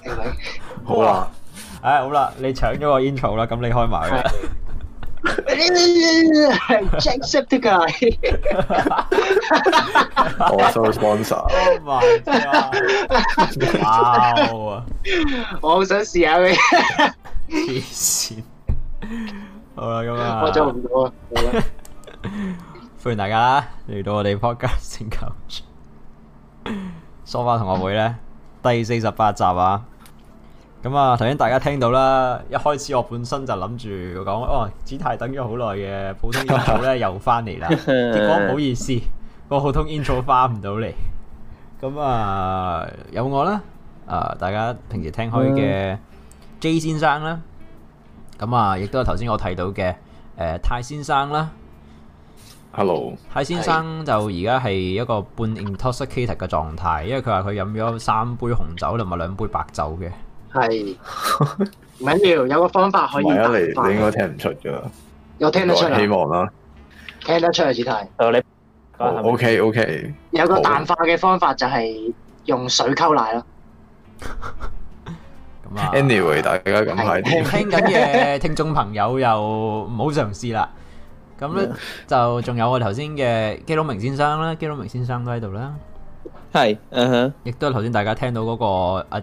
了 ro, 啊好，好啊，哎，好啦，你搶咗個 intro 啦，咁你開埋啦。我 sponsor。哇！我好想試下你。 好啦，咁啊。我做唔 到啊。歡迎大家嚟到我哋 Podcast Couch。梳化同學會咧第四十八集啊。咁啊！頭先大家聽到啦，一開始我本身就諗住講哦，子泰等咗好耐嘅普通 intro 咧，又翻嚟啦。結果唔好意思，個普通 intro 翻唔到嚟。咁啊，有，有我啦、啊，大家平時聽開嘅 J 先生啦。咁啊，亦都係頭先我提到嘅誒、呃，泰先生啦。Hello，泰先生就而家係一個半 intoxicated 嘅狀態，因為佢話佢飲咗三杯紅酒同埋兩杯白酒嘅。係唔緊要，有個方法可以淡化。你你應該聽唔出噶，我聽得出嚟。希望啦，聽得出嚟字體。哦，你 OK OK。有個淡化嘅方法就係用水溝奶咯。咁啊，Anyway，大家咁係聽緊嘅聽眾朋友又唔好嘗試啦。咁咧就仲有我頭先嘅基隆明先生啦，基隆明先生都喺度啦。係，嗯哼，亦都係頭先大家聽到嗰個阿。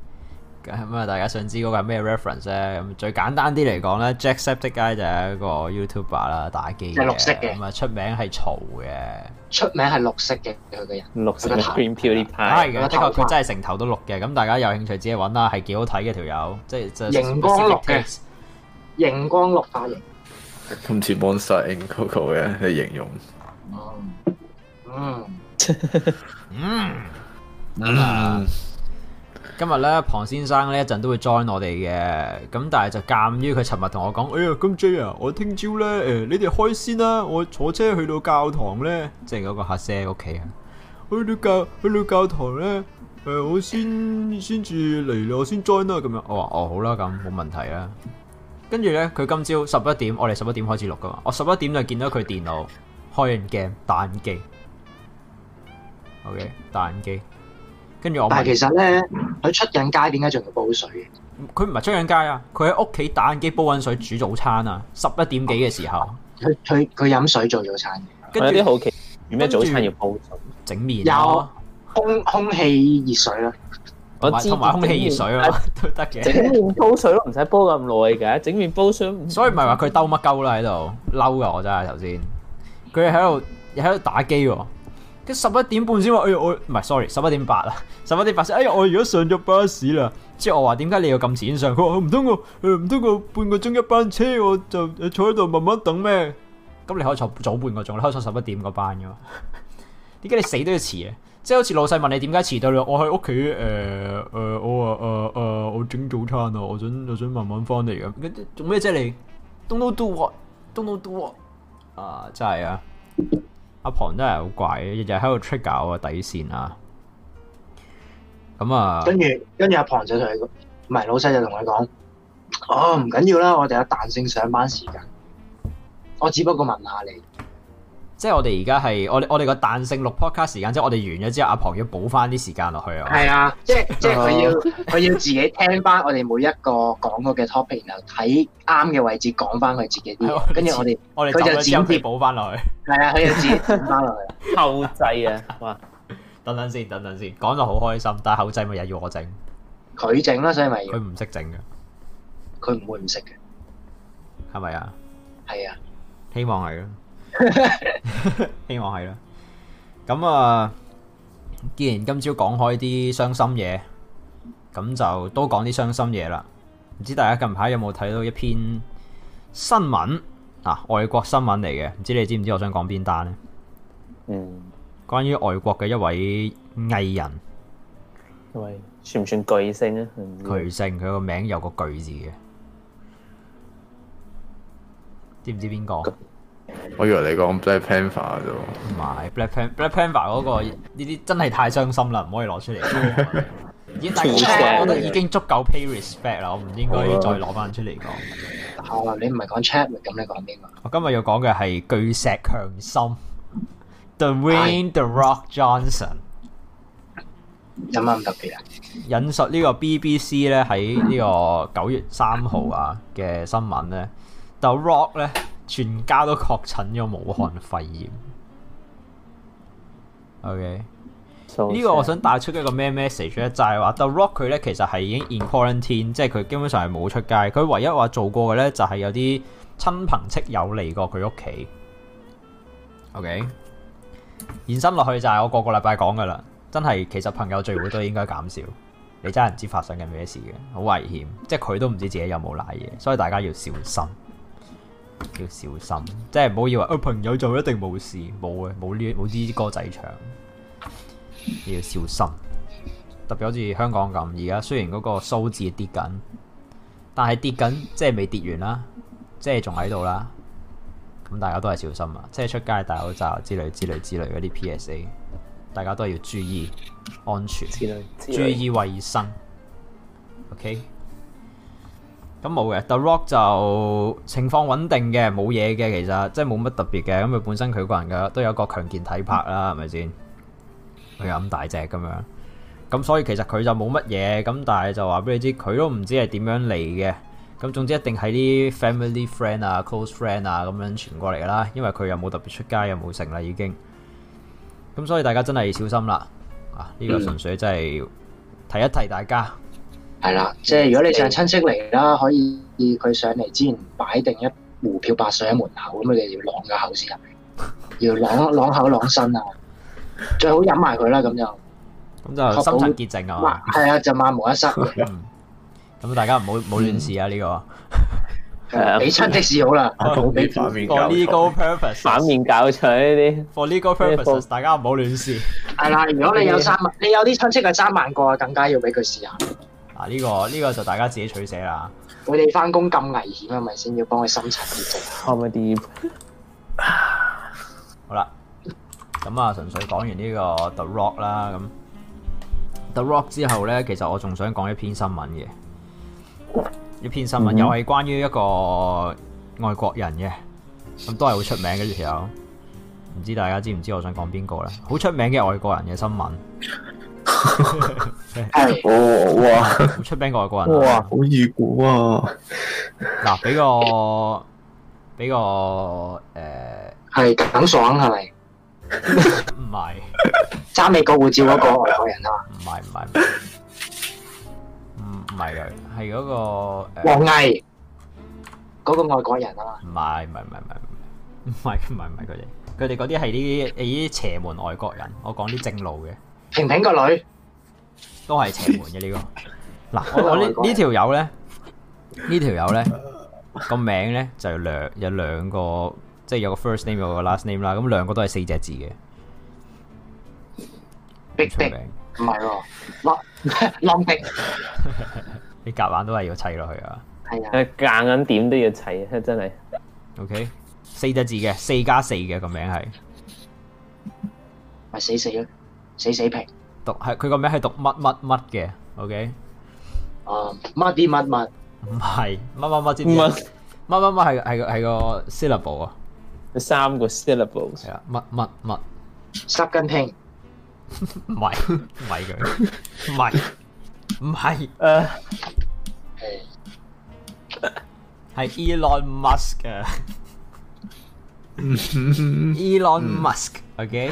咁啊，大家想知嗰個係咩 reference 咧？咁最簡單啲嚟講咧 Jacksepticeye 就係一個 YouTuber 啦，打機嘅，咁啊出名係嘈嘅，出名係綠色嘅佢個人，綠色嘅 Green p u，的確佢真係成頭都綠嘅。咁大家有興趣自己揾啦，係幾好睇嘅條友，即係螢光綠嘅，螢光綠髮型，咁似 One Side n Coco 嘅嚟形容。嗯嗯嗯。今日咧，龐先生咧一陣都會 join 我哋嘅，咁但係就鑒於佢尋日同我講，哎呀，金 J 啊，我聽朝咧，誒，你哋開先啦，我坐車去到教堂咧，即係嗰個客車屋企啊，去到教去到教堂咧，誒、呃，我先先至嚟咯，我先 join 啦，咁樣，我話哦好啦，咁冇問題啦，跟住咧，佢今朝十一點，我哋十一點開始錄噶嘛，我十一點就見到佢電腦開完鏡，打緊機，OK，打緊機。但係其實咧，佢出緊街點解仲要煲水？佢唔係出緊街啊！佢喺屋企打緊機煲緊水煮早餐啊！十一點幾嘅時候，佢佢佢飲水做早餐，跟住啲好奇，做咩早餐要煲水整麵？有啊，空空氣熱水啦，同埋空氣熱水啊， 都得嘅。整麵煲水都唔使煲咁耐嘅。整麵煲水，所以唔係話佢兜乜鳩啦，喺度嬲噶，我真係頭先，佢喺度，喺度打機。十一點半先話，哎呀我唔係，sorry，十一點八啦，十一點八哎呀我而家上咗巴士啦，即係我話點解你要咁遲先上？佢話唔通我，唔通我半個鐘一班車，我就坐喺度慢慢等咩？咁你可以坐早半個鐘，你可以坐十一點嗰班㗎嘛？點解你死都要遲嘅？即係好似老細問你點解遲到啦？呃呃，我喺屋企誒誒，我話誒誒，我整早餐啊，我想我想慢慢翻嚟嘅，做咩啫你？Don't know do what，don't know do what 啊！啊，真係啊！阿龐真係好怪，日日喺度出搞我底線啊，咁啊，跟住跟住阿龐就同佢講，唔係老細就同佢講，哦，唔緊要啦，我哋有彈性上班時間，我只不過問問下你。即係我哋而家係我我哋個彈性錄 podcast 時間，即係我哋完咗之後，阿龐要補翻啲時間落去啊！係啊，即係即係佢要佢要自己聽翻我哋每一個講過嘅 topic，然後睇啱嘅位置講翻佢自己啲，跟住我哋佢就自己補翻落去。係啊，佢就剪翻落去後製啊！哇，等等先，等等先，講到好開心，但係後製咪又要我整？佢整啦，所以咪佢唔識整嘅，佢唔會唔識嘅，係咪啊？係啊，希望係咯。 希望係啦。咁啊，既然今朝講開啲傷心嘢，咁就都講啲傷心嘢啦。唔知大家近排有冇睇到一篇新聞啊？外國新聞嚟嘅，唔知你知唔知我想講邊單呢？嗯，關於外國嘅一位藝人，喂，算唔算巨星啊？巨星，佢個名有個巨字嘅，知唔知邊個？我以為你講 black panther 啫，唔係 black pan black panther 嗰、那個呢啲、嗯、真係太傷心啦，唔可以攞出嚟。 已經足夠，我哋已經足夠 pay respect 啦，我唔應該再攞翻出嚟講。好啊，你唔係講 chat 咪咁，你講邊個？我今日要講嘅係巨石強心、哎、，Dwayne the Rock Johnson 有冇咁特別啊？引述個個 呢個 BBC 咧喺呢個九月三號啊嘅新聞咧 The Rock 咧。全家都確診咗武漢肺炎。OK，呢 So sad. 個我想帶出一個咩 message 咧，就係、是、話 The Rock 佢咧其實係已經 in quarantine，即係佢基本上係冇出街。佢唯一話做過嘅咧就係有啲親朋戚友嚟過佢屋企。OK，延伸落去就係我個個禮拜講㗎啦，真係其實朋友聚會都應該減少。你真係唔知發生緊咩事嘅，好危險。即係佢都唔知自己有冇瀨嘢，所以大家要小心。要小心，即係唔好以為朋友就一定冇事，冇嘅，冇呢啲歌仔唱。你要小心，特別好似香港咁，而家雖然嗰個數字跌緊，但係跌緊即係未跌完啦，即係仲喺度啦。咁大家都係小心啊，即係出街戴口罩之類之類之類嗰啲 PSA，大家都係要注意安全，注意衛生，OK。咁冇嘅，The Rock 就情況穩定嘅，冇嘢嘅其實，即係冇乜特別嘅。咁佢本身佢一個人嘅都有個強健體魄啦，係咪先？佢又咁大隻咁樣，咁所以其實佢就冇乜嘢。咁但係就話俾你知，佢都唔知係點樣嚟嘅。咁總之一定係啲 family friend 啊、close friend 啊咁樣傳過嚟嘅啦。因為佢又冇特別出街，又冇成啦已經。咁所以大家真係要小心啦。啊，呢個純粹真係提一提大家。係啦，即係如果你請親戚嚟啦，可以佢上嚟之前擺定一壺漂白水喺門口，咁佢哋要啷個口試入，要啷啷口啷身啊，最好飲埋佢啦，咁就咁就深層潔淨啊，係啊，就萬無一失。咁、嗯、大家唔好唔好亂試啊，呢、嗯這個俾親、啊、戚試好啦，for legal purpose，反面搞除呢啲，for legal purpose，大家唔好亂試。係啦，如果你有三萬， 你有啲親戚係三萬個，更加要俾佢試下。呢、這個呢、這個就大家自己取捨啦。我哋翻工咁危險啊，咪先要幫佢心存感可唔可以好啦，咁啊，純粹講完呢個 The Rock 啦，咁 The Rock 之後咧，其實我仲想講一篇新聞嘅，一篇新聞又係關於一個外國人嘅，咁都係好出名嘅條友，唔知大家知唔知我想講邊個咧？好出名嘅外國人嘅新聞。係我哇，出兵外國人哇，好易估啊！嗱，俾個俾個誒，係耿爽係咪？唔係揸美國護照嗰個外國人啊嘛？唔係唔係唔係唔係佢係嗰個誒王毅嗰個外國人啊嘛？唔係唔係唔係唔係唔係唔係唔係唔係佢哋，佢哋嗰啲係啲誒啲邪門外國人，我講啲正路嘅。婷婷個女都係邪門嘅呢個。嗱，我呢呢條友咧，呢條友咧個名咧就兩有兩個，即係有個 first name 有個 last name 啦。咁兩個都係四隻字嘅。碧碧，唔係喎，浪浪碧。你夾硬都係要砌落去啊！係啊，夾硬點都要砌啊，真係。OK，四隻字嘅，四加四嘅個名係，咪死死咯。死死平，讀係佢個名係讀乜乜乜嘅，OK？啊，乜啲乜乜？唔係乜乜乜之乜乜乜乜係係個係個 syllable 啊，三個 syllables 係啊，乜乜乜習近平？唔係，唔係佢，唔係，唔係，誒，係，係 Elon Musk 嘅，Elon Musk，OK？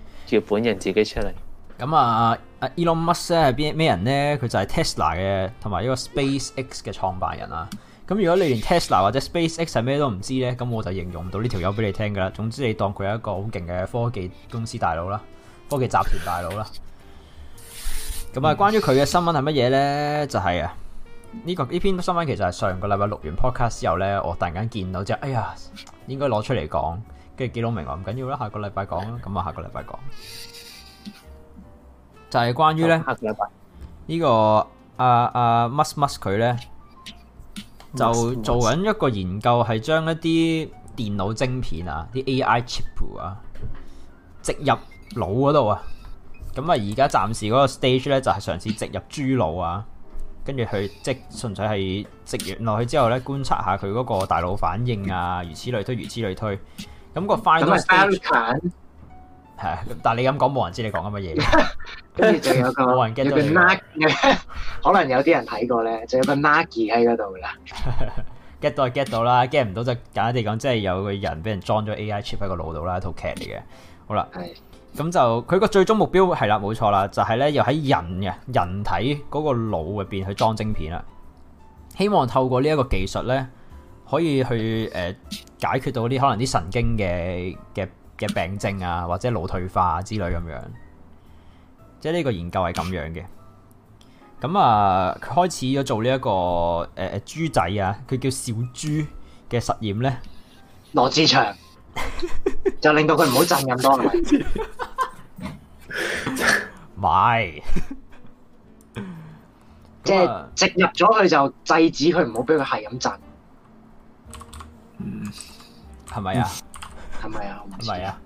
叫本人自己出嚟。咁啊，阿、uh, Elon Musk 咧係邊咩人呢？佢就係 Tesla 嘅同埋一個 SpaceX 嘅創辦人啊。咁如果你連 Tesla 或者 SpaceX 係咩都唔知呢，咁我就形容唔到呢條友俾你聽噶啦。總之你當佢係一個好勁嘅科技公司大佬啦，科技集團大佬啦。咁啊，關於佢嘅新聞係乜嘢呢？嗯、就係啊、這個，呢個呢篇新聞其實係上個禮拜錄完 podcast 之後呢，我突然間見到即係，哎呀，應該攞出嚟講。即係幾老明啊，唔緊要啦，下個禮拜講啦。咁啊，下個禮拜講就係、是、關於咧呢下個禮拜、這個、啊啊 Musk Musk 佢咧就做緊一個研究，係將一啲電腦晶片啊，啲 AI chip 啊植入腦嗰度啊。咁啊，而家暫時嗰個 stage 咧就係、是、嘗試植入豬腦啊，跟住佢即係純粹係植完落去之後咧，觀察下佢嗰個大腦反應啊，如此類推，如此類推。咁個 final 係啊，但係你咁講冇人知你講緊乜嘢，跟住仲有個可能有啲人睇過咧，就有個 Nagi 喺嗰度啦。 get 到 get 到啦，get 唔到就簡單地講，即係有個人俾人裝咗 AI chip 喺個腦度啦，一套劇嚟嘅。好啦，咁的就佢個最終目標係啦，冇錯啦，就係咧又喺人嘅人體嗰個腦入面去裝晶片啦，希望透過呢一個技術咧。可以去誒、呃、解決到啲可能啲神經嘅嘅嘅病症啊，或者腦退化之類咁樣，即係呢個研究係咁樣嘅。咁啊，佢開始咗做呢、這、一個誒、呃、豬仔啊，佢叫小豬嘅實驗咧，羅志祥 就令到佢唔好震咁多，咪即係植入咗佢就制止佢唔好俾佢係咁震。係咪？啊？係咪 啊？唔係啊？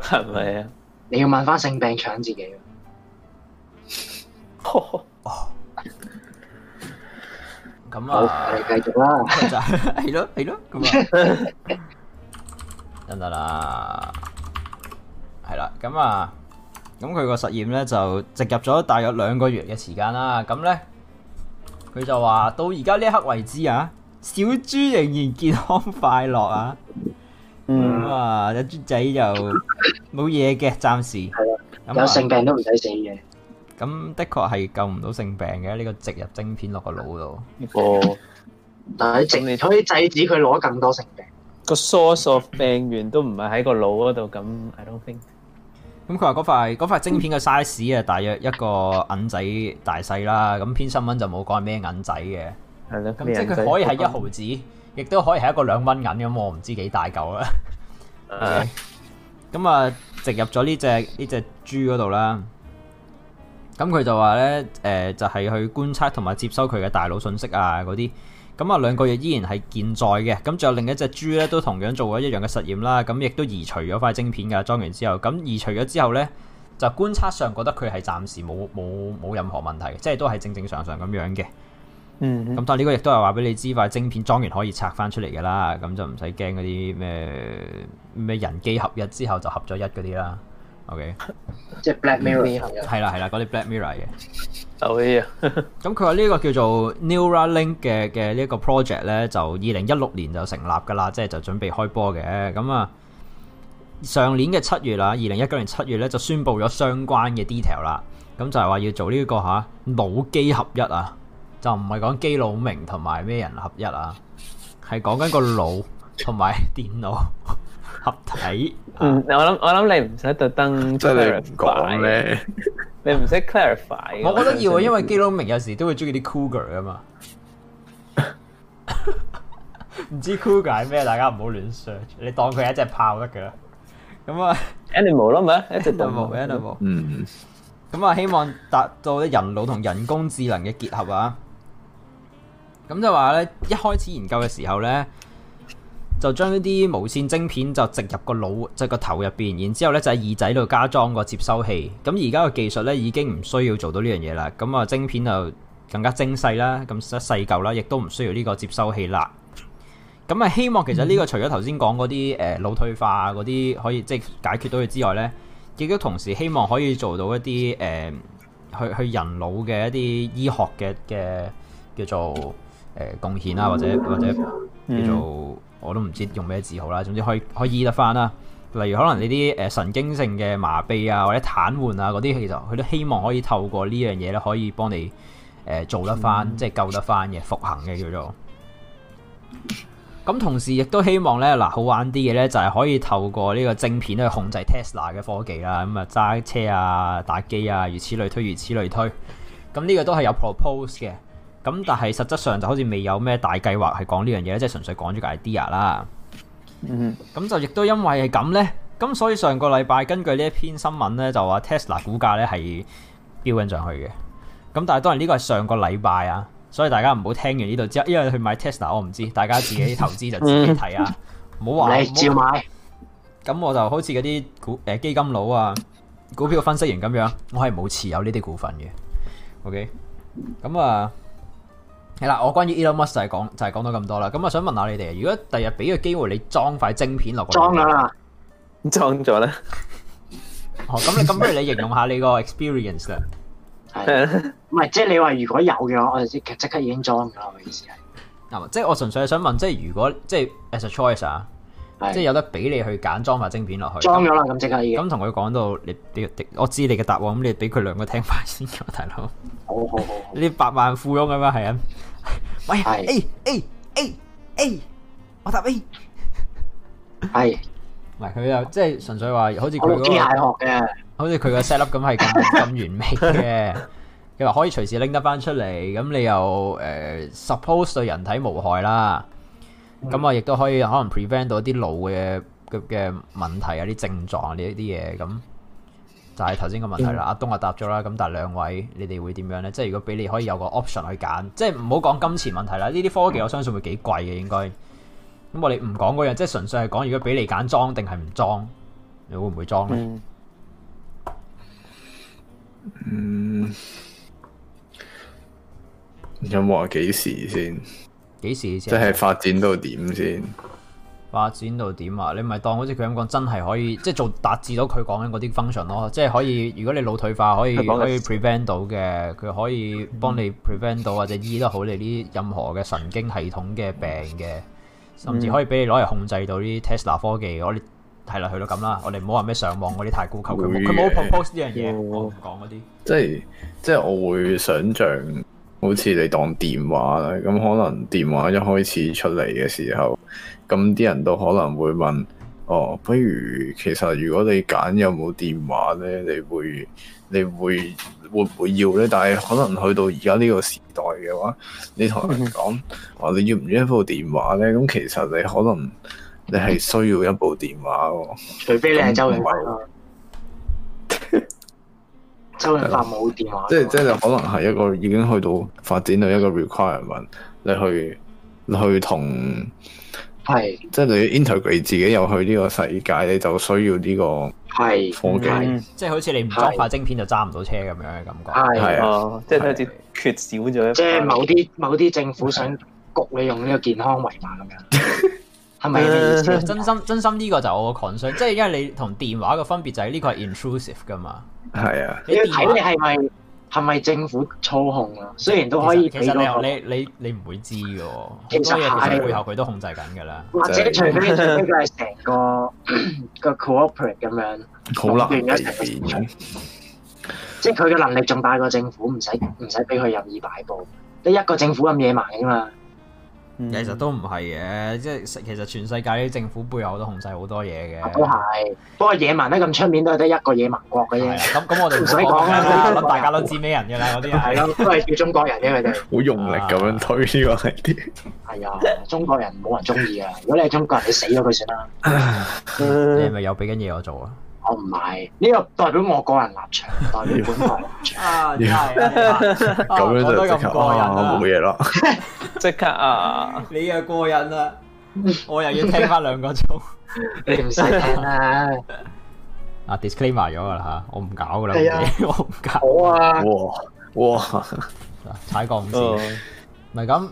係咪啊？你要問翻性病搶自己？咁 啊，繼續、 啊啊啊啊、啦，係咯，係咯，咁啊，得得啦，係啦，咁啊，咁佢個實驗咧就植入咗大約兩個月嘅時間啦，咁咧佢就話到而家呢一刻為止啊。小豬仍然健康快樂啊！咁啊，隻豬仔就冇嘢嘅，暫時係啊，有性病都唔使死嘅。咁的確係救唔到性病嘅，呢個植入晶片落個腦度。哦，但係整嚟可以制止佢攞更多性病。個 source of 病源都唔係喺個腦嗰度，咁 I don't think。咁佢話嗰塊嗰塊晶片嘅 size 啊，大約一個銀仔大細啦。咁篇新聞就冇講係咩銀仔嘅。係咯，咁、嗯、即係佢可以係一毫子，亦都可以係一個兩蚊銀咁，我唔知幾大嚿啦。誒、哎，咁啊、嗯，植入咗呢隻呢隻豬嗰度啦。咁佢就話咧，誒，就係、是、去觀察同埋接收佢嘅大腦信息啊嗰啲。咁啊，兩個月依然係健在嘅。咁仲有另一隻豬咧，都同樣做咗一樣嘅實驗啦。咁亦都移除咗塊晶片噶，裝完之後，咁移除咗之後咧，就觀察上覺得佢係暫時冇冇冇任何問題，即係都係正正常常咁樣嘅。嗯，嗯這，咁但係呢個亦都係話俾你知塊晶片裝完可以拆翻出嚟嘅啦，咁就唔使驚嗰啲咩咩人機合一之後就合咗一嗰啲啦。OK，即係 Black Mirror 合一係啦係啦，嗰啲一 Black Mirror 嘅。好，咁佢話呢個叫做 Neuralink 嘅嘅呢個 project 咧，就二零一六年就成立噶啦，即係就準備開波嘅。咁啊，上年嘅七月啊，二零一九年七月咧，就宣布咗相關嘅 detail 啦。咁就係話要做呢個吓腦機合一啊。就唔係講基佬明同埋咩人合一啊，係講緊個腦同埋電腦合體。 嗯，我諗我諗你唔使特登 clarify 咧，你唔使 clarify。我覺得我要，因為基佬明有時都會中意啲 cougar 啊嘛。唔 知 cougar 係咩？大家唔好亂 search。你當佢係一隻豹得嘅啦。咁啊，animal 咯咩？啊？一隻動物，一隻動物。嗯嗯。咁啊，希望達到啲人腦同人工智能嘅結合啊。咁就話咧，一開始研究嘅時候咧，就將呢啲無線晶片就植入個腦，即係個頭入邊，然之後咧就喺耳仔度加裝個接收器。咁而家個技術咧已經唔需要做到呢樣嘢啦。咁啊，晶片就更加精細啦，咁細嚿啦，亦都唔需要呢個接收器啦。咁啊，希望其實呢個除咗頭先講嗰啲誒腦退化嗰啲可以即係解決到佢之外咧，亦都同時希望可以做到一啲誒去去人腦嘅一啲醫學嘅嘅叫做。誒、呃、貢獻啦、啊，或者或者叫做我都唔知用咩字好啦。總之可以可以醫得翻啦、啊。例如可能呢啲誒神經性嘅麻痹啊，或者癱瘓啊嗰啲，其實佢都希望可以透過呢樣嘢咧，可以幫你誒做得翻，即係救得翻嘅復行嘅叫做。咁同時亦都希望咧，嗱好玩啲嘅咧就係可以透過呢個晶片去控制 Tesla 嘅科技啦。咁啊，揸車啊，打機啊，如此類推，如此類推。咁呢個都係有 propose 嘅。咁但係實質上就好似未有咩大計劃係講呢樣嘢，即係純粹講咗個 idea 啦。咁、mm hmm. 就亦都因為係咁呢。咁所以上個禮拜根據呢一篇新聞呢，就話 Tesla 股價呢係飆緊上去嘅。咁但係當然呢個係上個禮拜啊，所以大家唔好聽完呢度之後，因為去買 Tesla 我唔知，大家自己投資就自己睇啊，唔好話你照買。咁我就好似嗰啲股誒基金佬啊，股票分析員咁樣，我係冇持有呢啲股份嘅。OK，咁啊。係啦，我關於 Elon Musk 就係講就係、是、講到咁多啦。咁我想問下你哋，如果第日俾個機會你裝塊晶片落，去，裝啦，裝咗咧。哦，咁你咁不如你形容下你個 experience 啦。 係，唔係即係你話如果有嘅話，我就即刻已經裝噶啦。就是、我嘅意思係，啊，即係我純粹係想問，即係如果即係 as a choice 啊的，即係有得俾你去揀裝塊晶片落去，裝咗啦，咁即刻要。咁同佢講到你，我知道你嘅答案，咁你俾佢兩個聽翻先，大佬。好好好。呢百 萬富翁啊嘛，係啊。喂是，A A A A，我答 A 係，唔係佢又即係純粹話、那個，好似佢個大學嘅，好似佢個 set up 咁係咁咁完美嘅。佢話可以隨時拎得翻出嚟，咁你又誒、呃，suppose 對人體無害啦。咁我亦都可以可能 prevent 到啲腦嘅嘅嘅問題啊，啲症狀呢一啲嘢咁。就係頭先個問題啦，阿東阿答咗啦，咁但係兩位你哋會點樣呢？即係如果俾你可以有個 option 去揀，即係唔好講金錢問題啦，呢啲科技我相信會幾貴嘅應該。咁我哋唔講嗰樣，即係純粹係講，如果俾你揀裝定係唔裝，你會唔會裝呢？嗯。咁話幾時先？幾時先？即係發展到點先？發展到點啊？你咪當好似佢咁講，真係可以即係做達至到佢講緊嗰啲 function 咯，即係可以如果你腦退化可以可以 prevent 到嘅，佢可以幫你 prevent 到或者醫得好你啲任何嘅神經系統嘅病嘅，甚至可以俾你攞嚟控制到啲 Tesla 科技。嗯、我哋係啦，去到咁啦，我哋唔好話咩上網嗰啲太孤求，佢冇佢冇 propose 呢樣嘢，我講嗰啲，即係即係我會想像。好似你當電話，咁可能電話一開始出嚟嘅時候，咁啲人都可能會問：哦，不如其實如果你揀有冇電話呢？你會你會會唔會要呢？但係可能去到而家呢個時代嘅話，你同人講，我、mm hmm. 哦、你要唔要一部電話呢？」咁其實你可能你係需要一部電話喎，除非你係周永華。Hmm. 周日潤發冇電話、啊，即係即係，可能係一個已經去到發展到一個 requirement，你去去同係，是即係你 integrate 自己又去呢個世界，你就需要呢個係科技，嗯、是即係好似你唔裝化晶片就揸唔到車咁樣嘅感覺，係是啊，即係都好似缺少咗，即係某啲某啲政府、啊、想焗你用呢個健康二維碼咁樣。 唔係嘅意思啊，真心真心呢個就我個 concern，即係因為你同電話嘅分別就係呢個係 intrusive 噶嘛。係啊，你電話係咪係咪政府操控啊？雖然都可以，其實你你你你唔會知嘅。其實係背後佢都控制緊㗎啦。或者除非就係成個 個 cooperate 咁樣，好難嘅。即係佢嘅能力仲大過政府，唔使唔使俾佢任意擺佈，你一個政府咁野蠻㗎嘛。嗯、其實都唔係嘅，即係其實全世界啲政府背後都控制好多嘢嘅。都係，不過野蠻得咁出面都係得一個野蠻國嘅啫。咁咁我哋唔使講啦，大家都知咩人嘅啦。嗰啲係咯，都係叫中國人嘅佢哋。好 們用力咁樣推呢個係啲。係啊， 中國人冇人中意啊！如果你係中國人，你死咗佢算啦。你係咪有俾緊嘢我做啊？ 我唔係呢個代表我個人立場，代表本台立場。 啊，真咁、啊 啊、樣就即刻我過啊！冇嘢咯，即 刻啊！你又過癮啦，我又要聽翻兩個鐘。你唔使聽啦。啊，disclaimer 咗啦吓，我唔搞噶啦，我唔搞。哇哇！踩過唔知。唔係咁，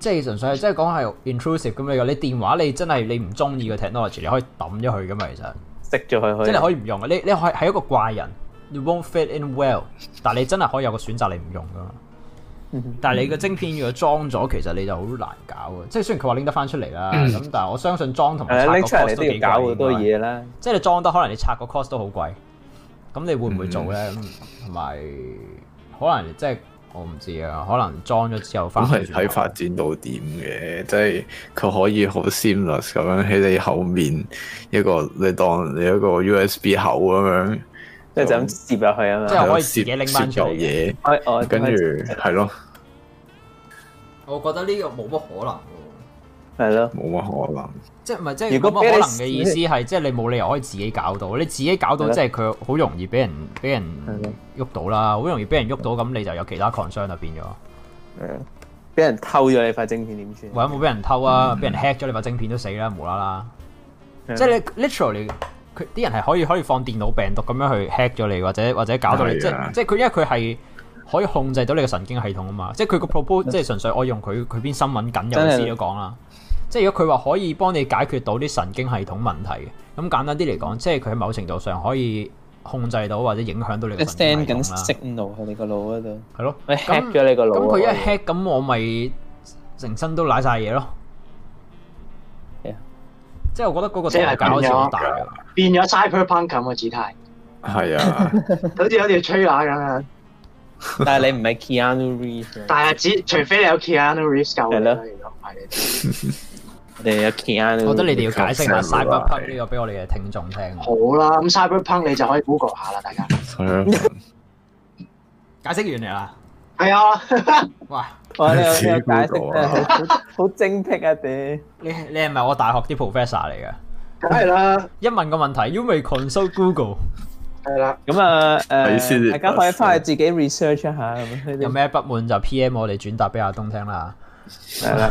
即係純粹即係講係 inclusive 咁樣嘅。你電話你真係你唔中意個 technology，你可以抌咗佢噶嘛，其實。即係可以唔用嘅，你你係係一個怪人，你 won't fit in well。但係你真係可以有個選擇，你唔用噶嘛。但係你個晶片如果裝咗，其實你就好難搞嘅。即係雖然佢話拎得翻出嚟啦，咁、嗯、但係我相信裝同埋拆個 cost 都拎出嚟，也要搞好多嘢啦，即你。即係你裝得可能你拆個 cost 都好貴，咁你會唔會做咧？同埋、嗯、可能即係。我唔知啊，可能裝咗之後翻，咁係發展到點嘅，即係佢可以好 seamless 咁樣喺你後面一個，你當你一個 USB 口咁樣，即係就咁接入去啊嘛，即係我可以自己拎返做嘢。跟住係咯，我覺得呢個冇乜可能。係咯，冇乜可能。即係唔係，即係冇可能嘅意思係，即係你冇理由可以自己搞到，你自己搞到即係佢好容易俾人俾人喐到啦，好容易俾人喐到，咁你就有其他 concern 啦，變咗。係啊，俾人偷咗你塊晶片點算？或者冇俾人偷啊，俾人 hack 咗你塊晶片都死啦，無啦啦。即係你 literally 佢啲人係可以可以放電腦病毒咁樣去 hack 咗你，或者或者搞到你，即係即係佢因為佢係可以控制到你嘅神經系統啊嘛，即係佢個 proposal 即係純粹我用佢佢篇新聞僅有嘅資料講啦。即係如果佢話可以幫你解決到啲神經系統問題，咁簡單啲嚟講，即係佢喺某程度上可以控制到或者影響到你個問題啦。signal 喺你個腦度，係咯？你 hack 咗你個腦。咁佢一 hack，咁我咪成身都瀨晒嘢咯。即係我覺得嗰個真係搞到大噶，變咗 Cyberpunk 嘅姿態。係啊，好似有條吹喇咁樣。但係你唔係 Keanu Reeves，但係只除非你有 Keanu Reeves 救我覺得你哋要解釋下 cyberpunk 呢個俾我哋嘅聽眾聽。好啦，咁 cyberpunk 你就可以 google 下啦，大家。解釋完嚟啦？係啊。哇，我你又解釋得好好精辟啊！啲你你係咪我大學啲 professor 嚟噶？梗係啦。一問個問題，You may consult Google 係啦。咁啊，誒，大家可以翻去自己 research 一下。有咩不滿就 PM 我哋轉達俾阿東聽啦。係啦。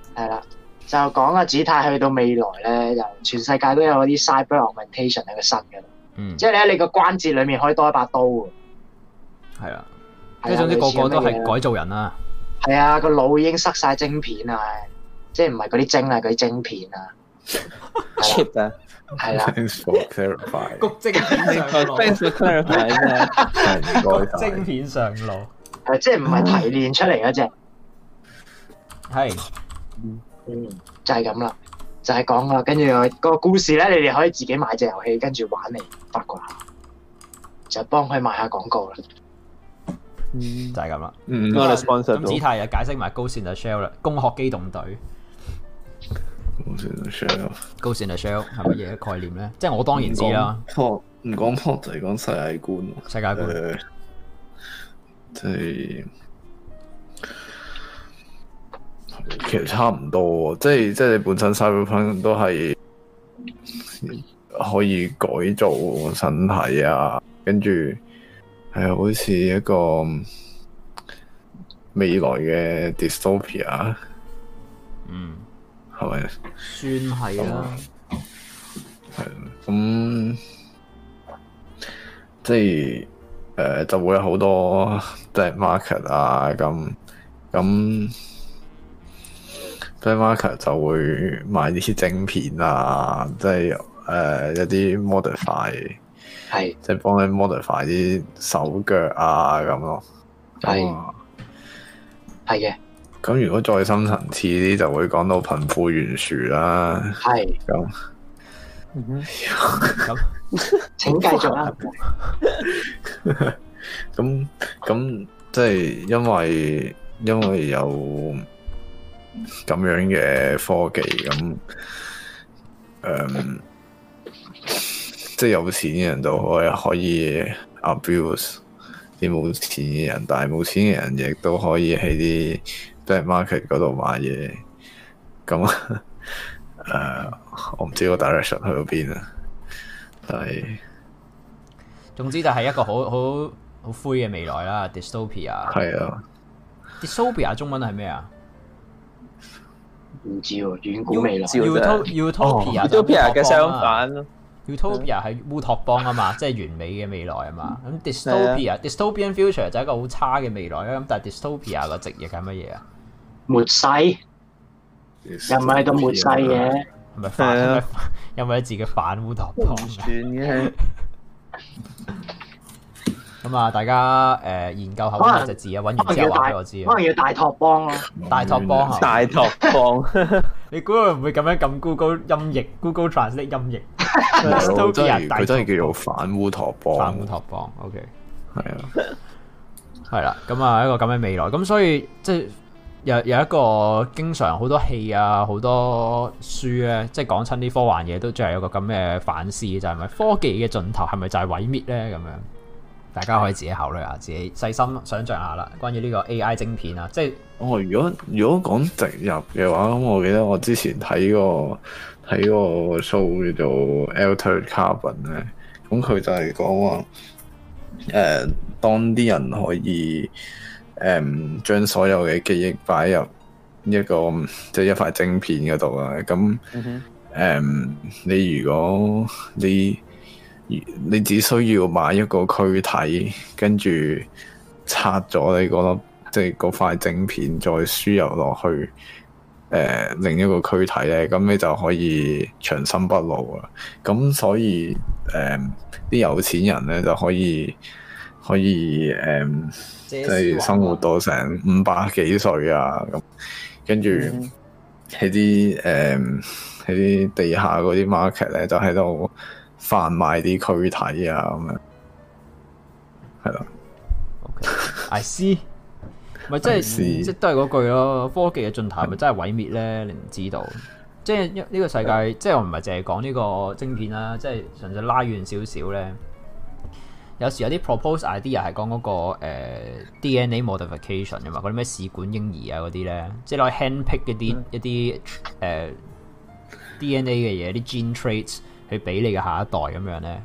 係啦，就講個姿態去到未來咧，就全世界都有嗰啲 cyber augmentation 喺個身嘅，即係咧你個關節裏面可以多一把刀。係啊，即總之個個都係改造人啊。係啊，個腦已經塞晒晶片啊，即係唔係嗰啲晶啊，嗰啲晶片啊，cheap 啊，係啦。Thanks for clarify。谷 Thanks for clarify。晶片上腦，係即係唔係提煉出嚟嗰隻，係。嗯，就係咁啦，就係講啦，跟住又個故事咧，你哋可以自己買隻遊戲，跟住玩嚟發掘下，就幫佢賣下廣告啦。嗯，就係咁啦。嗯，咁子泰又解釋埋 Ghost in the Shell 啦，攻殼機動隊。Ghost in the Shell，Ghost in the Shell 係乜嘢概念咧？哦、即係我當然知啦，講唔講殼就係講世界觀。世界觀，即係、呃。就是其實差唔多，即係即係你本身 Cyberpunk 都係可以改造身體啊，跟住係好似一個未來嘅 dystopia 嗯，係咪？算係啊。係咁，即係誒、呃，就會有好多即係 market 啊，咁咁。即 market 就會買啲晶片啊，即係誒、呃、有啲 modify，係即係幫你 modify 啲手腳啊咁咯，係係嘅。咁的如果再深層次啲，就會講到貧富懸殊啦，係咁。咁請繼續啦、啊。咁咁 即係因為因為有。咁樣嘅科技，咁，嗯，即係有錢嘅人就可以可以 abuse 啲冇錢嘅人，但係冇錢嘅人亦都可以喺啲 black market 度買嘢。咁，誒、嗯，我唔知個 direction 去到邊啊！但係，總之就係一個好好好灰嘅未來啦 dystopia。係啊，dystopia 中文係咩啊？唔知喎，遠古未來就係。Utopia 嘅相反咯，Utopia 係烏托邦啊嘛，即係完美嘅未來啊嘛。咁 Dystopia，Dystopian future 就係一個好差嘅未來啦。咁但係 Dystopia 個直譯係乜嘢啊？末世，又唔係就末世嘅，係咪反，又唔係自己反烏托邦嘅。咁、呃、啊，大家誒研究下嗰隻字啊，揾完之後話俾我知，可能要大托邦咯，大托邦，大托邦。你估佢唔會咁樣撳 Google 音譯，Google Translate 音譯。我真係佢真係叫做反烏托邦。反烏托邦，OK，係啊，係啦。咁啊，一個咁嘅未來，咁所以即係、就是、有有一個經常好多戲啊，好多書咧、啊，即係講親啲科幻嘢，都即係有個咁嘅反思就係、是、咪科技嘅盡頭係咪就係毀滅咧？咁樣。大家可以自己考慮下，自己細心想像下啦。關於呢個 AI 晶片啊，即係我、哦、如果如果講植入嘅話，咁我記得我之前睇過睇過 show 叫做 Alter Carbon 咧，咁佢就係講話誒，當啲人可以誒、呃、將所有嘅記憶擺入一個即係一塊晶片嗰度啊，咁誒、呃、你如果你你只需要買一個軀體，跟住拆咗呢粒即係嗰塊晶片，再輸入落去誒、呃、另一個軀體咧，咁你就可以長生不老啊。咁所以誒啲、嗯、有錢人咧就可以可以誒即係生活到成五百幾歲啊。咁跟住喺啲誒喺啲地下嗰啲 market 咧，就喺度。販賣啲軀體啊咁樣，係咯。啊 okay. I see，咪即係即都係嗰句咯。科技嘅盡頭咪真係毀滅咧？你唔知道。即係呢個世界， 即係我唔係淨係講呢個晶片啦。即係純粹拉遠少少咧。有時有啲 propose idea 係講嗰個、呃、DNA modification 啊嘛，嗰啲咩試管嬰兒啊嗰啲咧，即係攞 hand pick 嗰啲一啲誒、 呃、DNA 嘅嘢，啲 gene traits。你俾你嘅下一代咁樣呢？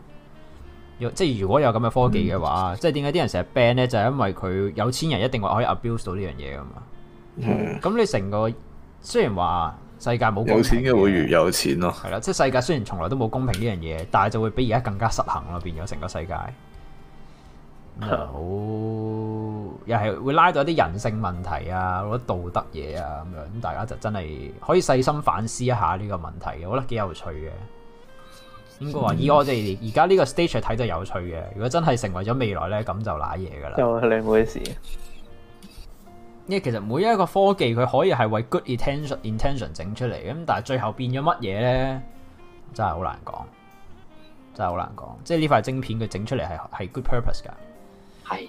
即係如果有咁嘅科技嘅話，嗯、即係點解啲人成日 ban 呢？就係、是、因為佢有錢人一定話可以 abuse 到呢樣嘢啊嘛。咁、嗯、你成個雖然話世界冇有,有錢嘅會越有錢咯，係啦，即係世界雖然從來都冇公平呢樣嘢，但係就會比而家更加實行咯，變咗成個世界好又係會拉到一啲人性問題啊，好多道德嘢啊咁樣，咁大家就真係可以細心反思一下呢個問題嘅，我覺得幾有趣嘅。應該話以我哋而家呢個 stage 睇得有趣嘅，如果真係成為咗未來咧，咁就瀨嘢噶啦。又係你唔好意思。因為其實每一個科技佢可以係為 good intention intention 整出嚟，咁但係最後變咗乜嘢咧？真係好難講，真係好難講。即係呢塊晶片佢整出嚟係係 good purpose 噶。係、哎。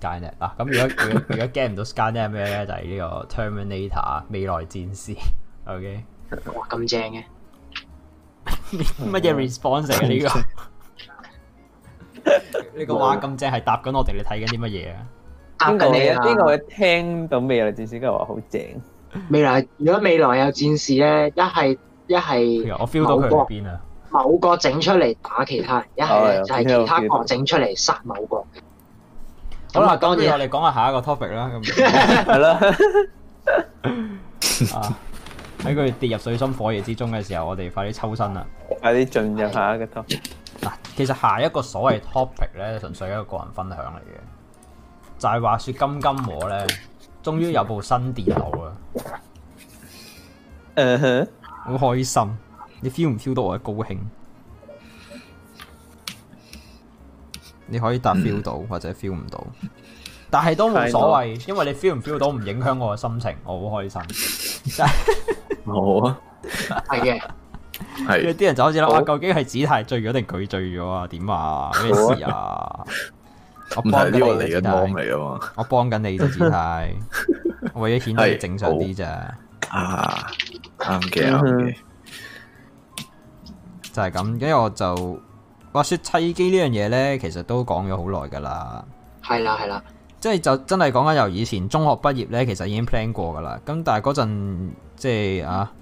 scan 咧嗱，咁如果如果驚唔到 Skynet 咧係咩咧？就係、是、呢個 Terminator 未來戰士。O、okay、K，哇咁正嘅，乜嘢 response 啊？呢個呢個話咁正係 答緊我哋，你睇緊啲乜嘢啊？答緊你啊？邊個會聽到未來戰士？跟住話好正。未來如果未來有戰士咧，一係一係，我 feel 到佢喺邊啊？某國整出嚟打其他人，一係就係其他國整出嚟殺某國。好啦，當然我哋講下下一個 topic 啦，咁係啦。啊，喺佢跌入水深火熱之中嘅時候，我哋快啲抽身啦，快啲進入下一個 topic。嗱，其實下一個所謂 topic 咧，純粹係一個個人分享嚟嘅，就係、是、話說金金我咧，終於有部新電腦啦。嗯哼、uh，好、huh. 開心，你 feel 唔 feel 到我嘅高興？你可以達 feel 到或者 feel 唔到，但係都冇所謂，因為你 feel 唔 feel 到唔影響我嘅心情，我好開心。冇啊，係嘅，係。啲人就好似諗啊，究竟係子泰醉咗定佢醉咗啊？點啊？咩事啊？我唔係呢個嚟嘅幫嚟啊嘛！我幫緊你，子泰，我為咗顯得你正常啲啫。啊？啱嘅，就係咁，跟住我就。話說砌機呢樣嘢呢，其實都講咗好耐噶啦。係啦係啦，即係就真係講緊由以前中學畢業呢，其實已經 plan 過噶啦。咁但係嗰陣即係啊，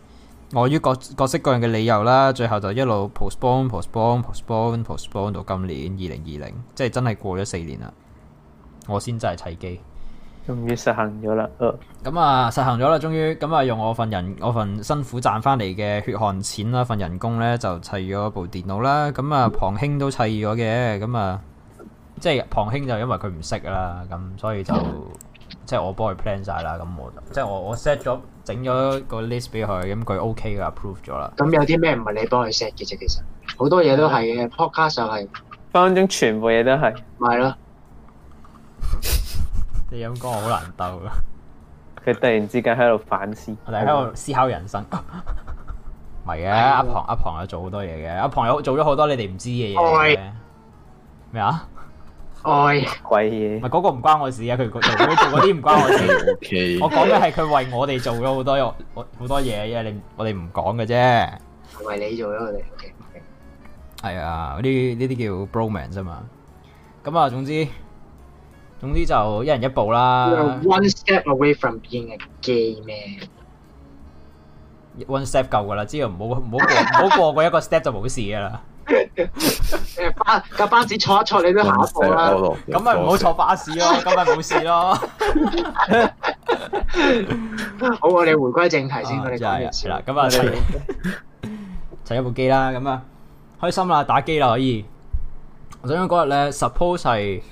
礙於各，各式各樣嘅理由啦，最後就一路 postpone postpone postpone postpone 到今年二零二零，2020，即係真係過咗四年啦，我先真係砌機。終於實行咗啦，咁啊實行咗啦，終於咁啊用我份人我份辛苦賺翻嚟嘅血汗錢啦，份人工咧就砌咗部電腦啦，咁啊龐兄都砌咗嘅，咁啊即係龐兄就因為佢唔識啦，咁所以就即係我幫佢 plan 晒啦，咁我就，即係我我 set 咗整咗個 list 俾佢，咁佢 OK 噶 approve 咗啦。咁有啲咩唔係你幫佢 set 嘅啫？其實好多嘢都係嘅 podcast、嗯、podcast 就係分分鐘全部嘢都係。咪咯。 你咁講我好難鬥，佢突然之間喺度反思，我哋喺度思考人生，唔係嘅，阿龐阿龐又做好多嘢嘅，阿龐又做咗好多你哋唔知嘅嘢，咩啊？愛，鬼嘢，唔係嗰個唔關我事啊，佢做做嗰啲唔關我事，我講嘅係佢為我哋做咗好多我好多嘢嘅，你我哋唔講嘅啫，係為你做咗，我哋，係啊，呢呢啲叫 bromance 啊嘛，咁啊，總之。總之就一人一步啦。One step away from being a gay man。One step 夠噶啦，只要唔好唔好過唔好過過一個 step 就冇事噶啦。班架 巴士坐一坐你都下步啦，咁咪唔好坐巴士咯，咁咪冇事咯。 好，我哋回歸正題先，我哋就係啦。咁啊，砌咗一部機啦，咁啊，開心啦，打機啦可以。我想嗰日咧，suppose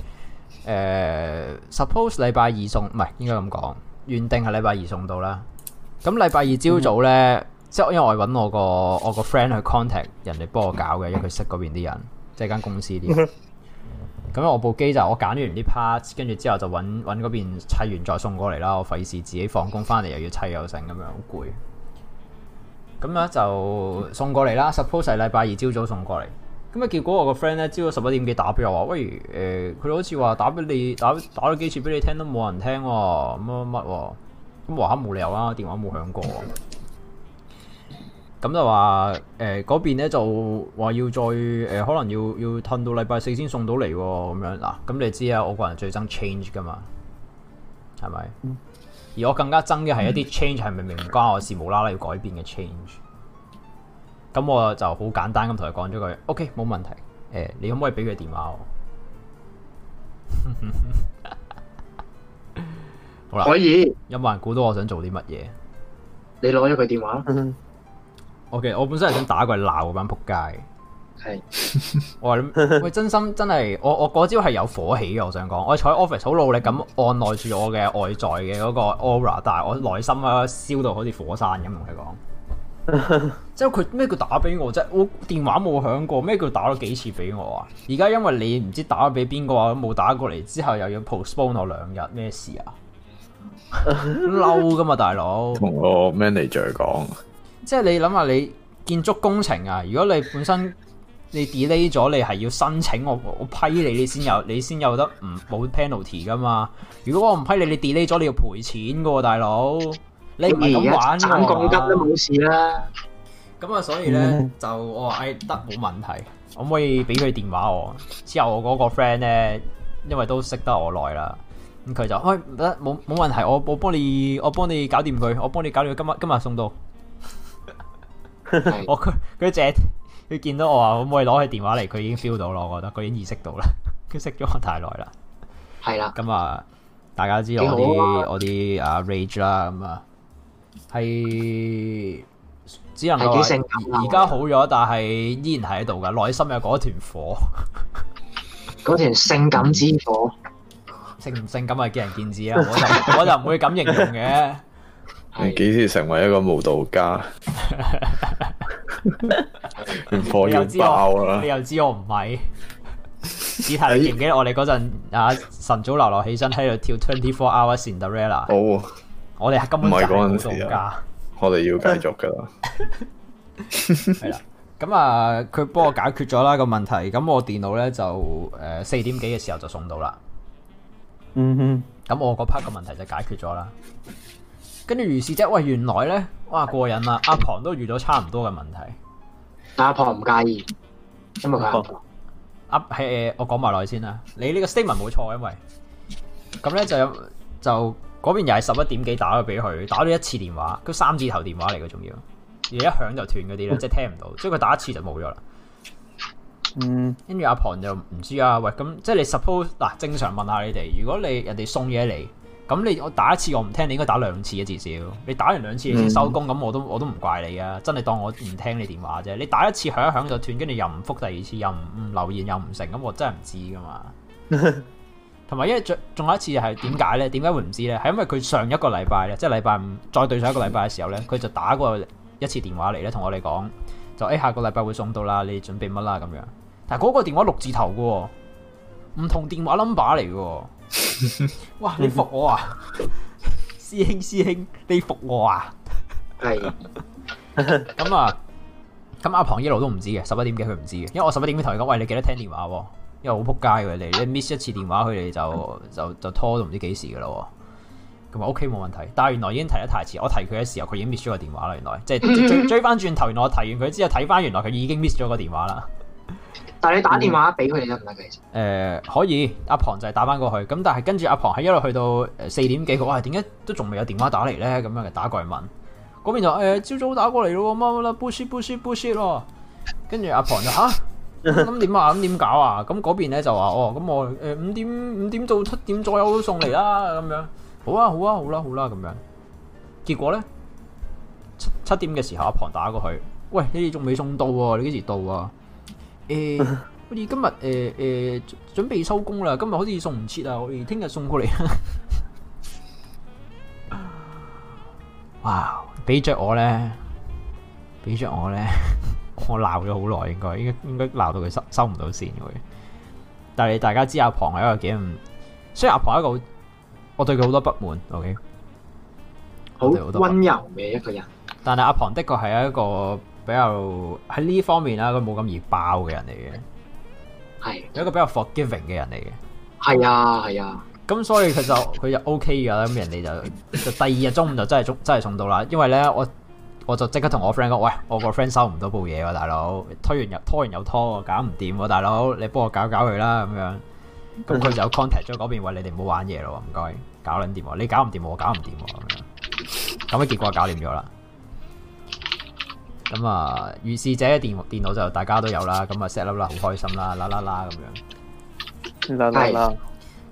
誒、uh,，suppose 禮拜二送唔係，應該咁講，原定係禮拜二送到啦。咁禮拜二朝早咧，嗯、即係因為我揾我個我個 friend 去 contact 人哋幫我搞嘅，因為佢識嗰邊啲人，即係間公司啲人。咁、嗯嗯、我，機我部機就我揀完啲 parts 跟住之後就搵揾嗰邊砌完再送過嚟啦。我費事自己放工翻嚟又要砌又成，咁樣好攰。咁樣就送過嚟啦。嗯、Suppose 係禮拜二朝早送過嚟。咁啊！結果我個 friend 咧朝早十一點幾打俾我話：喂，佢、呃、好似話打俾你打打咗幾次俾你聽都冇人聽，乜乜乜，咁話下冇理由啊！電話冇響過，咁就話嗰、呃、邊咧就話要再、呃、可能要要褪到禮拜四先送到嚟喎，咁樣嗱，咁、啊、你知啊，我個人最憎 change 噶嘛，係咪？嗯、而我更加憎嘅係一啲 change 係明明唔關我事無啦啦要改變嘅 change。咁我就好簡單咁同佢講咗句，OK 冇問題。誒、欸，你可唔可以俾佢電話我？ 好啦，可以。有冇人估到我想做啲乜嘢？你攞咗佢電話。 OK，我本身係想打佢鬧嗰班仆街。係是， 我我真心真係，我我嗰招係有火起嘅。我想講，我坐喺 office 好努力咁按捺住我嘅外在嘅嗰個 aura，但係我內心啊燒到好似火山咁同佢講。即係佢，咩叫打俾我啫？我電話冇響過，咩叫打咗幾次俾我啊？而家因為你唔知打俾邊個啊，冇打過嚟，之後又要 postpone 我兩日，咩事啊？嬲噶嘛，大佬！同個 manager 講，即係你諗下，你建築工程啊，如果你本身你 delay 咗，你係要申請我我批你，你先有你先有得唔冇 penalty 噶嘛？如果我唔批你，你 delay 咗你要賠錢噶，大佬。你唔玩，咁講得都冇事啦。咁啊，所以咧就我話哎得冇問題，可唔可以俾佢電話我？之後我嗰個 friend 咧，因為都識得我耐啦，咁佢就哎，唔得冇冇問題，我我幫你，我幫你搞掂佢，我幫你搞掂佢，今日今日送到。我佢佢淨係佢見到我話可唔可以攞佢電話嚟，佢已經 feel 到咯，我覺得佢已經意識到啦，佢識咗我太耐啦。係啦。咁啊，大家知道我啲我啲啊 rage 啦咁啊。係只能夠講而而家好咗，但係依然喺度噶，內心有嗰團火，嗰團性感之火。性唔性感就見仁見智啊，我就我就唔會咁形容嘅。你幾時成為一個舞蹈家？ 火你又知我，你又知我唔係。Gtai 你記唔記得我哋嗰陣啊晨早流流起身喺度跳 twenty four hours in Cinderella 好。我哋根本就唔送家，我哋要繼續噶啦。係啦，咁啊，佢幫、 啊、我解決咗啦個問題，咁我電腦咧就誒四、呃、點幾嘅時候就送到啦。嗯哼，咁我嗰 part 個問題就解決咗啦。跟住如是即喂，原來咧，哇，過癮啦！阿龐都遇咗差唔多嘅問題，阿龐唔介意，了因為佢阿係誒，我講埋落去先啦。你呢個 statement 冇錯，因為咁咧就有就。就嗰邊又係十一點幾打咗俾佢，打咗一次電話，佢三字頭電話嚟嘅，仲要，而一響就斷嗰啲咧，即係聽唔到，即係佢打一次就冇咗啦。嗯，跟住阿龐就唔知啊。喂，咁即係你 suppose 嗱、啊，正常問下你哋，如果你人哋送嘢嚟，咁你我打一次我唔聽，你應該打兩次嘅至少。你打完兩次先收工，咁、嗯、我都我都唔怪你啊。真係當我唔聽你電話啫。你打一次響一響就斷，跟住又唔覆第二次，又唔留言又唔成，咁我真係唔知㗎嘛。 同埋，因為仲仲有一次係點解咧？點解會唔知咧？係因為佢上一個禮拜咧，即係禮拜五再對上一個禮拜嘅時候咧，佢就打過一次電話嚟咧，同我哋講就誒下個禮拜會送到啦，你準備乜啦咁樣。但係嗰個電話六字頭嘅，唔同電話 number 嚟嘅。 哇！你服我啊，師兄師兄，你服我啊？係。咁啊，咁阿龐一路都唔知嘅，十一點幾佢唔知嘅，因為我十一點幾同佢講，喂，你記得聽電話喎、啊。又好仆街佢哋，你 miss 一,一次電話佢哋就就就拖到唔知幾時噶啦。咁話 O K 冇問題，但係原來已經提得太遲，我提佢嘅時候佢已經 miss 咗個電話啦。原來即係、就是嗯、哼追追翻轉頭，原來我提完佢之後睇翻，原來佢已經 miss 咗個電話啦。但係你打電話俾佢哋得唔得嘅？誒、嗯呃，可以。阿龐就係打翻過去，咁但係跟住阿龐係一路去到四點幾，我話點解都仲未有電話打嚟咧？咁樣打過去問，嗰邊就誒朝早打過嚟咯，媽咪啦，busy busy busy 咯。跟住阿龐就吓。咁點啊？咁點搞啊？咁嗰邊咧就話哦，咁我誒五點五點到七點左右都送嚟啦，咁樣好啊，好啊，好啦，好啦，咁樣結果咧七七點嘅時候阿 Pong 打過去，喂，你哋仲未送到啊？你幾時到啊？誒，我哋今日誒誒準備收工啦，今日好似送唔切啊，我哋聽日送過嚟。哇！俾着我咧，俾着我咧。我鬧咗好耐，應該應該應該鬧到佢收收唔到線嘅。但係大家知阿龐係一個幾唔，雖然阿龐係一個我對佢好多不滿，OK，好溫柔嘅一個人。但係阿龐的確係一個比較喺呢方面啦，佢冇咁易爆嘅人嚟嘅，係有是一個比較 forgiving 嘅人嚟嘅。係啊係啊，咁、啊、所以佢就，佢就 OK 噶啦。咁人哋就就第二日中午就真係送真係送到啦，因為咧我。我就即刻同我 friend 講：喂，我個 friend 收唔到部嘢喎，大佬。推完又拖完又拖喎，搞唔掂喎，大佬。你幫我搞搞佢啦，咁樣。咁佢就 contact 咗嗰邊，喂你哋唔好玩嘢咯，唔該。搞撚掂喎，你搞唔掂喎，我搞唔掂喎。咁嘅結果就搞掂咗啦。咁啊，如是者電電腦就大家都有啦，咁啊 set up 啦，好開心啦，啦啦啦咁樣。啦啦啦。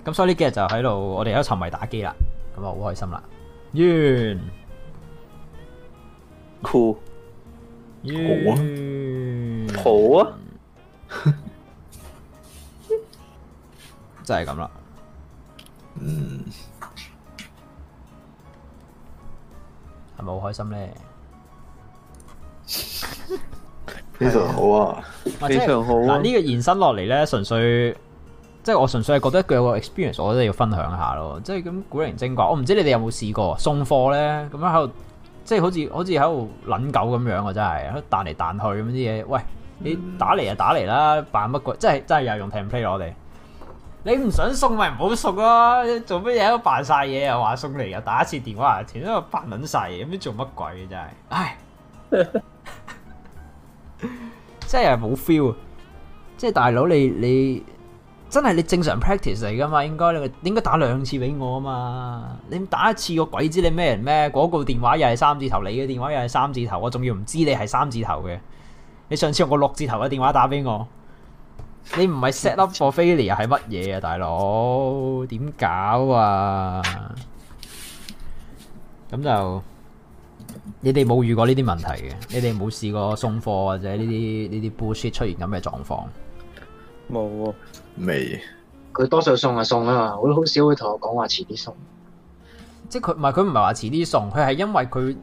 咁所以呢幾日就喺度，我哋喺度沉迷打機啦，咁啊好開心啦，完。Cool. Yeah. 好啊，好啊，就係咁啦，嗯，係咪好開心咧？非常好啊，啊非常好啊！嗱、啊，啊這個、呢個延伸落嚟咧，純粹即係、就是、我純粹係覺得佢有個 experience，我都要分享下咯。即係咁古靈精怪，我唔知你哋有冇試過送貨咧，咁樣喺度。即係好似好似喺度撚狗咁樣啊！真係彈嚟彈去咁啲嘢，喂你打嚟就打嚟啦，扮乜鬼？即係即係又用 template 我哋，你唔想送咪唔好送咯、啊，做乜嘢喺度扮晒嘢又話送嚟，又打一次電話前在裡啊，前喺度扮撚晒嘢，咁做乜鬼真係，唉， 真係冇 feel，啊。即係大佬你你。你真係你正常 practice 嚟噶嘛？應該你應該打兩次俾我啊嘛！你打一次，我鬼知你咩人咩？嗰個電話又係三字頭，你嘅電話又係三字頭，我仲要唔知你係三字頭嘅。你上次用個六字頭嘅電話打俾我，你唔係 set up for failure 係乜嘢啊，大佬？點搞啊？咁就你哋冇遇過呢啲問題嘅？你哋冇試過送貨或者呢啲呢啲 bullshit 出現咁嘅狀況？冇。未，佢多數送啊，送啊，我都好少會同我講話遲啲送，即係佢唔係佢唔係話遲啲送，佢係因為佢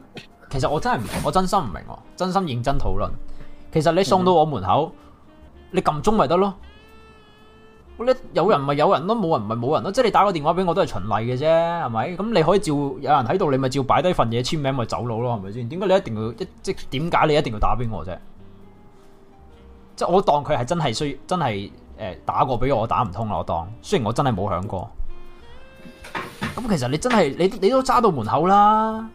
其實我真係唔明，我真心唔明哦，真心認真討論，其實你送到我門口，嗯、你撳鐘咪得咯，你有人咪有人咯，冇人咪冇人咯，即係你打個電話俾我都係循例嘅啫，係咪？咁你可以照有人喺度，你咪照擺低份嘢簽名咪走佬咯，係咪先？點解你一定要一即係點解你一定要打俾我啫？即係我當佢係真係需真係。誒，打過俾我，我打唔通我當。雖然我真係冇響過，咁其實你真係你你都揸到門口啦，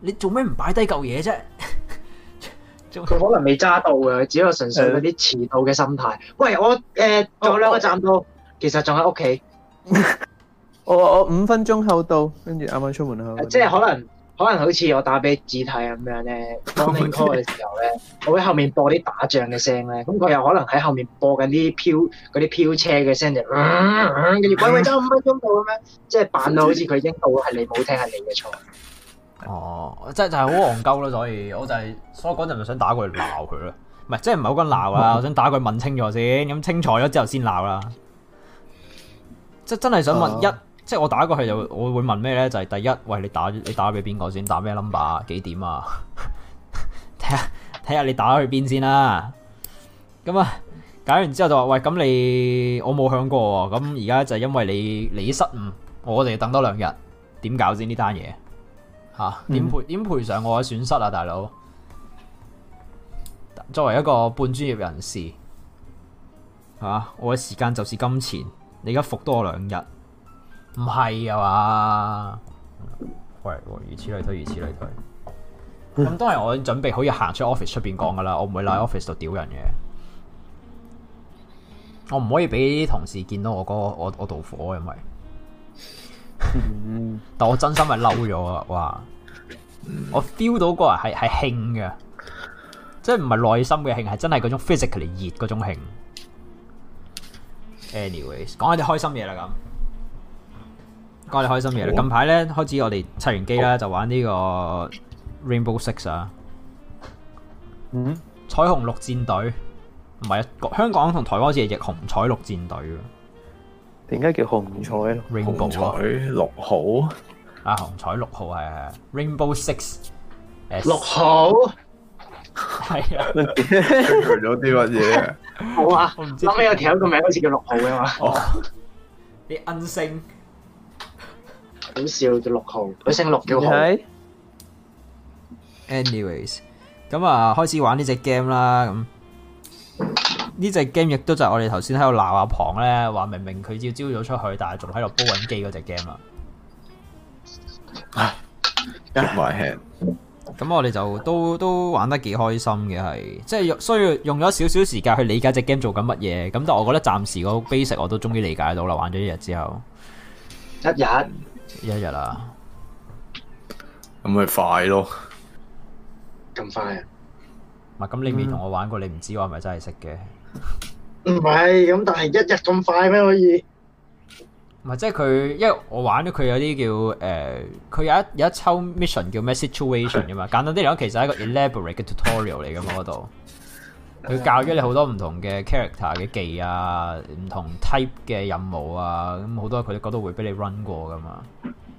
你做咩唔擺低嚿嘢啫？ 佢可能未揸到啊，只有純粹嗰啲遲到嘅心態。喂，我誒，仲有兩個站到，其實仲喺屋企。我我五分鐘後到，跟住啱啱出門口。即係可能。可能好似我打俾紫太咁樣咧，r u n call 嘅時候咧，我喺後面播啲打仗嘅聲咧，咁佢又可能喺後面播緊啲飄嗰啲飄車嘅聲，跟住鬼鬼走五分鐘到咁樣，即係扮到好似佢已經到係你冇聽係你嘅錯。哦，即係就係好戇鳩咯，所以我就係嗰陣就想打過去鬧佢囉，唔係，即係唔係好敢鬧啊，嗯、我想打佢問清楚先，咁清楚咗之後先鬧啦。即係真係想問一。哦。即係我打過去就我會問咩咧？就係、是、第一，喂，你打你打俾邊個先？打咩 number？幾點啊？睇下睇下你打去邊先啦。咁啊，搞完之後就話喂，咁你我冇響過，咁而家就因為你你失誤，我哋等多兩日，點搞先呢單嘢？吓、啊，點賠點賠償我嘅損失啊，大佬！作為一個半專業人士，吓、啊，我嘅時間就是金錢。你而家服多我兩日。唔係啊嘛，係，如此類推，如此類推。咁當然我準備好要行出 office 出邊講噶啦，我唔會喺 office 度屌人嘅。嗯、我唔可以俾啲同事見到我嗰個我我導火，因為，但我真心係嬲咗啊！哇，我 feel 到嗰人係係興嘅，即係唔係內心嘅興，係真係嗰種 physically 熱嗰種興。anyways，講下啲開心嘢啦咁。講啲開心嘢啦！近排咧開始我哋砌完機啦，就玩呢個 Rainbow Six 啊。嗯？彩虹六戰隊？唔係啊，香港同台灣好似係紅彩六戰隊啊。點解叫紅彩？彩虹 Rainbow 彩六號。啊，紅彩六號係係 Rainbow Six。六號。係 對啊。出咗啲乜嘢啊？好啊。後屘又調個名，好似叫六號嘅嘛。哦。啲 N 星。好笑就六號，佢姓六叫號。Anyway，s 咁啊，開始玩隻隻呢隻 game 啦。咁呢隻 game 亦都就係我哋頭先喺度鬧阿旁咧，話明明佢要朝早出去，但係仲喺度煲緊機嗰隻 game 啊。哎咁 my 我哋就都都玩得幾開心嘅，係即係需要用咗少少時間去理解隻 game 做緊乜嘢。咁但我覺得暫時嗰 basic 我都終於理解到啦，玩咗一日之後，一日、嗯。一日啊，咁咪快咯！咁快、啊？唔係咁你未同我玩過，你唔知我係咪真係識嘅？唔係、嗯，咁但係一日咁快咩可以？唔係，即係佢，因為我玩咗佢有啲叫誒，佢、呃、有一有一抽 mission 叫咩 situation 噶嘛？簡單啲嚟講，其實係一個 elaborate 嘅 tutorial 嚟噶嘛嗰度。 佢教咗你好多唔同嘅 character 嘅技啊，唔同 type 嘅任務啊，咁好多佢都講都會俾你 run 過噶嘛。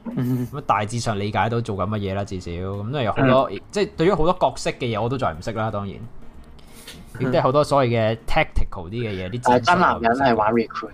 咁大致上理解到做緊乜嘢啦，至少咁都有好多，mm hmm. 即係對於好多角色嘅嘢，我都再唔識啦，當然。亦都係好多所謂嘅 tactical 啲嘅嘢，啲真男人係玩 recruit。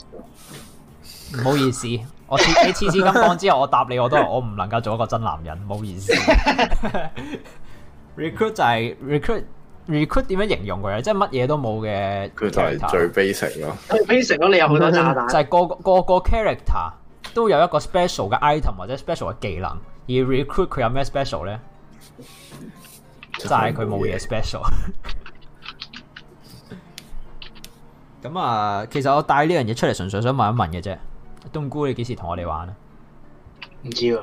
唔好意思，我你次次咁講之後，我答你我都話我唔能夠做一個真男人，唔好意思。 rec 就是、recruit 就係 recruit。Recruit 點樣形容佢啊？即係乜嘢都冇嘅，佢 就係最 basic 咯。最 basic 咯，你有好多炸彈。就係個個個,個 character 都有一個 special 嘅 item 或者 special 嘅技能，而 recruit 佢有咩 special 咧？就係佢冇嘢 special。咁 啊，其實我帶呢樣嘢出嚟，純粹想問一問嘅啫。東姑，你幾、啊、時同我哋玩 啊？唔知喎。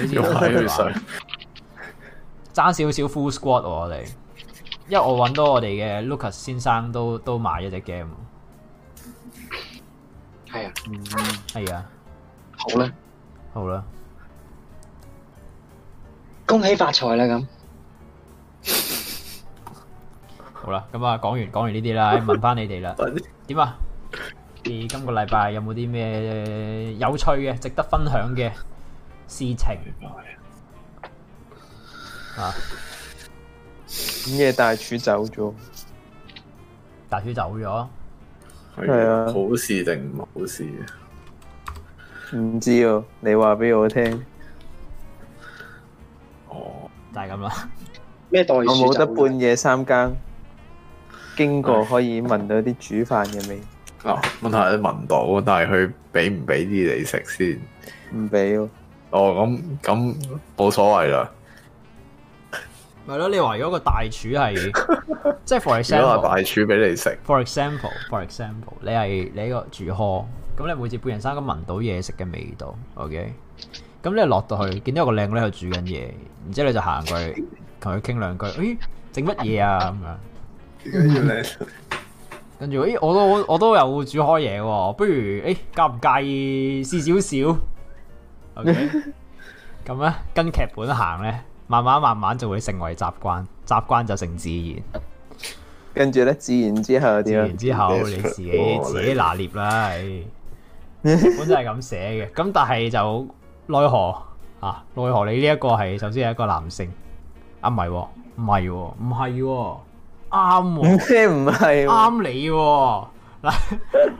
幾時同我哋玩？爭少少 full squad 我哋。因為我揾到我哋嘅 Lucas 先生都都買咗一隻 game。係啊，嗯，係啊，好啦，好啦，恭喜發財啦咁，好啦，咁啊，講完講完呢啲啦，問翻你哋啦，點啊？你今個禮拜有冇啲咩有趣嘅、值得分享嘅事情啊？咩大廚走咗？大廚走咗，係啊，好事定唔好事？唔知啊，你話俾我聽。哦，就係咁啦。咩大廚？我冇得半夜三更經過可以聞到啲煮飯嘅味。啊、 哦，問題係聞到，但係佢俾唔俾啲你食先？唔俾。哦，咁咁冇所謂啦。咪咯，你話如果個大廚係， 即係 for example，如果係大廚俾你食，for example，for example，你係你一個住客，咁你每次半人生咁聞到嘢食嘅味道，ok，咁你落到去見到有個靚女喺度煮緊嘢，然之後你就行過去同佢傾兩句，誒、哎，整乜嘢啊咁樣？點解要嚟？跟住，誒、 哎，我都我都有煮開嘢喎，不如，誒、哎，介唔介意試少少？ok，咁咧 跟劇本行咧。慢慢慢慢就會成為習慣，習慣就成自然。跟住咧，自然之後，自然之後，自然之後你自己、哦、自己拿捏啦。本身係咁寫嘅，咁但係就奈何啊奈何你呢一個係首先係一個男性，啊唔係喎，唔係喎，唔係喎，啱喎、喔，唔係啱你喎。嗱、喔，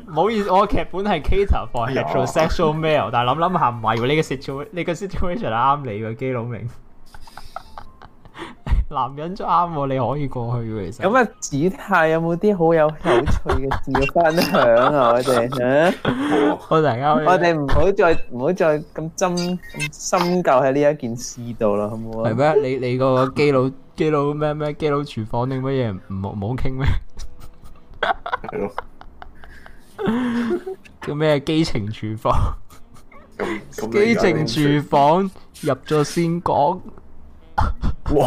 唔好意思，我嘅劇本係 cater for heterosexual male，但係諗諗下唔係喎，你嘅 situation 你嘅 situation 係啱 你嘅、喔、基佬明。 男人就啱喎，你可以過去嘅。其實咁啊，子泰有冇啲好有有趣嘅事要 分享啊？我哋，我突然間，我哋唔好再唔好再咁深深究喺呢一件事度啦，好唔好啊？係咩？你你嗰個基佬基佬咩咩基佬廚房定乜嘢？唔好唔好傾咩？ 叫咩基情廚、， 嗯嗯、廚房？基情廚房入咗先講。哇！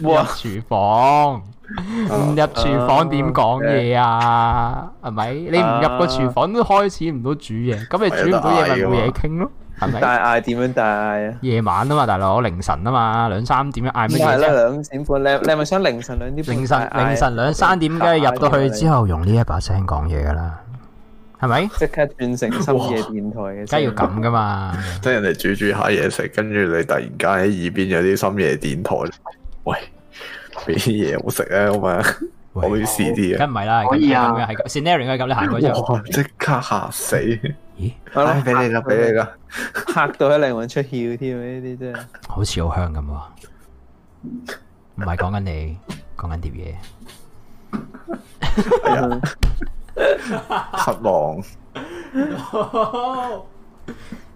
入廚房，唔入廚房點講嘢啊？係咪、啊？你唔入個廚房都開始唔、啊、到煮嘢，咁你煮唔到嘢咪冇嘢傾咯？係咪吧、啊？大嗌點樣大嗌啊？夜晚啊嘛，大佬，凌晨啊嘛，兩三點要嗌咩嘢？夜晚咧，兩點半你你係咪想凌晨兩點？凌晨凌晨兩三點，梗係入到去之後用呢一把聲講嘢噶啦，係咪吧？即刻變成深夜電台嘅，梗係要咁噶嘛？即係 人哋煮煮下嘢食，跟住你突然間喺耳邊有啲深夜電台。喂，俾啲嘢我食啊嘛，喂我要試啲啊，梗唔係啦，啦可以啊，係 scenario 係咁，你行過之後即刻嚇死，咦？俾、哎、你啦，俾你啦，嚇到你靈魂出竅添，呢啲真係，好似好香咁，唔係講緊你，講緊碟嘢，失狼！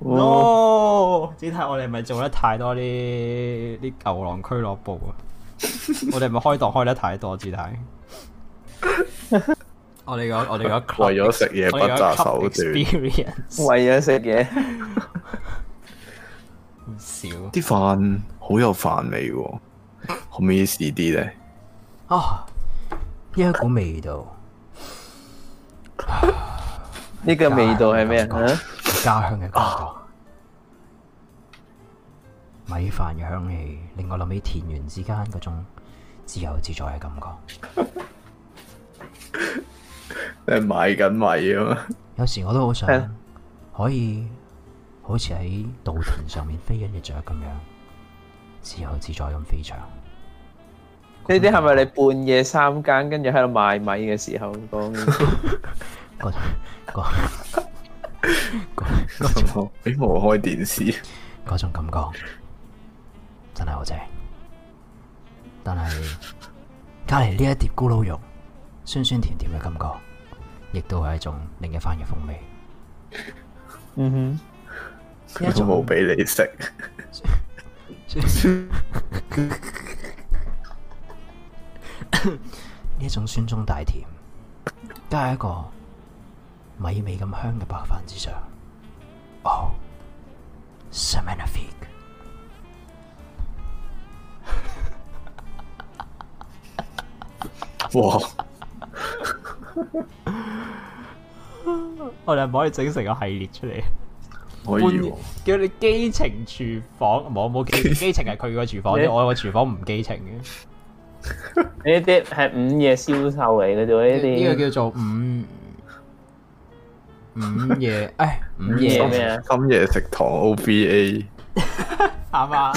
哦，o 知太我哋係咪做得太多啲啲牛郎俱樂部啊！ 我哋係咪開檔開得太多，知太。 我哋我哋個為咗食嘢不擇手段，為咗食嘢。少啲飯好有飯味喎，可唔可以試啲咧？啊，一、這個味道。呢個味道係咩 家鄉嘅感覺，米飯嘅香氣令我諗起田園之間嗰種自由自在嘅感覺。 你賣緊米啊？有時我都好想可以好似喺稻田上面飛緊隻雀咁樣自由自在咁飛翔。呢啲係咪你半夜三更跟住喺度賣米嘅時候講？講。 嗰俾我開電視，嗰種感覺真係好正。但係隔籬呢一碟咕嚕肉，酸酸甜甜嘅感覺，亦都係一種另一番嘅風味，mm。嗯哼，我冇俾你食呢一種酸、酸、酸、甜甜呢種酸中帶甜，都係一個。米味咁香嘅白飯之上哦，h、oh, s i g i f a n 哇！ 我哋可唔可以整成個系列出嚟啊！可以、哦、叫你基情廚房，冇冇基 基情係佢個廚房，你我個廚房唔基情嘅。呢啲係午夜銷售嚟嘅啫，呢啲呢個叫做午。午夜，哎，午夜咩啊？深夜食堂 O B A，啱啊！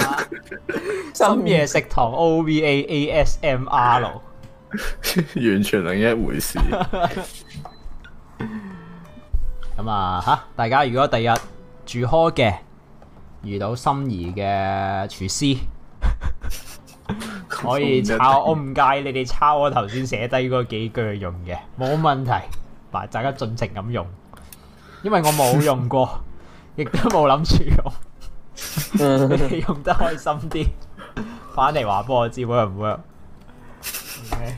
深夜食堂 O B A A S M R 咯，完全另一回事。咁啊，吓，大家如果第日住 hall 嘅，遇到心儀嘅廚師，可以抄，我唔介意你哋抄我頭先寫低嗰幾句用嘅，冇問題，嗱，大家盡情咁用。因為我冇用過，亦都冇諗住用，你哋用得開心啲，翻嚟話幫我知 work 唔 work？OK。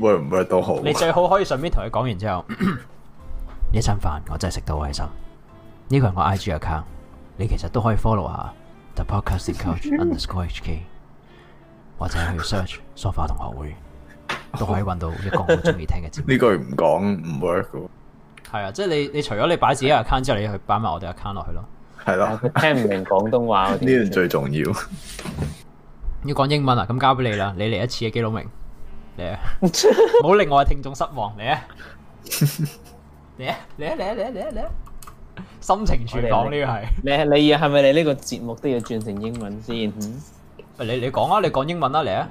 work 唔 work 都好。你最好可以順便同佢講完之後，呢餐飯我真係食到開心。呢個係我 I G account，你其實都可以 follow 下 The Podcasting Couch Underscore HK，或者去 search Sofa 同學會，都可以搵到一個好中意聽嘅節目。呢句唔講唔 work。係啊，即係你，你除咗你擺自己 account 之後，你去擺埋我哋 account 落去咯。係咯是的，聽唔明廣東話呢樣最重要。要講英文啊？咁交俾你啦，你嚟一次啊，基隆明嚟啊！唔好令我嘅聽眾失望嚟啊！嚟啊嚟啊嚟啊嚟啊！心情轉講呢個係。你啊！你你你係咪你呢個節目都要轉成英文先？唔你你講啊！你講英文啊！嚟啊！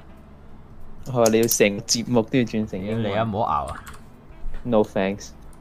我話你要，個節要成個節目都要轉成英文。你啊！唔好拗啊！No thanks。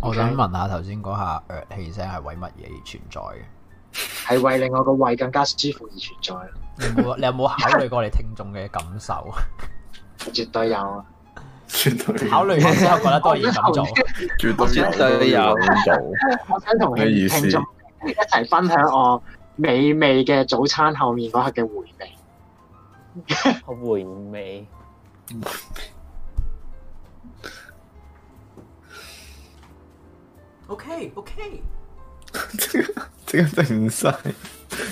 Okay. 我想問下，剛才那一下，頭先嗰下氣聲係為乜嘢而存在嘅？係為令我個胃更加舒服而存在。你冇，你有冇考慮過你聽眾嘅感受？ 絕對有，絕對考慮完之後覺得當然咁做我！絕對我我絕對有。我想同你聽眾一齊分享我美味嘅早餐後面嗰刻嘅回味。 回味。 O K O K，呢個呢定唔晒？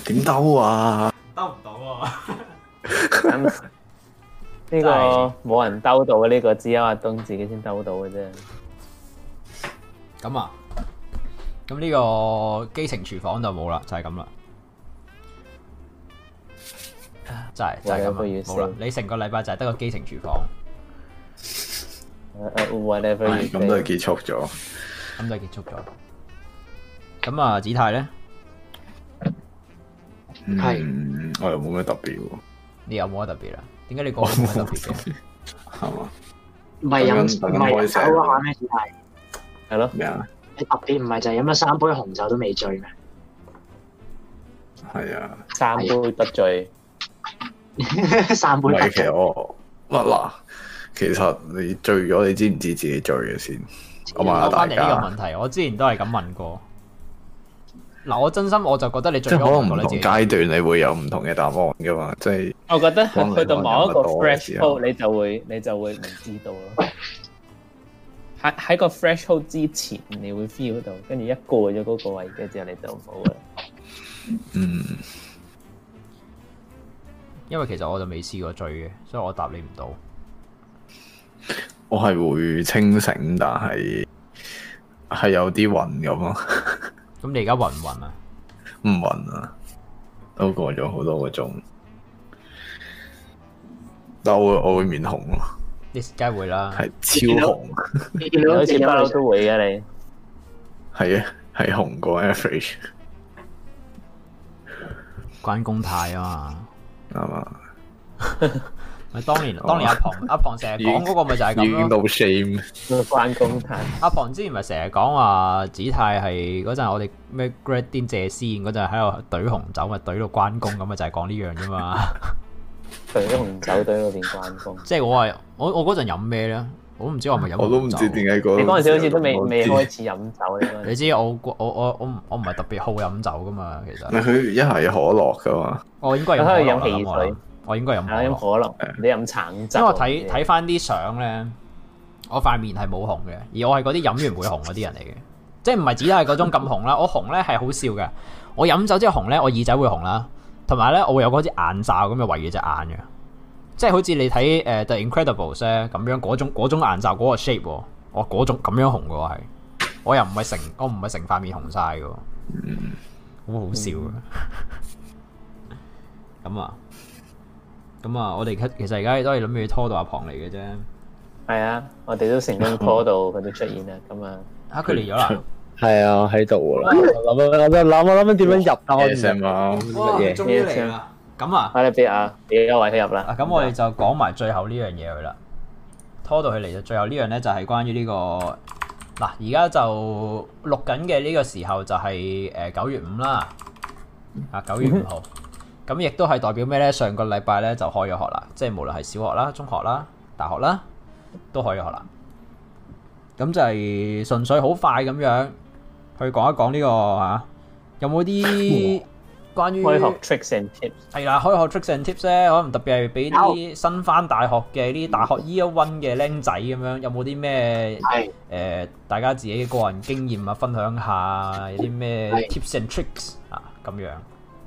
點兜 Okay ,、okay. 啊？兜唔到啊？呢個冇人兜到嘅，呢個只有阿東自己先兜到嘅啫。咁啊，咁呢個基情廚房就冇啦，就係咁啦。就係就係咁個意思。好啦。你成個禮拜就係得個基情廚房。咁都係結束咗。咁就結束咗。咁啊，子泰咧，係我又冇咩特別喎。你有冇乜特別啊？點解你講冇特別嘅？係嘛？唔係飲唔係酒啊？咩子泰？係咯。咩啊？你特別唔係就係飲咗三杯紅酒都未醉咩？係啊。三杯不醉。三杯不醉。其實我乜啦？其實你醉咗，你知唔知自己醉嘅先？我問翻你呢個問題，我之前都係咁問過。嗱，我真心我就覺得你最好唔同階段，你會有唔同嘅答案嘅嘛。即係我覺得去到某一個 threshold，你就會你就會唔知道咯。喺喺個 threshold 之前，你會 feel 到，跟住一過咗嗰個位，之後你就冇啦。嗯。因為其實我就未試過追嘅，所以我答你唔到。我係會清醒，但係係有啲暈咁咯。咁 你而家暈唔暈啊？唔暈啊，都過咗好多個鐘。但我會，我會面紅咯。你梗係會啦。係超紅，好似不嬲都會嘅你。係啊，係紅過 average。 關公太啊嘛。啱嘛。當年啦當年阿龐阿龐成日講嗰個咪就係咁咯，演、no、shame 關公。阿龐之前咪成日講話子泰係嗰陣，我哋咩 grad din 謝師宴嗰陣喺度懟紅酒咪懟到關公咁，就係，啊，就係講呢樣啫嘛。懟紅酒懟到變關公，即係我係，啊、我我嗰陣飲咩咧？我都唔知道我係咪飲我都唔知點解。你嗰陣時好似都未未不開始飲酒，啊。你知道我我我我我唔係特別好飲酒噶嘛，其實。佢一係可樂噶嘛，我應該飲飲汽水。我應該有冇咯？你飲橙汁。因為我睇睇翻啲相咧，我塊面係冇紅嘅，而我係嗰啲飲完會紅嗰啲人嚟嘅， 即係唔係只係嗰種咁紅啦。我紅咧係好笑嘅，我飲酒之後紅咧，我耳仔會紅啦，同埋咧我會有嗰支眼罩咁樣圍住隻眼嘅，即係好似你睇誒 The Incredibles 咁樣嗰種嗰種眼罩嗰個 shape，我嗰種咁樣紅嘅係，我又唔係成我唔係成塊面紅晒嘅，好好笑嘅，咁、嗯、 啊。咁啊，我哋其實而家都係諗住拖到阿龐嚟嘅啫。係啊，我哋都成功拖到佢 都出現啦。咁啊，吓佢嚟咗啦。係啊，喺度啦。諗、 啊， 我就諗，我諗點樣入啊。我哋成日哦，終於嚟啦。咁啊，喺邊啊？俾個位先入啦。咁我哋就講埋最後呢樣嘢去啦。拖到佢嚟，就最後呢樣咧就係關於呢、這個嗱，而、啊、家就錄緊嘅呢個時候就係誒九月五啦，啊九月五號。 咁亦都係代表咩咧？上個禮拜咧就開咗學啦，即係無論係小學啦、中學啦、大學啦，都開咗學啦。咁就係純粹好快咁樣去講一講呢個吓，啊，有冇啲關於開學 tricks and tips？係啦，開學 tricks and tips 咧，可能特別係俾啲新翻大學嘅啲大學 year one 嘅僆仔咁樣，有冇啲咩？係誒，大家自己嘅個人經驗啊，分享下有啲咩 tips and tricks 啊，咁樣。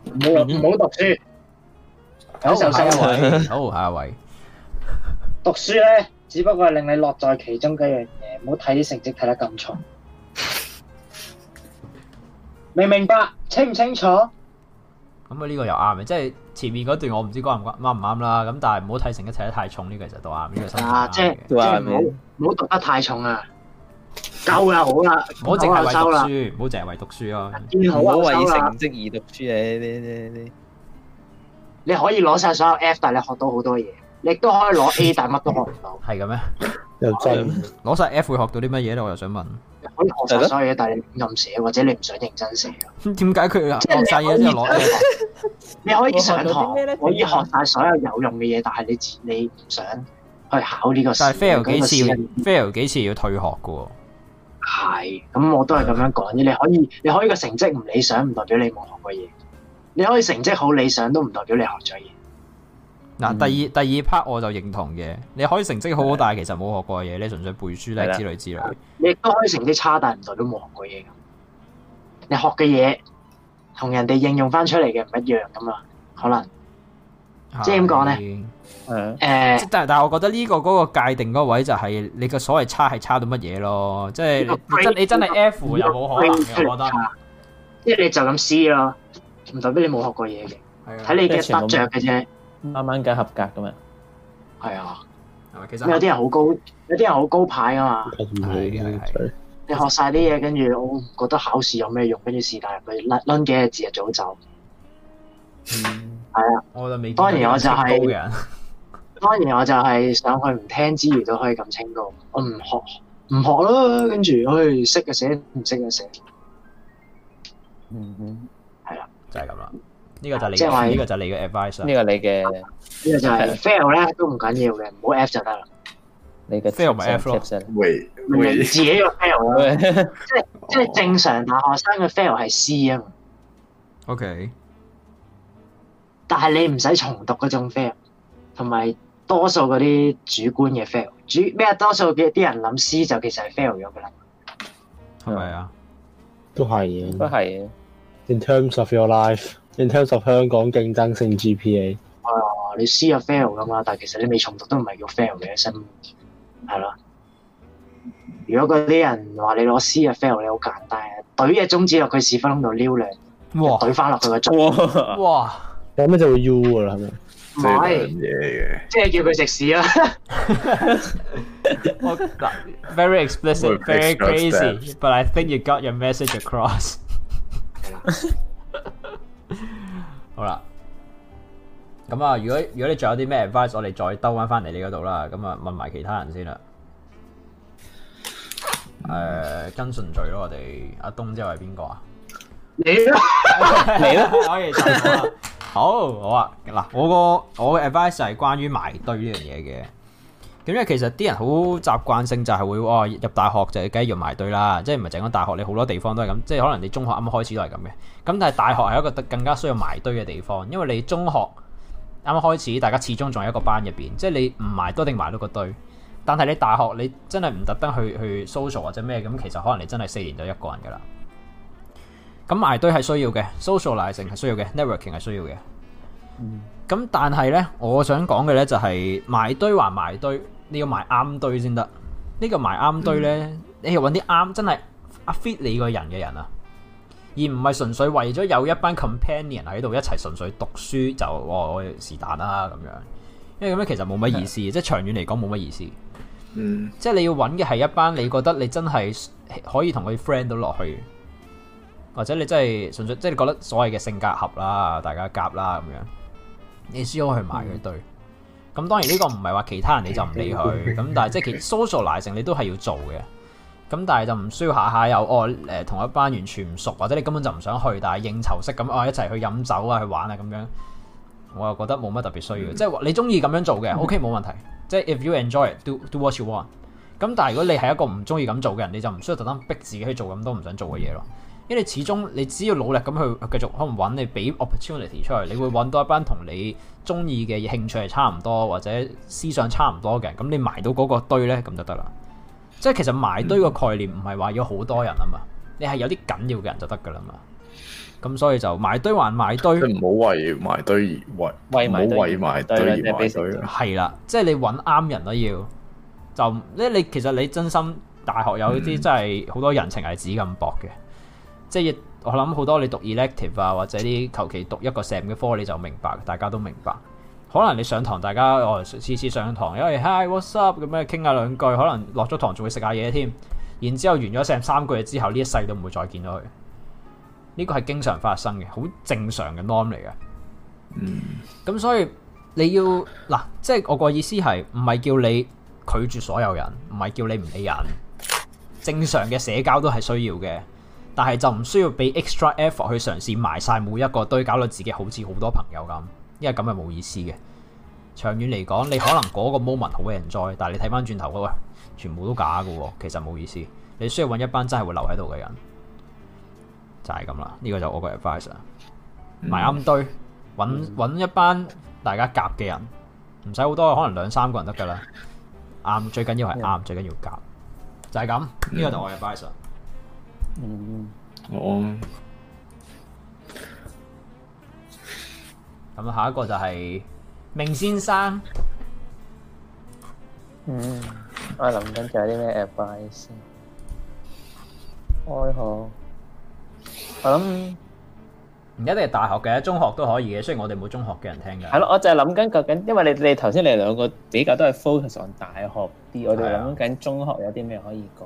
唔好唔好讀書，享受生活。好，下一位，讀書咧只不過係令你樂在其中嘅一樣嘢，唔好睇啲成績睇得咁重。明唔明白，清唔清楚？咁佢呢個又啱嘅，即係前面嗰段我唔知啱唔啱啦。咁但係唔好睇成績睇得太重，呢個其實都啱。呢個生活，即係即係唔好唔好讀得太重啊！夠啦，好啦，唔好淨係為讀書，唔好淨係為讀書啊，唔好為成績而讀書誒！呢你可以攞晒所有 F，但係你學到好多嘢，你都可以攞 A，但係乜都學唔到。係咁咩？又真攞晒 F 會學到啲乜嘢咧？我又想問。可以學晒所有嘢，但係你唔敢寫，或者你唔想認真寫。點解佢要即晒嘢又攞。你可以上堂，可以學晒所有有用嘅嘢，但係你你唔想去考呢個。但係 fail 幾次？fail 幾次要退學噶？係，咁我都係咁樣講啫。你可以，你可以個成績唔理想，唔代表你冇學過嘢。你可以成績好理想，都唔代表你學咗嘢。嗱，第二第二 part 我就認同嘅。你可以成績好好，的但係其實冇學過嘢，你純粹背書咧的之類之類。你都可以成績差，但係唔代表冇學過嘢。你學嘅嘢同人哋應用翻出嚟嘅唔一樣噶嘛？可能，即係點講咧？誒，誒、嗯，嗯、但係但係，我覺得呢個嗰個界定嗰個位就係你個所謂差係差到乜嘢咯，即、就、係、是、你真係 F 又冇可能嘅，即係你就咁 C 咯，唔代表你冇學過嘢嘅，睇的你嘅得着嘅啫。啱啱咁合格㗎嘛。係啊的，其實有啲人好高，有啲人好高牌噶嘛，係你學晒啲嘢，跟住我覺得考試有咩用，跟住是但佢攞攞幾個字就早走，係啊，當年我就係、是。 當然我就係想去唔聽之餘都可以咁清高，我唔學唔學啦，跟住去識嘅寫，唔識嘅寫，嗯哼，係啦，就係咁啦，呢個就你，即係話，呢個就你嘅 advice 啊，呢個你嘅呢個就係 fail 咧都唔緊要嘅，唔好 fail 就得啦。你嘅 fail 唔 fail？會會自己個 fail 咯，即係即係正常大學生嘅 fail 係 C 啊嘛。OK，但係你唔使重讀嗰種 fail，同埋。多數嗰啲主觀嘅 fail，主咩多數嘅啲人諗 C 就其實係 fail 咗噶啦，係咪啊？都係嘅，都係嘅。In terms of your life，in terms of 香港競爭性 GPA，啊，你 C 啊 fail 咁嘛？但係其實你未重讀都唔係叫 fail 嘅，真係咯。如果嗰啲人話你攞 C 啊 fail，你好簡單，懟嘅宗旨落佢屎忽窿度撩你，懟翻落去嘅。哇哇嘩，就有咩就會 U 啦，係咪？唔係，即係叫佢食屎啦！我得，very explicit，very crazy，但係我諗你 got your message across。好啦，咁啊，如果如果你仲有啲咩嘅 advice，我哋再兜翻翻嚟你嗰度啦。咁啊，問埋其他人先啦。誒，跟順序咯，我哋阿東之後係邊個啊？你啦，你啦，都可以。好好啊！嗱、啊，我個我嘅 advice 係關於埋堆呢樣嘢嘅。咁因為其實啲人好習慣性就係會、哦、入大學就梗係要埋堆啦，即係唔係淨講大學，你好多地方都係咁。即係可能你中學啱啱開始都係咁嘅。咁但係大學係一個更加需要埋堆嘅地方，因為你中學啱啱開始，大家始終仲有一個班入面，即係你唔埋都一定埋到個堆。但係你大學你真係唔特登去去 social 或者咩咁，其實可能你真係四年就一個人噶啦。咁埋堆係需要嘅 socializing 係需要嘅，networking 係需要嘅。咁、嗯、但係咧，我想講嘅咧就係埋堆還埋堆，你要埋啱堆先得。呢個埋啱堆咧，你要搵啲啱真係 fit 你個人嘅人啊，而唔係純粹為咗有一班 companion 喺度一齊純粹讀書就哦我是但啦咁樣。因為咁樣其實冇乜意思，嗯、即係長遠嚟講冇乜意思。嗯，即係你要搵嘅係一班你覺得你真係可以同佢 friend 到落去。或者你真係純粹即係你覺得所謂嘅性格合啦，大家夾啦咁樣，你需要去埋佢。對，咁當然呢個唔係話其他人你就唔理佢咁，但係即係 socializing，你都係要做嘅。咁但係就唔需要下下有哦、呃、同一班完全唔熟，或者你根本就唔想去，但係應酬式咁啊、哦、一齊去飲酒啊去玩啊咁樣，我又覺得冇乜特別需要。 即係你中意咁樣做嘅，OK 冇問題。即係 if you enjoy it，do do what you want。咁但係如果你係一個唔中意咁做嘅人，你就唔需要特登逼自己去做咁多唔想做嘅嘢咯。因為你始終你只要努力咁去繼續，可能揾你俾 opportunity 出嚟，你會揾到一班同你中意嘅興趣係差唔多，或者思想差唔多嘅人。咁你埋到嗰個堆咧，咁就得啦。即係其實埋堆個概念唔係話要好多人啊嘛，你係有啲緊要嘅人就得噶啦嘛。咁所以就埋堆還埋堆，唔好為埋堆而為，唔好為，為埋堆而埋堆。係啦，即係你揾啱人都要就咧。你，你其實你真心大學有啲、嗯、真係好多人情係紙咁薄嘅。即係我諗好多，你讀 elective 啊，或者啲求其讀一個 Sam 嘅科，你就明白，大家都明白。可能你上堂，大家我次次上堂，因為 hi what's up 咁樣傾下兩句，可能落咗堂仲會食下嘢添。然之後完咗 Sam 三個月之後，呢一世都唔會再見到佢。呢、這個係經常發生嘅，好正常嘅 norm 嚟嘅。咁、嗯、所以你要嗱，即係、就是、我個意思係，唔係叫你拒絕所有人，唔係叫你唔理人。正常嘅社交都係需要嘅。但係就唔需要俾 extra effort 去嘗試埋晒每一個堆，搞到自己好似好多朋友咁，因為咁係冇意思嘅。長遠嚟講，你可能嗰個 moment 好 enjoy，但係你睇翻轉頭，嗰個，全部都假喎，其實冇意思。你需要揾一班真係會留喺度嘅人，就係咁啦。呢、這個就我個 adviser 埋啱堆，揾揾、嗯、一班大家夾嘅人，唔使好多，可能兩三個人得噶啦。啱，最緊要係啱，嗯、最緊要夾，就係、是、咁。呢、這個就我嘅 adviser 哦，咁啊，下一個就係明先生。嗯，我諗緊仲有啲咩 advice。開學，我諗唔一定係大學嘅，中學都可以嘅。雖然我哋冇中學嘅人聽噶。係咯，我就係諗緊究竟，因為你你頭先你兩個比較都係 focus on 大學啲，我哋諗緊中學有啲咩可以講。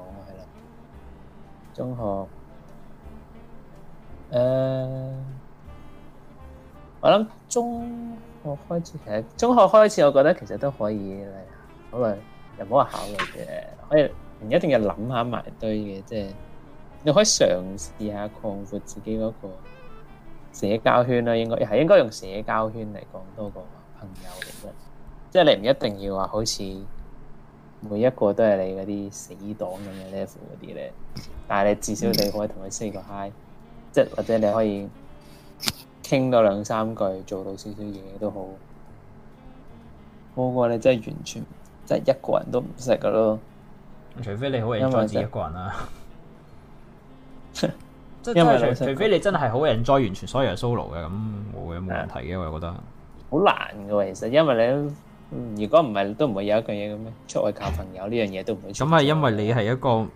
中學，誒、呃，我諗中學開始其實，中學開始我覺得其實都可以嚟，好耐又冇好話考慮嘅，可以唔一定要諗下埋堆嘅，即係你可以嘗試下擴闊自己嗰個社交圈啦。應該係應該用社交圈嚟講多過朋友嚟嘅，即係你唔一定要話好似。每一個都係你嗰啲死黨咁嘅 level 嗰啲咧，但係你至少你可以同佢 say 個 hi，即係或者你可以傾多兩三句，做到少少嘢都好。好過你真係完全即係一個人都唔識噶咯，除非你好 enjoy 自己一個人啦。即係因為、就是、 除,除非你真係好 enjoy 完全所有人 solo 嘅，咁冇咁冇問題嘅，嗯、我又覺得。好難噶，其實因為你。如果唔係，都唔、嗯、會有一樣嘢嘅咩？出去靠朋友呢樣嘢都唔會。咁係、嗯、因為你係一個唔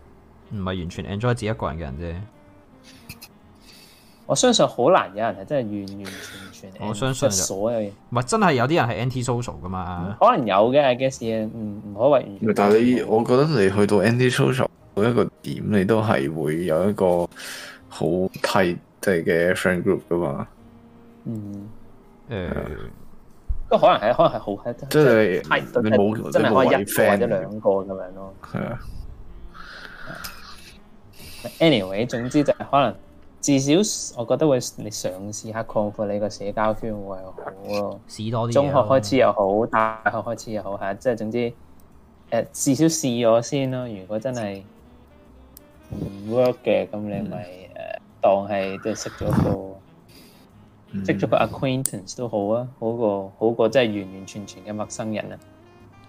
係完全 enjoy 自己一個人嘅人啫。 我相信好難有人係真係完完全全。我相信所有嘢。唔係真係有啲人係 anti-social 噶嘛、嗯？可能有嘅，I guess 嘅，唔唔可謂。但係你，我覺得你去到 anti-social 每一個點，你都係會有一個好大嘅 friend group 噶嘛？嗯。誒。都可能係，可能係好，即係冇，真係可以一,一或者兩個咁樣咯。係啊 Yeah.，anyway，總之就係可能至少，我覺得會你嘗試下擴闊你個社交圈會好咯。試多啲、啊，中學開始又好，大學開始又好嚇。即係總之，誒、呃、至少試咗先咯。如果真係唔 work 嘅，咁你咪誒、嗯、當係都識咗個。 識咗、嗯、個 acquaintance 都好啊，好過好過真係完完全全嘅陌生人啊。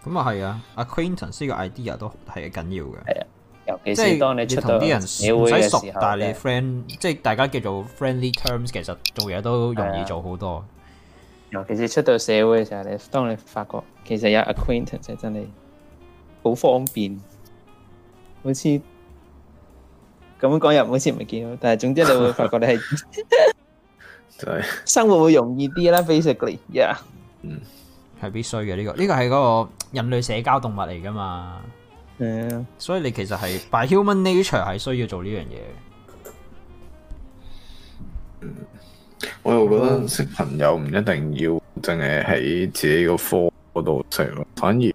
咁啊係啊，acquaintance 呢個 idea 都係緊要嘅。係啊，尤其是當你出到社會嘅時候，唔使熟，對但你 friend，即係大家叫做 friendly terms，其實做嘢都容易做好多。尤其是出到社會嘅時候，你當你發覺其實有 acquaintance 真係好方便，好似咁講又好似唔未見，但係總之你會發覺你係。 就是、生活會容易啲啦，basically，y、yeah、係必須嘅，呢個，呢、這個係嗰個人類社交動物嚟㗎嘛，Yeah. 所以你其實係 by human nature 係需要做呢樣嘢，我又覺得識朋友唔一定要淨係喺自己個科度識，反而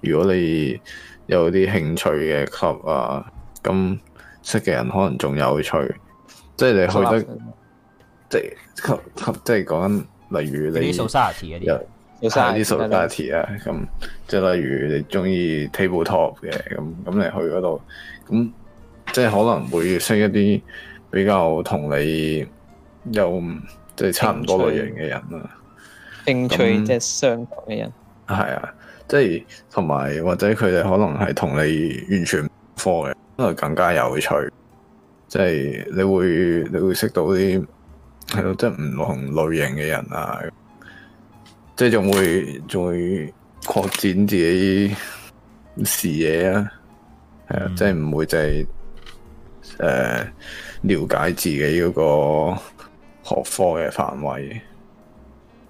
如果你有啲興趣嘅 club 啊，咁識嘅人可能仲有趣，即、就、係、是、你去得。即係即即，即係講緊，例如你啲 society 啲，有啲 society 啊咁那。即係例如你中意 table top 嘅咁，咁你去嗰度咁，即係可能會識一啲比較同你又即係差唔多類型嘅人啊。興趣即係相同嘅人，係啊，即係同埋或者佢哋可能係同你完全科嘅，可能更加有趣。即係你會你會識到啲。係咯，即係唔同類型嘅人啊，即係仲會仲會擴展自己視野啊，係啊，嗯、即係唔會就係誒了解自己嗰個學科嘅範圍。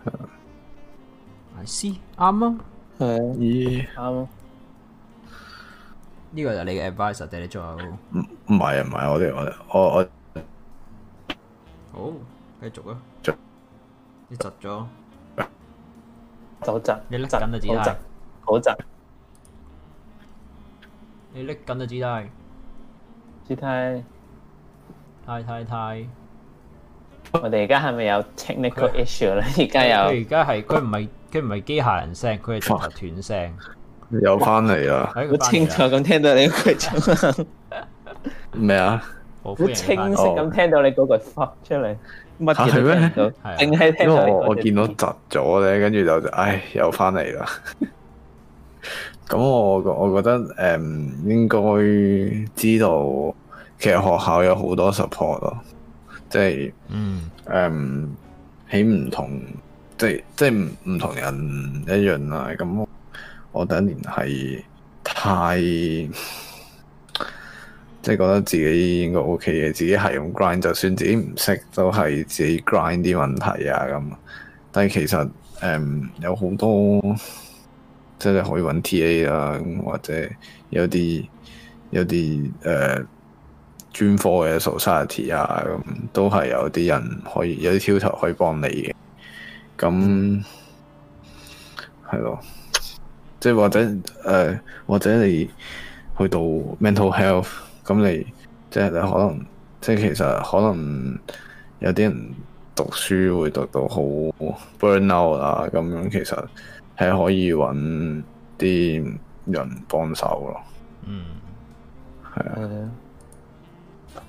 係，I see，啱啊，係，啱啊，呢個就係你嘅 advice 啊，定係最後？唔唔係啊，唔係我哋我我好。我繼續咯，窒，你窒咗，好窒，你拎緊個子彈，好窒，你拎緊個子彈，子彈，太太太，我哋而家係咪有 technical issue 咧？而家有，佢而家係佢唔係佢唔係機械人聲，佢係突然斷聲，又翻嚟啦。好清楚咁聽到你句，咩啊？好清晰咁聽到你嗰句發出嚟。.係咩？啊、因為我，我見到窒咗咧，跟住就唉，又翻嚟啦。咁 我我我覺得誒、嗯，應該知道其實學校有好多 support 咯，即、就、係、是、嗯，誒、嗯，起唔同，即係即係唔同人一樣啦。咁我我第一年係太。即係覺得自己應該 OK 嘅，自己係用 grind，就算自己唔識都係自己 grind 啲問題啊咁。但係其實誒、嗯、有好多，即係可以揾 TA 啊，或者有啲有啲誒、呃、專科嘅、Society 啊，咁都係有啲人可以有啲挑頭可以幫你嘅。咁係咯，即係或者誒、呃、或者你去到 mental health。咁你即係你可能即係其實可能有啲人讀書會讀到好 burnout 啦，咁樣其實係可以揾啲人幫手咯。嗯，係啊的，uh,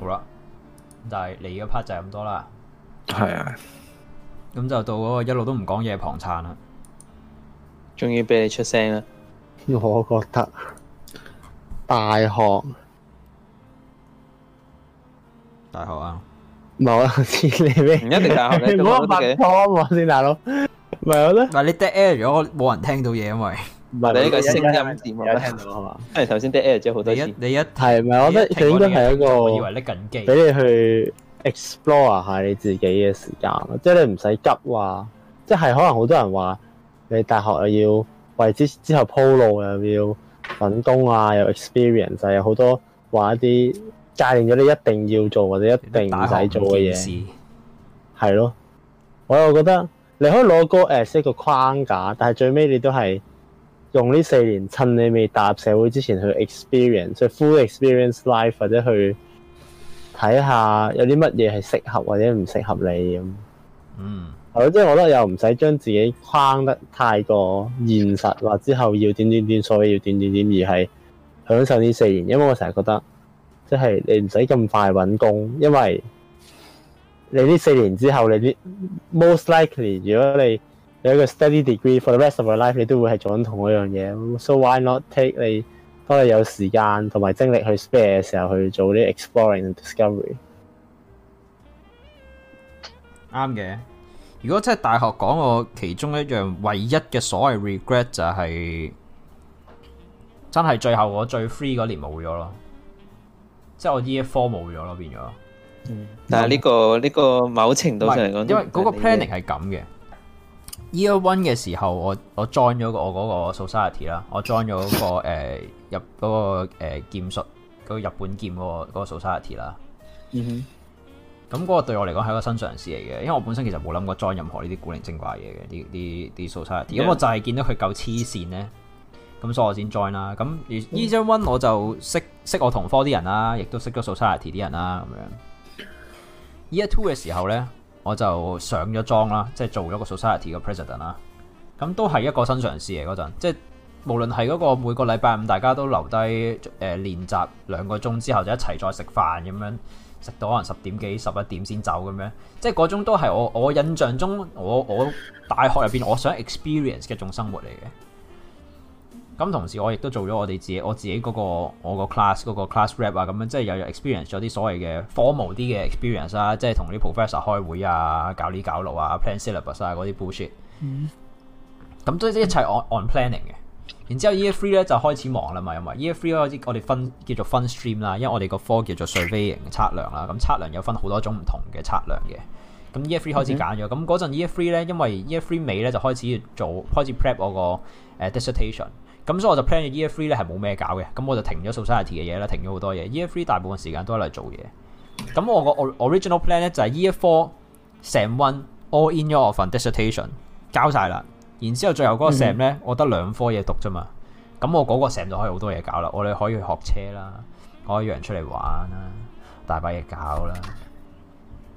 好啦，但係你嘅 part 就係咁多啦。係啊的，咁就到嗰個一路都唔講嘢嘅旁餐啦，終於俾你出聲啦。我覺得。大學，大學啊，唔係啊，似你咩？唔一定大學嘅，我發錯啊嘛，先大佬，咪好咧。嗱，你 dead air 咗，冇人聽到嘢，因為唔係你呢個聲音點我聽到係嘛？因為頭先 dead air 咗好多次。你一你一提，唔係我覺得佢應該係一個，我以為搦緊機，俾你去 explore 下你自己嘅時間咯，即係你唔使急話，即係可能好多人話你大學又要為之之後鋪路又要。揾工啊，有 experience 有好多話一啲界定咗你一定要做或者一定唔使做嘅嘢。係咯，我又覺得你可以攞個 as 一個框架，但係最尾你都係用呢四年，趁你未踏入社會之前去 experience，即 full experience life 或者去睇下有啲乜嘢係適合或者唔適合你咁。嗯。係咯， 即係我覺得又唔使將自己框得太過現實，話之後要點點點，所以要點點點，而係享受呢四年。因為我成日覺得，即係你唔使咁快揾工，因為你呢四年之後，你啲 most likely，如果你，你有一個 steady degree for the rest of your life，你都會係做緊同一樣嘢。So why not take 你當你有時間同埋精力去 spare 嘅時候，去做啲 exploring and discovery？啱嘅。如果真係大學講，我其中一樣唯一嘅所謂 regret 就係真係最後我最 free 嗰年冇咗咯，即係我 E 科冇咗咯，變咗，這個。但係呢個呢個某程度上因為嗰個 planning 係咁嘅你。Year one 嘅時候我，我 jo 我 join 咗我嗰個 society 啦，我 join 咗嗰，那個誒日嗰個誒劍，那個，日本劍嗰，那個 society 啦。那個，soci 嗯哼。咁嗰、嗯嗰個對我嚟講係一個新嘗試嚟嘅，因為我本身其實冇諗過 join 任何呢啲古靈精怪嘢嘅，啲啲 society。咁我就係見到佢夠黐線咧，咁所以我先 join 啦。咁呢張 one 我就識識我同科啲人啦、啊，亦都識咗 society 啲人啦、啊，咁樣。Year two 嘅時候咧，我就上咗莊啦，即係做咗個 society 嘅 president 啦。咁都係一個新嘗試嚟嗰陣，即係無論係嗰個每個禮拜五大家都留低誒、呃、練習兩個鐘之後就一齊再食飯咁樣。食到可能十點幾十一點先走咁樣，即係嗰種都係我我印象中我我大學入面我想 experience 嘅一種生活嚟嘅。咁同時我亦都做咗我哋自己我自己嗰個我個 class 嗰個 class wrap 啊咁樣，即係又有 experience 咗啲所謂嘅 formal 啲嘅 experience 啊，即係同啲 professor 開會啊，搞呢搞路啊、mm.，plan syllabus 啊嗰啲 bullshit。咁都、mm. 一一切 on on planning 嘅。然之後 year three 咧就開始忙啦嘛，因為 year three 開始我哋分叫做分 stream 啦，因為我哋個科叫做 surveying 測量啦，咁測量有分好多種唔同嘅測量嘅，咁 year three 開始揀咗，咁嗰陣 year three 咧，因為 year three 尾咧就開始做開始 prep 我個誒 dissertation，咁所以我就 plan 住 year three 咧係冇咩搞嘅，咁我就停咗 society 嘅嘢啦，停咗好多嘢，year three 大部分時間都喺度做嘢，咁我個 original plan 咧就係 year four 成 one all in your own dissertation 交曬啦。然之後，最後嗰個 SAM 咧，我得兩科嘢讀啫嘛。咁我嗰個 SAM 就可以好多嘢搞啦。我哋可以去學車啦，我可以約人出嚟玩啦，大把嘢搞啦。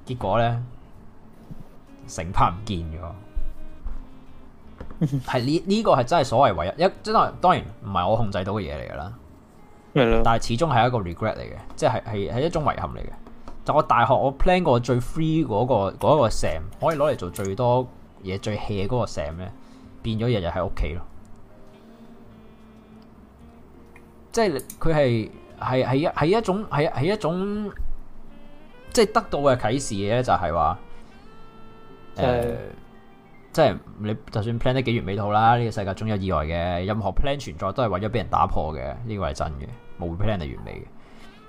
結果咧，成班唔見咗。係呢呢個係真係所謂唯一一，即係當然唔係我控制到嘅嘢嚟啦。係 但係始終係一個 regret 嚟嘅，即係係係一種遺憾嚟嘅。就我大學我 plan 過最 free 嗰、嗰個、嗰個、SAM，可以攞嚟做最多嘢最 hea 嗰個 SAM 咧。變咗日日喺屋企咯，即係佢係係係一係一種係係一種，即係得到嘅啟示嘅咧，就係話，誒，即係你就算 plan 得幾完美都好啦，呢個世界總有意外嘅，任何 plan 存在都係為咗俾人打破嘅，呢個係真嘅，冇 plan 係完美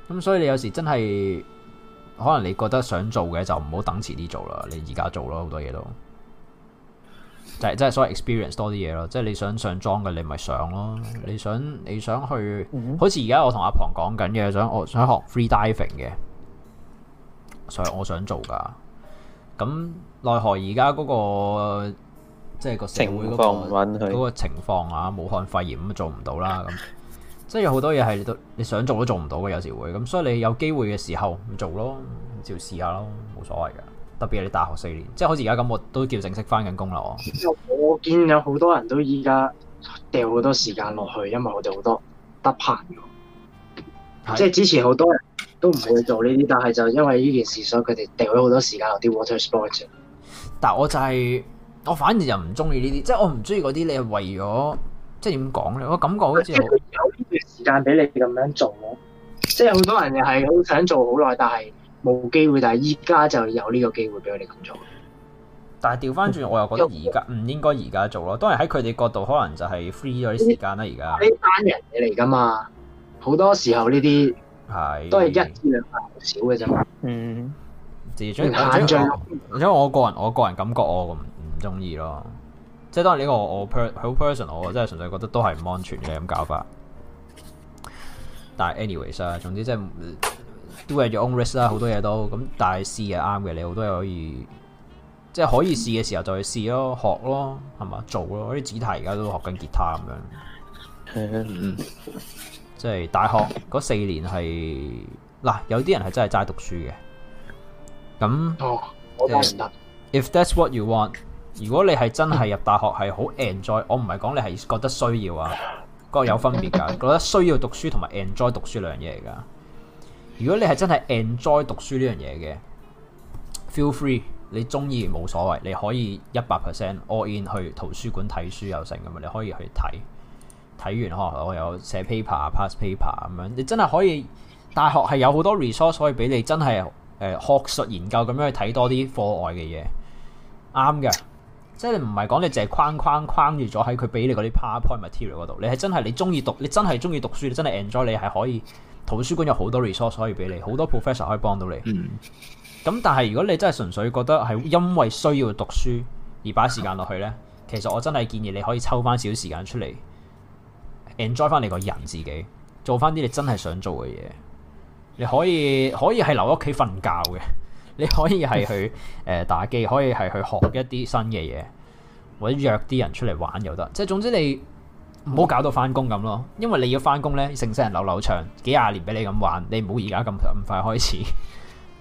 嘅。咁所以你有時真係可能你覺得想做嘅就唔好等遲啲做啦，你而家做咯，好多嘢都。就係即係所謂 experience 多啲嘢咯，即係你想上莊嘅你咪上咯，你想你想去，好似而家我同阿 Pong 講緊嘅，想我想學 free diving 嘅，想我想做噶。咁奈何而家嗰個即係個社會嗰、嗰個嗰個情況啊，武漢肺炎咁做唔到啦。咁即係有好多嘢係你都你想做都做唔到嘅，有時會咁。所以你有機會嘅時候唔做咯，就試下咯，冇所謂噶。特別係你大學四年，即係好似而家咁，我都叫正式翻緊工啦。我，我見有好多人都依家掉好多時間落去，因為我哋好多得閒。是即係之前好多人都唔會做呢啲，但係就因為呢件事，所以佢哋掉咗好多時間落啲 water sports。但係我就係、是、我反而就唔中意呢啲，即係我唔中意嗰啲，你係為咗即係點講咧？我感覺好似有呢段時間俾你咁樣做，即係好多人又係好想做好耐，但係。冇機會，但係依家就有呢個機會俾佢哋咁做。但係調翻轉，我又覺得而家唔應該而家做咯，當然，喺佢哋角度，可能就係 free 咗啲時間啦。而家呢單人嘢嚟噶嘛，好多時候呢啲係都係一至兩排少嘅啫嘛。的嗯，自尊想，睇唔因為我個人我個人感覺我唔唔中意咯，即係都係呢個我好 per, personal，我真係純粹覺得都係唔安全嘅咁搞法。但係 anyways 啊，總之即係。Do it your own risk，都係 your own risk 啦，好多嘢都咁，但係試係啱嘅，你好多嘢可以即係、就是、可以試嘅時候就去試咯，學咯，係嘛，做咯。我啲指題而家都在學緊吉他咁樣。嗯，即、就、係、是、大學嗰四年係嗱，有啲人係真係齋讀書嘅。咁，我覺得 if that's what you want，如果你係真係入大學係好 enjoy，我唔係講你係覺得需要啊，嗰個有分別㗎，覺得需要讀書同埋 enjoy 讀書兩樣嘢嚟㗎。如果你係真係 enjoy 讀書呢樣嘢嘅，feel free，你中意冇所謂，你可以一百 percent all in 去圖書館睇書又成噶嘛，你可以去睇，睇完可能有寫 paper、pass paper 咁樣，你真係可以。大學係有好多 resource 可以俾你真係誒、呃、學術研究咁樣去睇多啲課外嘅嘢。啱嘅，即係唔係講你淨係框框框住咗喺佢俾你嗰啲 powerpoint material 嗰度。你係真係你中意讀，你真係中意讀書，你真係 enjoy，你係可以。圖書館有好多 resource 可以俾你，好多 professor 可以幫到你。咁但係如果你真係純粹覺得係因為需要讀書而擺時間落去呢，其實我真係建議你可以抽翻少時間出嚟 enjoy 翻你個人自己，做翻啲你真係想做嘅嘢。你可以可以係留喺屋企瞓覺嘅，你可以係去誒打機，可以係去學一啲新嘅嘢，或者約啲人出嚟玩又得。即係總之你。唔好搞到翻工咁咯，因為你要翻工咧，成世人流流長，幾廿年俾你咁玩，你唔好而家咁咁快開始，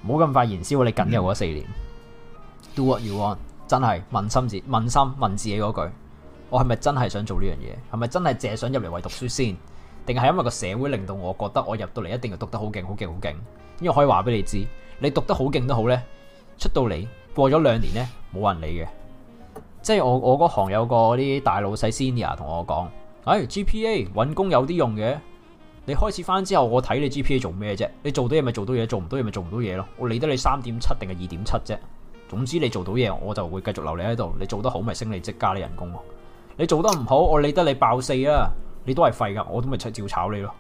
唔好咁快燃燒。你僅有咗四年、mm.，do what you want，真係問心自問，問心問自己嗰句，我係咪真係想做呢樣嘢？係咪真係淨係想入嚟為讀書先？定係因為個社會令到我覺得我入到嚟一定要讀得好勁，好勁，好勁，因為可以話俾你知，你讀得好勁都好咧，出到嚟過咗兩年咧，冇人理嘅。即係我我嗰行有個啲大老細 senior 同我講。哎，GPA 揾工有啲用嘅。你開始翻之後，我睇你 GPA 做咩啫？你做到嘢咪做到嘢，做唔到嘢咪做唔到嘢咯。我理得你三點七定係二點七啫。總之你做到嘢，我就會繼續留你喺度。你做得好咪升你職加你人工。你做得唔好，我理得你爆四啦。你都係廢噶，我都咪出照炒你咯。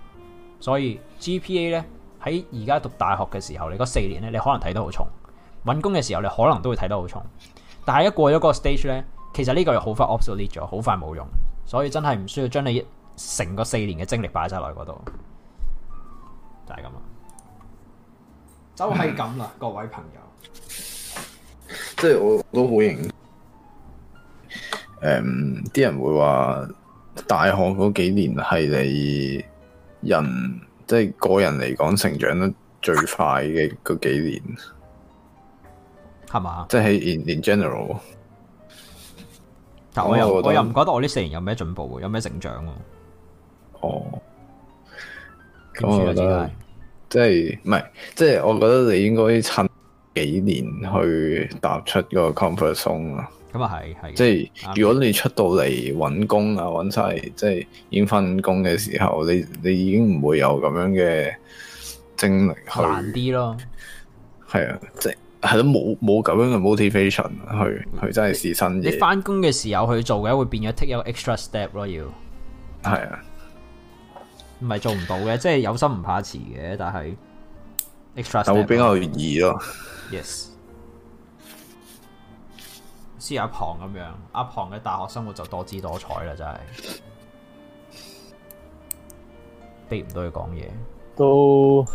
所以 GPA 呢，喺而家讀大學嘅時候，你嗰四年呢，你可能睇得好重。揾工嘅時候，你可能都會睇得好重。但係一過咗嗰個 stage 呢，其實呢個又好快 obsolete 咗，好快冇用。所以真係唔需要將你成個四年嘅精力擺晒落去嗰度，就係咁咯。就係咁啦， 各位朋友。即係我都好認，啲、um，人會話大學嗰幾年係你人，即係個人嚟講成長得最快嘅嗰幾年，係嘛？即係 i in, in general。我，我，我又我又唔覺得我呢四年有咩進步，有咩成長喎、啊。哦，我覺得即係唔係，即係、就是就是、我覺得你應該趁幾年去踏出個 comfort zone 咯。咁啊係係。即係如果你出到嚟揾工啊揾晒，即係已經返工嘅時候，你你已經唔會有咁樣嘅精力去難啲咯。係啊，即、就、係、是。係咯，冇冇咁樣嘅 motivation 去去真係試新嘢。你翻工嘅時候去做嘅話，會變咗 take 一個 extra step 咯。要係啊，唔係做唔到嘅，即係有心唔怕遲嘅，但係 extra step 又比較易咯。有有 yes，試下阿龐咁樣，阿龐嘅大學生活就多姿多彩啦，真係。逼唔 到佢講嘢，都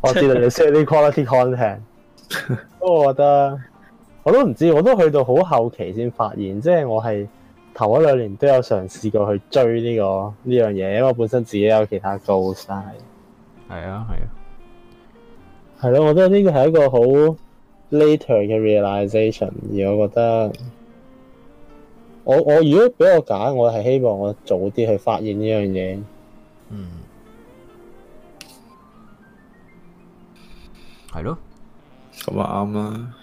我知道你 set 啲 quality content 不過 我覺得我都唔知，我都去到好後期先發現，即係我係頭一兩年都有嘗試過去追呢、呢個呢樣嘢，因為我本身自己有其他 goals 係啊，係啊，係咯、啊，我覺得呢個係一個好 later 嘅 realization，而我覺得我我如果俾我揀，我係希望我早啲去發現呢樣嘢。嗯。係咯。咁啊，啱啦，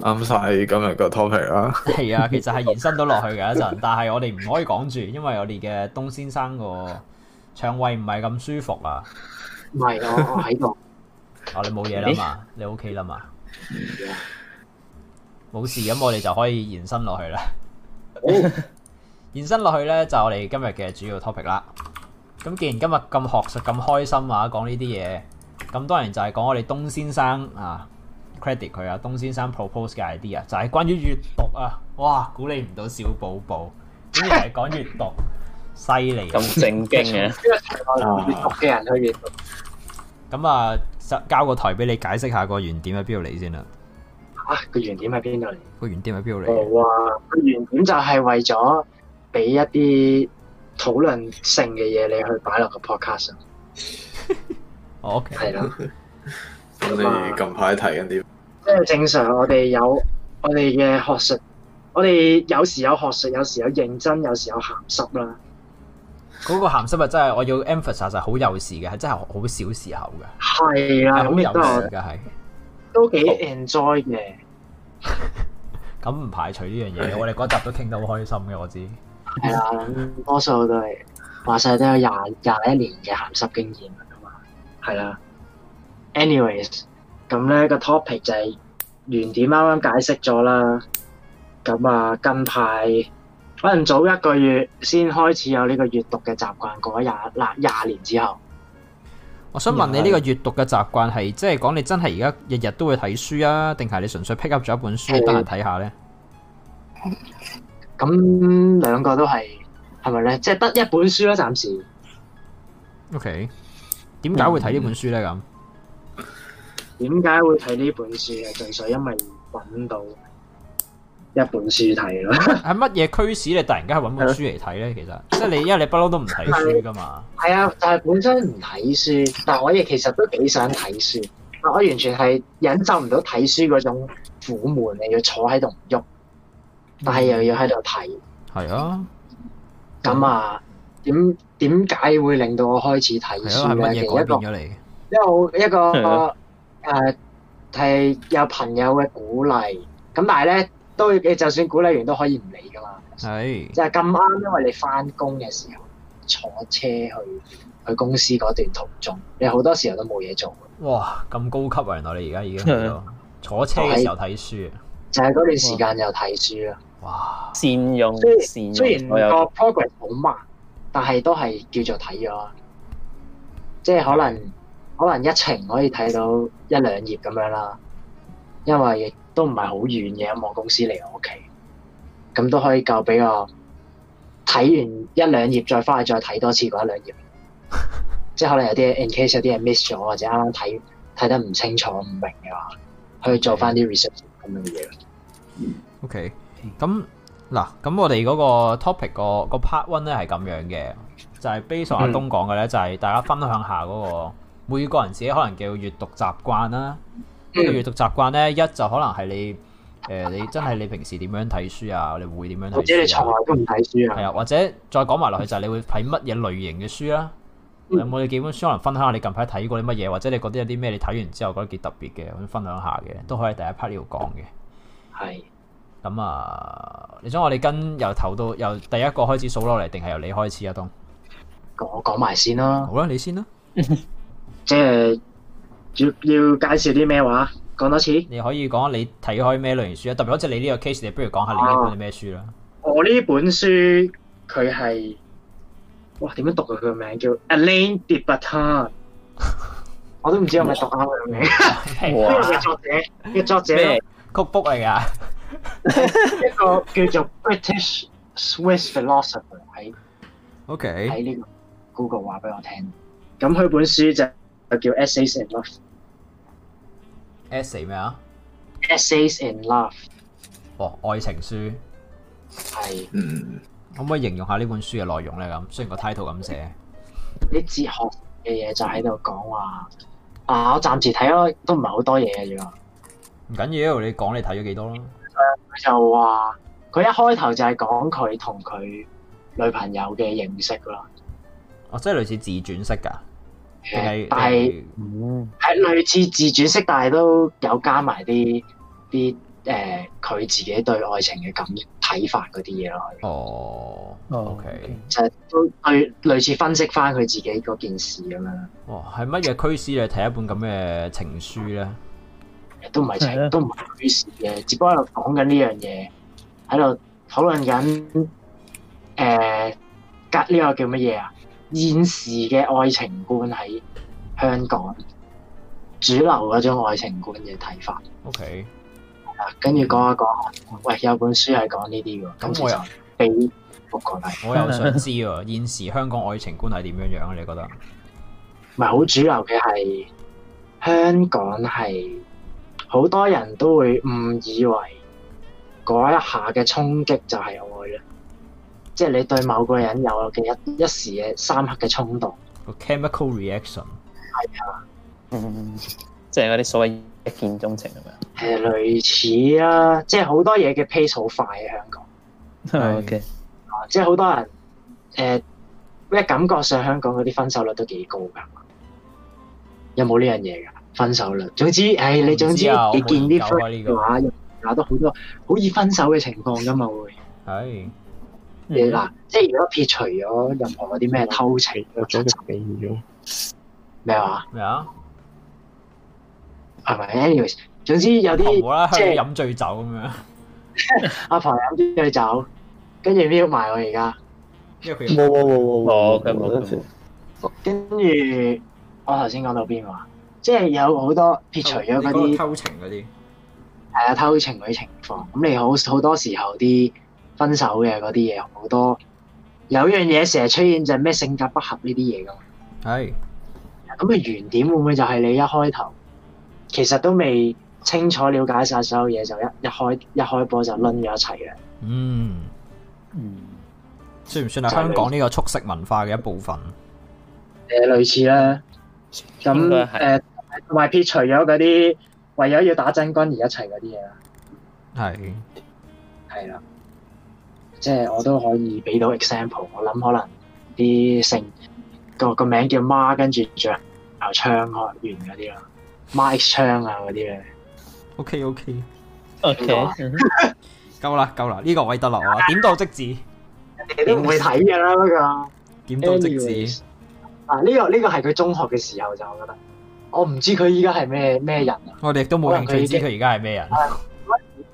啱晒今日個 topic 啦。係啊，其實係延伸到落去嘅一陣，但係我哋唔可以講住，因為我哋嘅東先生個腸胃唔係咁舒服啊。唔係，我我喺度。哦，你冇嘢啦嘛？你 OK 啦嘛？冇事，咁我哋就可以延伸落去啦。延伸落去咧，就係我哋今日嘅主要 topic 啦。咁既然今日咁學術、咁開心啊，講呢啲嘢。咁當然就係講我哋東先生啊，credit 佢啊，東先生 propose 嘅 idea 就係關於閱讀啊，哇，估你唔到小寶寶，竟然係講閱讀，犀利， 咁正經嘅，閱讀嘅人去閱讀，咁啊，就、啊啊、交個台俾你解釋下個原點喺邊度嚟先啦，啊，個原點喺邊度嚟？個、啊、原點喺邊度嚟？哇、哦，佢原本就係為咗俾一啲討論性嘅嘢，你去擺落個 podcast 係咯，咁你近排睇緊啲？即係正常，我哋有我哋嘅學術，我哋有時有學術，有時有認真，有時有鹹濕啦。嗰個鹹濕啊，真係我要 emphasize 好幼稚嘅，係真係好小時候嘅。係啊的，咁都係，的都幾 enjoy 嘅。咁唔、哦、 排除呢樣嘢，的我哋嗰集都聽得好開心嘅，我知。係啦，多數都係話晒都有廿廿一年嘅鹹濕經驗。係啦，anyways，咁咧個 topic 就係原點啱啱解釋咗啦。咁啊，近排可能早一個月先開始有呢個閱讀嘅習慣，過咗廿廿年之後。我想問你呢，呢個閱讀嘅習慣係即係講你真係而家日日都會睇書啊，定係你純粹 pick up 咗的一本書得閒睇下咧？咁兩個都係係咪咧？即係得一本書啦，暫時。O K。點解會睇呢本書咧？咁點解會睇呢本書呢？係純粹因為搵到一本書睇咯。係乜嘢驅使你突然間去搵本書嚟睇咧？其實即係你，因為你不嬲都唔睇書噶嘛。係啊，但係本身唔睇書，但係我亦其實都幾想睇書。我完全係忍受唔到睇書嗰種苦悶，你要坐喺度唔喐，但係又要喺度睇。係啊，咁啊。點點解會令到我開始睇書咧？嘅一個，因為一個誒係、呃、有朋友嘅鼓勵。咁但係咧，都你就算鼓勵完都可以唔理噶嘛。係是。就係咁啱，因為你返工嘅時候坐車去去公司嗰段途中，你好多時候都冇嘢做。哇！咁高級啊，原來你而家已經喺度、這個、 坐車嘅時候睇書。就係嗰段時間又睇書啦。哇！善用善用，雖然個 program 好慢。但係都係叫做睇咗，即係可能可能一程可以睇到一兩頁咁樣啦，因為都唔係好遠嘅我公司嚟我屋企，咁都可以夠俾我睇完一兩頁再翻去再睇多次嗰一兩頁， 即係可能有啲 in case 有啲嘢 miss 咗或者啱啱睇睇得唔清楚唔明嘅話，去做翻啲 research 咁 Okay. 樣嘅嘢 O K，咁。Okay. 嗱，咁我哋嗰個 topic 個個 part one 咧係咁樣嘅，就係 base 阿東講嘅咧，就係大家分享下嗰個每個人自己可能嘅閱讀習慣啦。嗯。閱讀習慣咧，一就可能係你誒、呃，你真係你平時點樣睇書啊？你會點樣睇書啊？ 或者你從來都唔睇書啊？係啊，或者再講埋落去就係你會睇乜嘢類型嘅書啦？有冇幾本書可能分享下？你近排睇過啲乜嘢？或者你覺得有啲咩？你睇完之後覺得幾特別嘅，分享下嘅，都可以第一 part 呢度講嘅。係。咁啊，你想我哋跟由頭到由第一個開始數落嚟，定係由你開始啊？東，我講埋先啦。好啦，你先啦。 即係要要介紹啲咩話？講多次。你可以講下你睇開咩類型書啊？特別好似你呢個 case，你不如講下你呢本係咩書啦。我呢本書佢係哇，點樣讀啊？佢個名叫 Alain de Botton，我都唔知我係咪讀啱佢個名。哇！作者，咩？曲卜嚟噶？ 一個叫做 British Swiss philosopher 喺，OK 喺呢個 Google 話俾我聽，咁佢本書就就叫 Essays in Love，Essay 咩啊？Essays in Love，哦，愛情書，係是，可唔可以形容下呢本書嘅內容咧？咁雖然個 title 咁寫，啲哲學嘅嘢就喺度講話，啊，我暫時睇咗都唔係好多嘢嘅啫，唔緊要，你講你睇咗幾多啦。佢就話，佢一開頭就係講佢同佢女朋友嘅認識啦。哦，即係類似自傳式噶，係但係係類似自傳式，但係都有加埋啲啲誒，佢、呃、自己對愛情嘅感睇法嗰啲嘢咯。哦，OK，其實都類似分析翻佢自己嗰件事咁樣。哦，係乜嘢驅使你睇一本咁嘅情書咧？都唔係，的都唔係虛事嘅，只不過喺度講緊呢樣嘢，喺度討論緊誒隔呢個叫乜嘢啊？現時嘅愛情觀，喺香港主流嗰種愛情觀嘅睇法。O Okay K，跟住講一講。喂，有本書係講呢啲喎，咁、嗯、我又俾覆過你。我有想知啊， 現時香港愛情觀係點樣樣啊？你覺得唔係好主流嘅係香港係。好多人都會誤以為嗰一下嘅衝擊就係愛啦，即係你對某個人有嘅一一時嘅三刻嘅衝動。個 chemical reaction 係啊吧，嗯，即係嗰啲所謂一見鍾情咁樣，係類似啦、啊，即係好多嘢嘅 pace 好快嘅、啊、香港。OK，即係好多人誒，咩、呃、感覺上香港嗰啲分手率都幾高噶，有冇呢樣嘢噶？分手啦！總之，唉，你總之你見啲 friend 嘅話，又搞得好多好易分手嘅情況噶嘛會。係。嗱，即係如果撇除咗任何啲咩偷情嘅複雜嘅嘢咯。咩話？咩啊？係咪，anyways，總之有啲即係飲醉酒咁樣。阿婆飲醉酒，跟住 mute 埋我而家。冇冇冇冇冇。跟住我頭先講到邊話？即係有好多撇除咗嗰啲偷情嗰啲，係啊偷情嗰啲情況。咁你好好多時候啲分手嘅嗰啲嘢好多，有樣嘢成日出現就係咩性格不合呢啲嘢噶嘛？係咁嘅原點會唔會就係你一開頭其實都未清楚了解晒所有嘢就一一開一開波就輪咗一齊嘅？嗯嗯，算唔算係香港呢個速食文化嘅一部分？誒，類似啦。咁誒。同埋撇除咗嗰啲為咗要打真軍而一齊嗰啲嘢啦，係係啦，即係我都可以俾到 example。我諗可能啲姓，那個、那個名叫媽，跟住着 啊槍員嗰啲 Mike 槍啊嗰啲嘅。OK OK 何 OK，夠啦夠啦，呢、這個位得啦，點到即止，你唔會睇嘅啦，不、那、過、個、點到即止啊？呢、這個呢、這個係佢中學嘅時候就我覺得。我唔知佢依家係咩咩人啊！我哋都冇興趣知佢而家係咩人。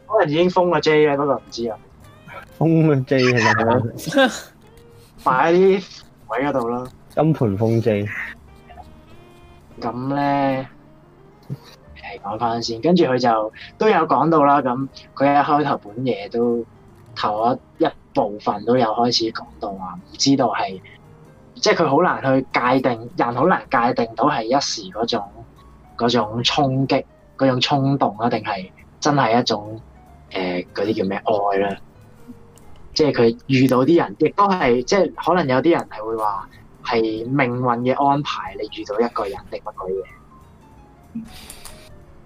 可能已經封咗 J 啦，不過唔知啊。封咗 J 其實係擺喺啲位嗰度啦。金盆封 J。咁咧，誒，講翻先，跟住佢就都有講到啦。咁佢一開頭本嘢都頭一部分都有開始講到啊，唔知道係。即係佢好難去界定，人好難界定到係一時嗰種嗰種衝擊、嗰種衝動啊，定係真係一種誒嗰啲叫咩愛啦？即係佢遇到啲人，亦都係即係可能有啲人係會話係命運嘅安排，你遇到一個人定乜鬼嘢？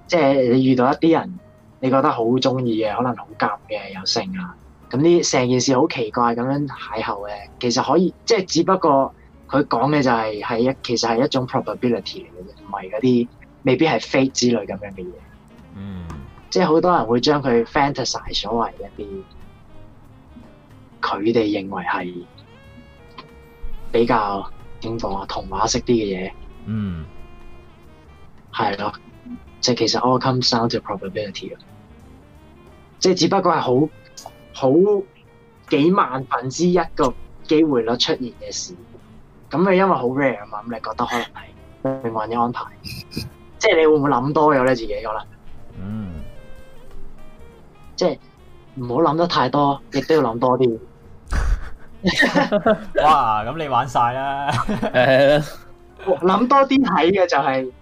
即係你遇到一啲人，你覺得好中意嘅，可能好夾嘅，有性啊，咁呢成件事好奇怪咁樣邂逅嘅，其實可以即係只不過。佢講嘅就係係一其實係一種 probability 嚟嘅啫，唔係嗰啲未必係 fate 之類咁樣嘅嘢。嗯，mm。即係好多人會將佢 fantasize 所謂一啲佢哋認為係比較點講啊，童話式啲嘅嘢。嗯，係咯，即係其實 all comes down to probability 啊，即係只不過係好好幾萬分之一個機會率出現嘅事。咁你因為好 rare 啊嘛，咁你覺得 rare，可能係命運嘅安排， 即係你會唔會諗多咗咧？自己可喇，嗯，即係唔好諗得太多，亦都要諗多啲。 哇！咁你玩曬啦。誒，諗多啲睇嘅就係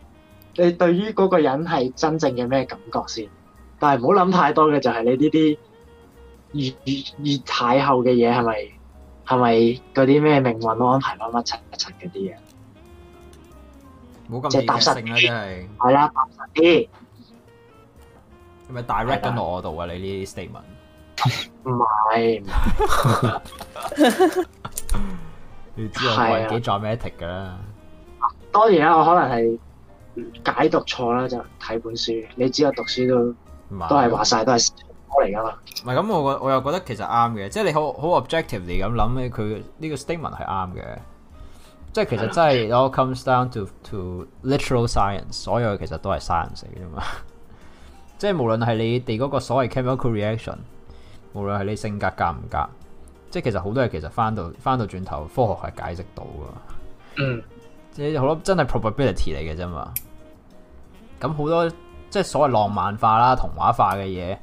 你對於嗰個人係真正嘅咩感覺先。但係唔好諗太多嘅就係你呢啲越越越太后嘅嘢係咪？是係咪嗰啲咩命運安排乜乜七七嗰啲嘢？即咁踏實啲，係啦，踏實啲。係咪 direct 跟的到我度啊？你呢啲 statement？唔係。 你知道我係幾 dramatic 噶啦？當然啦，我可能係解讀錯啦，就睇本書。你知我讀書都都係話晒，都係。嚟噶嘛？唔係咁， 嗯、我我又覺得其實啱嘅，即係你好好 objective 嚟咁諗起，佢呢個 statement 係啱嘅。即係其實真係，all comes down to to literal science。所有其實都係 science 嚟嘅啫嘛。即係無論係你哋嗰個所謂 chemical reaction，無論係你性格夾唔夾，即係其實好多嘢其實翻到翻到轉頭，科學係解釋到嘅。嗯，即係好多真係 probability 嚟嘅啫嘛。咁好多即係所謂浪漫化啦、童話化嘅嘢。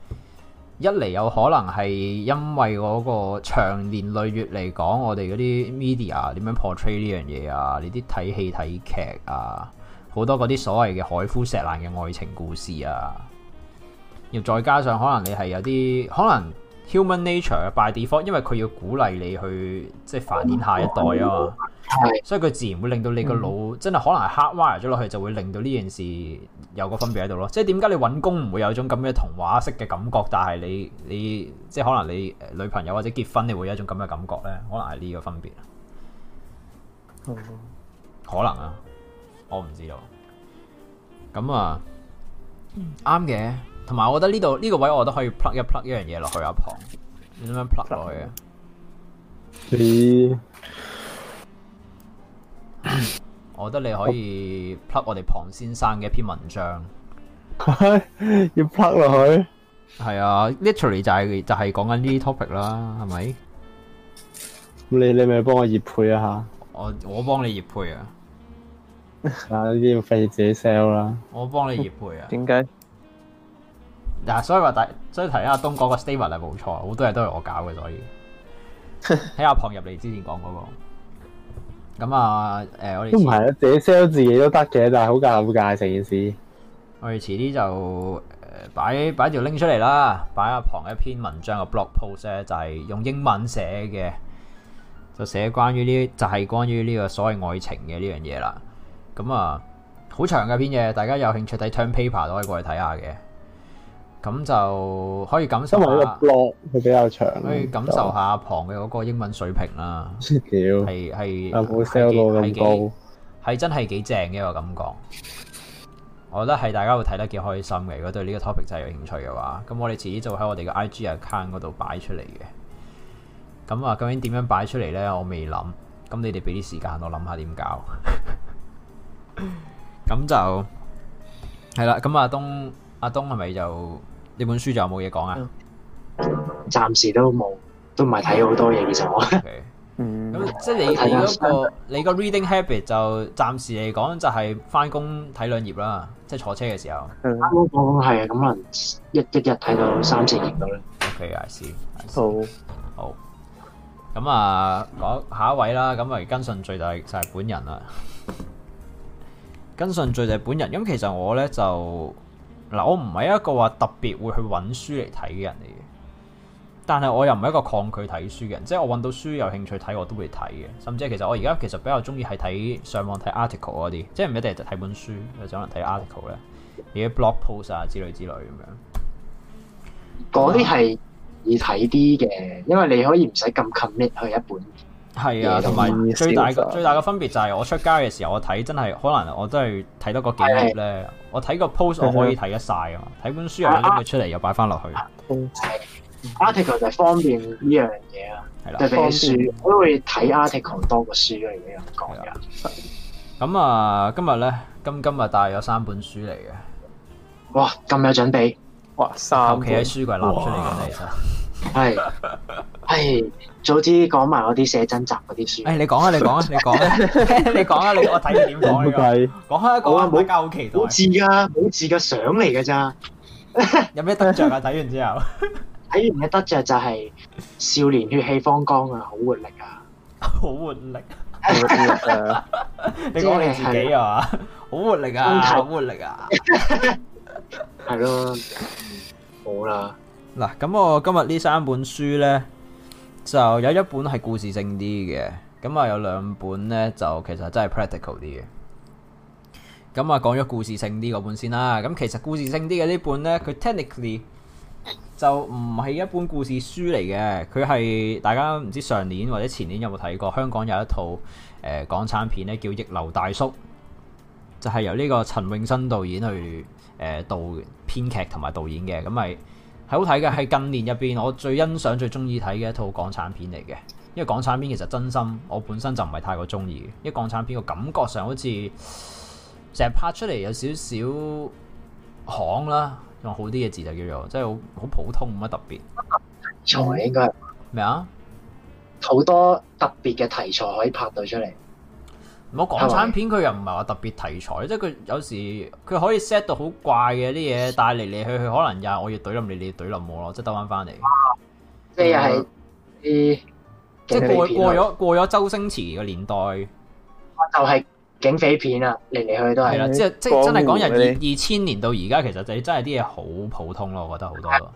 一嚟有可能係因為嗰個長年累月嚟講，我哋嗰啲 media 點樣 portray 呢樣嘢啊？你啲睇戲睇劇啊，好多嗰啲所謂嘅海枯石爛嘅愛情故事啊，又再加上可能你係有啲可能 human nature by default，因為佢要鼓勵你去即係繁衍下一代啊嘛，所以佢自然會令到你個腦、嗯、真係可能係 hardwire 咗落去，就會令到呢件事。有個分別喺度咯，即係點解你揾工唔會有一種咁嘅童話式嘅感覺，但係你你即係可能你女朋友或者結婚，你會有一種咁嘅感覺呢？可能係呢個分別、嗯、可能啊，我唔知道。咁啊，啱嘅、嗯，同埋我覺得呢度呢個位我都可以 plug 一 plug 一樣嘢落去，阿 Pong，你點樣 plug 落去啊？了 我覺得你可以 plug 我哋龐先生嘅一篇文章， 要 plug 落去。係啊，literally 就係、是、就係講緊呢 topic 啦，係咪？你你咪幫我業配啊？下，我我幫你業配啊！啊呢啲要費事自己 sell 啦，我幫你業配啊。點解、 啊？嗱，所以話大，所以提下東嗰個 statement 係冇錯，好多嘢都係我搞嘅，所以睇阿龐入嚟之前講嗰、那個。咁啊，誒、呃，我哋都唔係啦，自己 sell 自己都得嘅，但係好尷尬成件事。我哋遲啲就誒擺擺條 link 出嚟啦，擺阿 Pong 一篇文章個 blog post 咧，就係用英文寫嘅，就寫關於呢就係、是、關於呢個所謂愛情嘅呢樣嘢啦。咁啊，好長嘅篇嘢，大家有興趣睇 term paper 都可以過去睇下嘅。咁就可以感受下，因佢比較長，可以感受下阿龐嘅嗰個英文水平啦、啊。屌，係係，有係真係幾正嘅一個感覺。我覺得係大家會睇得幾開心嘅。如果對呢個 topic 就係有興趣嘅話，咁我哋遲啲就喺我哋嘅 IG account 嗰度擺出嚟嘅。咁啊，究竟點樣擺出嚟呢？我未諗。咁你哋俾啲時間我諗下點搞。 咁就係啦。咁阿東，阿東係咪就？呢本書就有冇嘢講啊？暫時都冇，都唔係睇好多嘢，其實我 Okay.、嗯。咁即係你睇、那、嗰個，你個 reading habit 就暫時嚟講就係翻工睇兩頁啦，即、就、係、是、坐車嘅時候。誒、嗯，啊，咁可能一一日睇到三四頁到咧。OK，I see。好，好。咁啊，講下一位啦。咁啊，跟順最大就係本人啦。跟順最大本人，咁其實我咧就。嗱，我唔係一個話特別會去揾書嚟睇嘅人嚟嘅，但係我又唔係一個抗拒睇書嘅人，即係我揾到書有興趣睇，我都會睇嘅。甚至係其實我而家其實比較中意係睇上網睇 article 嗰啲，即係唔一定係睇本書，就可能睇 article 咧，而啲 blog post 啊之類之類咁樣。嗰啲係易睇啲嘅，因為你可以唔使咁 commit 去一本。係啊，同埋最大個最大個分別就係我出街嘅時候，我睇真係可能我都係睇得個幾頁咧。我睇個 post 我可以睇得晒啊，嘛，睇本書又拎佢出嚟，又擺翻落去。article 就係方便呢樣嘢啊，係啦。就比書，我會睇 article 多過書啊，呢樣講嘅。咁啊，今日咧今今日帶咗三本書嚟嘅。哇，咁有準備哇，三企喺書櫃出嚟嘅，其實，係係。早知講埋我啲寫真集嗰啲書。誒，你講啊，你講啊，你講，你講啊，你我睇到點樣啊？講啊，講啊，大家好期待。好字啊，好字嘅相嚟㗎咋？有咩得着啊？睇完之後，睇完嘅得着就係少年血氣方剛啊，好活力啊，好活力。你講你自己啊？好活力啊，好活力啊。係咯，好啦。嗱，咁我今日呢三本書咧，就有一本係故事性啲嘅，咁啊有兩本呢，就其實真係 practical 啲嘅。咁啊講咗故事性啲嗰本先啦。咁其實故事性啲嘅呢本呢，佢 technically 就唔係一本故事書嚟嘅。佢係大家唔知上年或者前年有冇睇過？香港有一套、呃、港產片呢，叫《逆流大叔》，就係、是、由呢個陳永生導演去誒導編劇同埋導演嘅，咁係。係好睇嘅，係近年入邊我最欣賞、最中意睇嘅一套港產片嚟嘅。因為港產片其實真心，我本身就唔係太過中意，因為港產片個感覺上好似成日拍出嚟有少少行啦，用好啲嘅字就叫做，即係好好普通，冇乜特別。題材應該係咩啊？好、嗯、多特別嘅題材可以拍到出嚟。唔好港產片佢又唔係話特別題材，啊、即係佢有時佢可以 set 到好怪嘅啲嘢，但係嚟嚟去去可能又係我要懟冧你，你懟冧我咯，即係得翻翻嚟。即係又係即係過過咗過咗周星馳嘅年代，就係警匪片啦，嚟嚟去都係。係啦，即係光面 即係真係講人二二千年到而家，其實就真係啲嘢好普通咯，我覺得好多。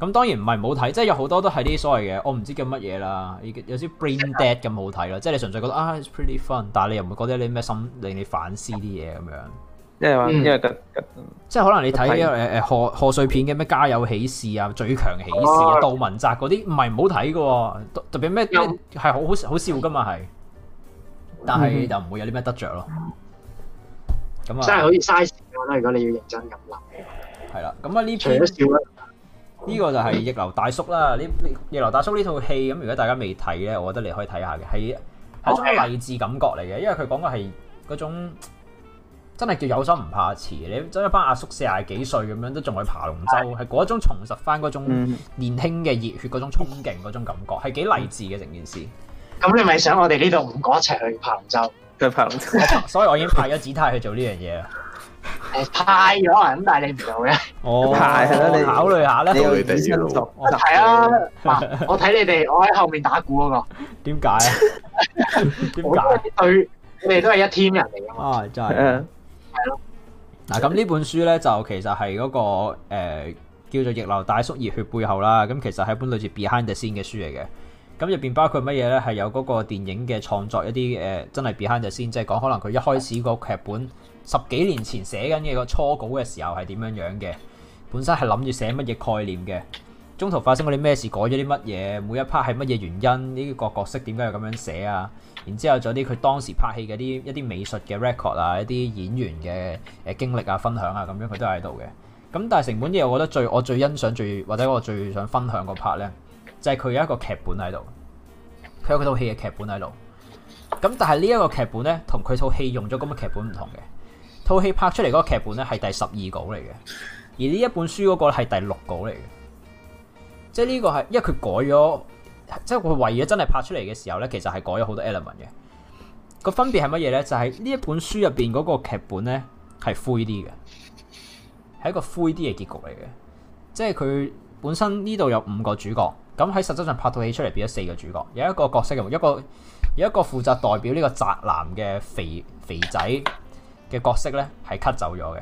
咁當然唔係唔好睇，即係有好多都係啲所謂嘅，我唔知叫乜嘢啦，有啲 brain dead 咁好睇啦，即係你純粹覺得啊，it's pretty fun，但係你又唔會覺得你咩心令你反思啲嘢咁樣，因為因為即係可能你睇誒誒賀歲片嘅咩家有喜事啊、最強喜事、啊，啊杜汶澤嗰啲，唔係唔好睇嘅，特別咩咩係好好好笑嘅嘛係，但係就唔會有啲咩得着咯，咁啊真係可以嘥時間啦，如果你要認真咁諗，係啦，咁啊呢除咗笑咧。呢個就係逆流大叔啦，呢逆流大叔呢套戲咁，如果大家未睇咧，我覺得你可以睇下嘅，係係種勵志感覺嚟嘅，因為佢講嘅係嗰種真係叫有心唔怕遲，你真一班阿叔四廿幾歲咁樣都仲去爬龍舟，係嗰的種重拾翻嗰種年輕嘅熱血嗰種衝勁嗰種感覺，係幾、嗯、勵志嘅成件事。咁你咪想我哋呢度唔講一齊去爬龍舟嘅爬龍舟， 所以我已經派咗姿態去做呢樣嘢啦。派咗啊！咁但係你唔做嘅，哦，考慮下啦，你考慮，係啦，嗱，我睇你哋，我喺後面打鼓嗰、那個，點解啊？點 解？你哋都係一 team 人嚟噶嘛？啊，就係、是，係咯、 啊。嗱，咁呢本書咧就其實係嗰、那個誒、呃、叫做《逆流大叔熱血背後》啦。咁其實係一本類似《Behind the Scene》嘅書嚟嘅。咁入邊包括乜嘢咧？係有嗰個電影嘅創作一啲誒、呃，真係 Behind the Scene，即係講可能佢一開始個劇本。十幾年前寫緊嘅個初稿嘅時候係點樣樣嘅？本身係諗住寫乜嘢概念嘅？中途發生過啲咩事改咗啲乜嘢？每一 part 係乜嘢原因？呢個角色點解要咁樣寫啊？然之後仲有啲佢當時拍戲嘅啲一啲美術嘅 record 啊，一啲演員嘅經歷啊、分享啊咁樣佢都喺度嘅。咁但係成本嘢我覺得最我最欣賞最或者我最想分享個 part 咧，就係佢有一個劇本喺度，佢有佢套戲嘅劇本喺度。咁但係呢一個劇本咧，同佢套戲用咗咁嘅劇本唔同嘅。套戲拍出嚟嗰個劇本咧係第十二稿嚟嘅。而呢一本書嗰個係第六稿嚟嘅，即係呢個係因為佢改咗，即係佢為咗真係拍出嚟嘅時候咧，其實係改咗好多 element 嘅。個分別係乜嘢咧？就係呢一本書入邊嗰個劇本咧係灰啲嘅，係一個灰啲嘅結局嚟嘅。即係佢本身呢度有五個主角，咁喺實質上拍套戲出嚟變咗四個主角，有一個角色用一個有一個負責代表呢個宅男嘅肥肥仔嘅角色咧係 cut 走咗嘅，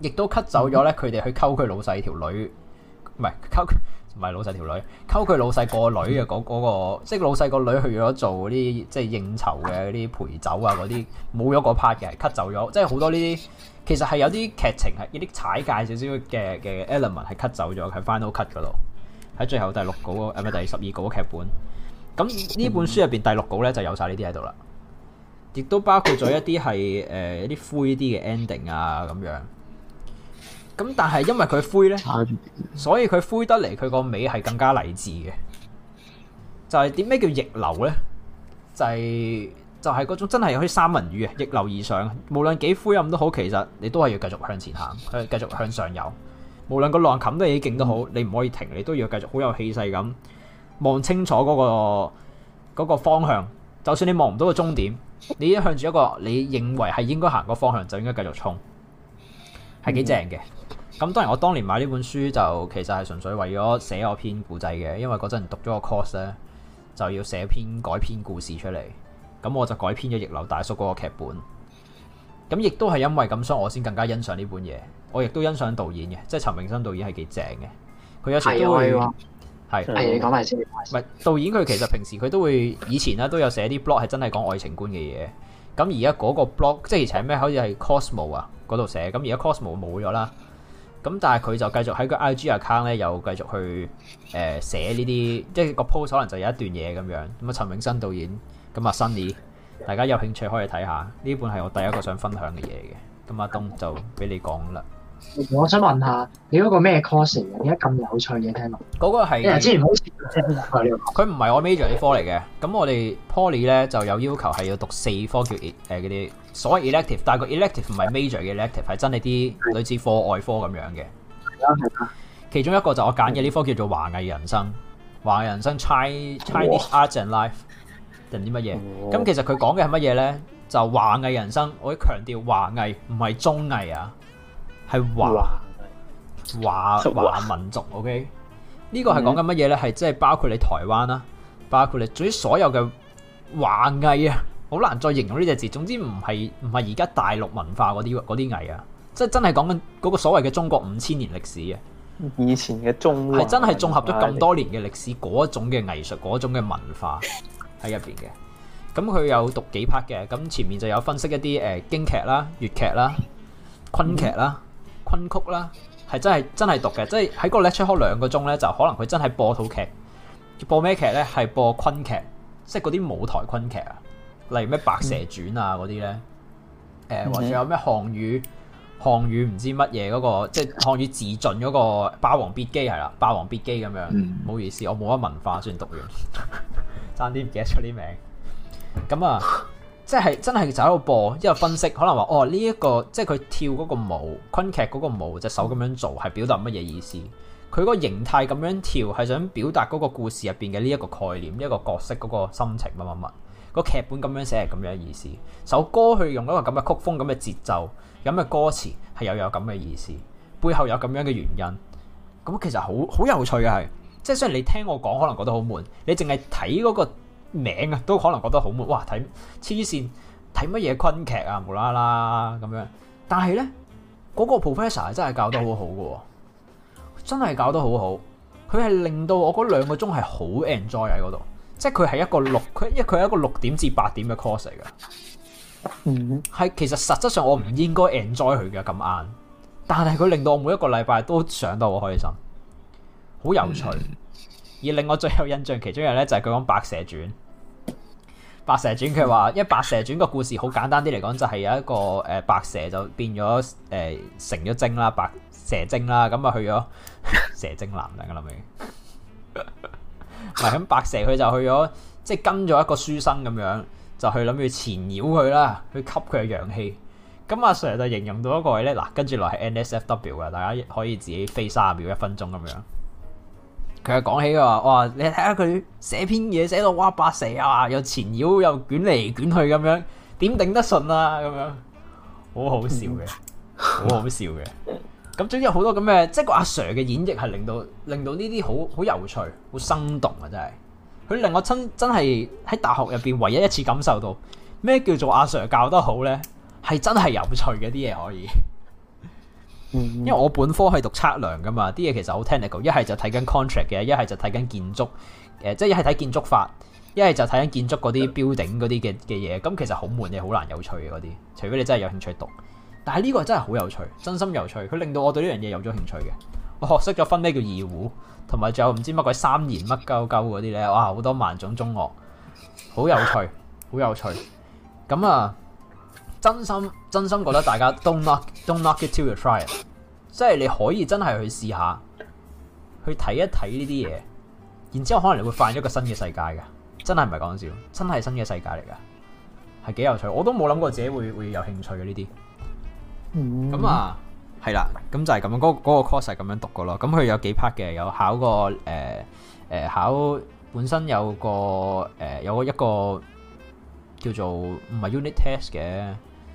亦都 cut 走咗咧。佢哋去溝佢老細條女，唔係溝唔係老細條女嘅、嗰個，溝佢老細個女嘅嗰個，即係老細個女去咗做嗰啲即係應酬嘅嗰啲陪酒啊嗰啲，冇咗嗰 part 嘅，cut 走咗。即係好多呢啲，其實係有啲劇情係呢啲踩界少少嘅嘅 element 係 cut 走咗，喺 final cut 嗰度，喺最後第六稿，誒係咪？第十二稿嘅劇本。咁呢本書入邊第六稿咧就有晒呢啲喺度啦。嗯。亦都包括咗一啲係誒一啲灰啲嘅 ending 啊，咁樣，咁但係因為佢灰咧，所以佢灰得嚟，佢個尾係更加勵志嘅。就係點咩叫逆流咧？就係就係嗰種真係好似三文魚啊！逆流而上，無論幾灰暗都好，其實你都係要繼續向前行，去繼續向上游。無論個浪冚得幾勁都好，你唔可以停，你都要繼續好有氣勢咁望清楚嗰個嗰個方向。就算你望唔到個終點。你一向住一個你認為係應該行個方向，就應該繼續衝，係幾正嘅。咁當然我當年買呢本書就其實係純粹為咗寫我篇故仔嘅，因為嗰陣讀咗個 course 咧，就要寫篇改編故事出嚟，咁我就改編咗逆流大叔嗰個劇本。咁亦都係因為咁，所以我先更加欣賞呢本嘢。我亦都欣賞導演嘅，即係陳詠燊導演係幾正嘅。佢有時都會。係，講埋先。唔係導演佢其實平時佢都會以前啦，都有寫啲 blog 係真係講愛情觀嘅嘢。咁而家嗰個 blog 即係而且咩，好似係 Cosmo 啊嗰度寫。咁而家 Cosmo 冇咗啦。咁但係佢就繼續喺個 IG account 咧，又繼續去、呃、寫呢啲，即係個 post 可能就有一段嘢咁樣。咁啊，陳永生導演咁啊，Sunny 大家有興趣可以睇下。呢本係我第一個想分享嘅嘢嘅。咁阿東就俾你講啦。我想問一下你嗰個咩 course 啊？點解咁有趣嘅？聽落嗰個係之前好似佢唔係我 major 啲科嚟嘅。咁我哋 poly 咧就有要求係要讀四科叫誒啲、呃、所謂 elective，但係個 elective 唔係 major 嘅、e、elective，係真係啲類似課外科咁樣嘅。其中一個就是我揀嘅呢科叫做華藝人生，華藝人生 China, 哇 Chinese Art and Life 定啲乜嘢？咁哇其實佢講嘅係乜嘢咧？就華藝人生，我強調華藝唔係綜藝啊。係華華華民族，OK？這個是什麼？呢個係講緊乜嘢咧？係、嗯、即係包括你台灣啦，包括你總之所有嘅華藝啊，好難再形容呢隻字。總之唔係唔係而家大陸文化嗰啲嗰啲藝啊，即係真係講緊嗰個所謂嘅中國五千年歷史啊。以前嘅中係真係綜合咗咁多年嘅歷史嗰種嘅藝術嗰種嘅文化喺入邊嘅。咁佢有讀幾 part 嘅，咁前面就有分析一啲誒、呃、京劇啦、粵劇啦、昆劇啦。嗯昆曲啦，係真係真係讀嘅，即係喺嗰個 lecture hall 兩個鐘咧，就可能佢真係播套劇，播咩劇咧？係播昆劇，即係嗰啲舞台昆劇啊，例如咩《白蛇傳》啊嗰啲咧，誒、呃，或者 Okay. 有咩《項羽》，《項羽》唔知乜嘢嗰個，即、就、係、是《項羽自盡》嗰個《霸王別姬》係啦，《霸王別姬》咁樣，唔、嗯、好意思，我冇乜文化，雖然讀完，爭啲唔記得出啲名，咁啊。即係真係就喺度播，一路分析，可能話哦呢一個即係佢跳嗰 個舞，昆劇嗰個舞，隻手咁樣做係表達乜嘢意思？佢嗰個形態咁樣跳係想表達嗰個故事入邊嘅呢一個概念，一個角色嗰個心情乜乜乜，個劇本咁樣寫係咁樣嘅意思。首歌佢用嗰個咁嘅曲風、咁嘅節奏、咁嘅歌詞係又有咁嘅意思，背後有咁樣嘅原因。咁其實好好有趣嘅係，即係雖然你聽我講可能覺得好悶，你淨係睇嗰個名啊，都可能覺得好悶，哇睇黐線，睇乜嘢昆劇啊，無啦啦咁樣。但係呢，嗰個 professor 真係教得好好喎，真係教得好好。佢係令到我嗰兩個鐘係好 enjoy 喺嗰度，即係佢係一個六，佢因佢係一個六點至八點嘅 course 嚟嘅。係其實實質上我唔應該 enjoy 佢嘅咁啱，但係佢令到我每一個禮拜都上得好開心，好有趣。而令我最有印象，其中一樣呢，就係佢講《白蛇傳》。白蛇傳佢話，因為白蛇傳個故事好簡單啲嚟講，就係有一個誒、呃、白蛇就變咗誒、呃、成咗精啦，白蛇精啦，咁啊去咗蛇精男定噶啦未？係咁 白蛇佢就去咗，即係跟咗一個書生咁樣，就去諗住纏繞佢啦，去吸佢嘅陽氣。咁阿 Sir 就形容到一、那個位咧，嗱、啊，跟住落係 N S F W 噶，大家可以自己飛三十秒一分鐘咁樣。佢又講起佢話，哇！你睇下佢寫篇嘢寫到哇八蛇啊，又纏繞又捲嚟捲去咁樣，點頂得順啊？咁樣，好好笑嘅，好好笑嘅。咁總之有好多咁嘅，即係個阿 Sir 嘅演繹係令到令到呢啲好好有趣、好生動啊！真係，佢令我真真係喺大學入邊唯一一次感受到咩叫做阿 Sir 教得好咧，係真係有趣嘅啲嘢可以。因為我本科係讀測量噶嘛，啲嘢其實好 technical，一係就睇緊 contract 嘅，一係就睇緊建築、呃，即係一係睇建築法，一係就睇緊建築嗰啲標頂嗰啲嘅嘅嘢，咁其實好悶嘅，好難有趣嘅嗰啲，除非你真係有興趣讀。但係呢個真係好有趣，真心有趣，佢令到我對呢樣嘢有咗興趣嘅。我學識咗分咩叫二胡，同埋仲有唔知乜鬼三弦乜鳩鳩嗰啲咧，哇，好多萬種中樂，好有趣，好有趣。咁啊～、嗯真心真心覺得大家 don't knock don't knock it till you try，即係你可以真係去試下，去睇一睇呢啲嘢，然之後可能你會發現一個新嘅世界嘅，真係唔係講笑，真係新嘅世界嚟噶，係幾有趣，我都冇諗過自己會會有興趣嘅呢啲。咁、嗯、啊，係啦，咁就係咁樣，嗰、那、嗰個 course 係咁樣讀噶咯，咁佢有幾 part 嘅，有考個誒誒考本身有個誒、呃、有個一個叫做唔係 unit test 嘅。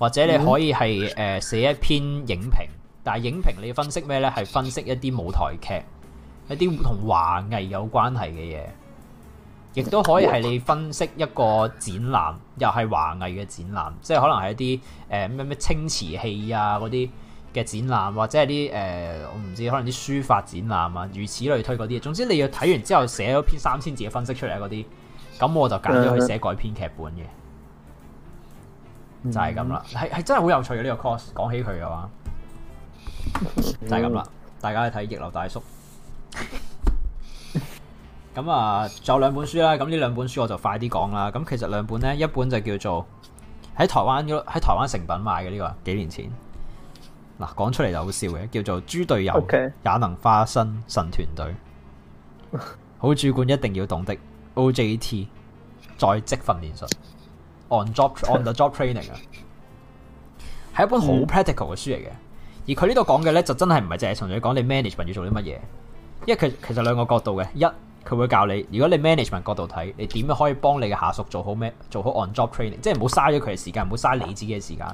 或者你可以係誒、呃、寫一篇影評，但係影評你分析咩呢？係分析一啲舞台劇、一啲同華藝有關係嘅嘢，亦都可以係你分析一個展覽，又係華藝嘅展覽，即係可能係一啲誒咩咩青瓷器啊嗰啲嘅展覽，或者係啲誒我唔知可能啲書法展覽啊，如此類推嗰啲。總之你要睇完之後寫咗篇三千字嘅分析出嚟嗰啲，咁我就揀咗去寫改編劇本嘅。就係咁啦，係係真係好有趣嘅呢個 course，講起佢嘅話就係咁啦，大家去睇逆流大叔。咁啊， 仲有兩本書啦，咁呢兩本書我就快啲講啦。咁其實兩本呢，一本就叫做喺台灣喺台灣成品買嘅呢個，幾年前嗱講出嚟就好笑嘅，叫做豬隊友也能化身神團隊，好主管一定要懂的 OJT 在職訓練術。On job on the job training 啊，係一本好 practical 嘅書嚟嘅。而佢呢度講嘅咧，就真係唔係淨係純粹講你 management 要做啲乜嘢，因為佢其實兩個角度嘅。一，佢會教你，如果你 management 角度睇，你點樣可以幫你嘅下屬做好咩，做好 on job training，即係唔好嘥咗佢嘅時間，唔好嘥你自己嘅時間，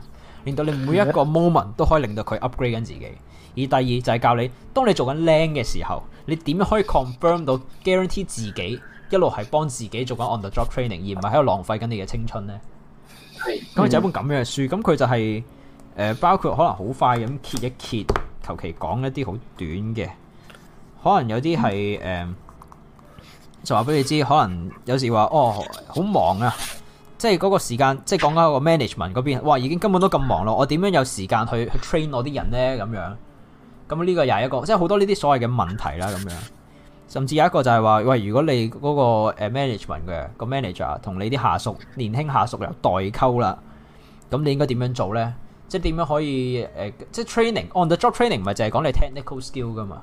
令到你每一個 moment 都可以令到佢 upgrade 緊自己。而第二就係教你，當你做緊靚嘅時候，你點樣可以 confirm 到 guarantee 自己。一路係幫自己做緊 on the job training，而唔係喺度浪費緊你嘅青春咧。咁佢、嗯、就一本咁樣嘅書，咁佢就係、是呃、包括可能好快咁揭一揭，求其講一啲好短嘅，可能有啲係誒就話俾你知，可能有時話哦好忙啊，即係嗰個時間，即係講緊個 management 嗰邊，哇已經根本都咁忙咯，我點樣有時間去去 train 我啲人咧咁樣？咁呢個又係一個，即係好多呢啲所謂嘅問題啦咁樣。甚至有一個就係話，喂，如果你嗰個誒 management 嘅個 manager 同你啲下屬年輕下屬有代溝啦，咁你應該點樣做咧？即係點樣可以誒、呃？即係 training on the job training 唔係就係講你 technical skill 㗎嘛？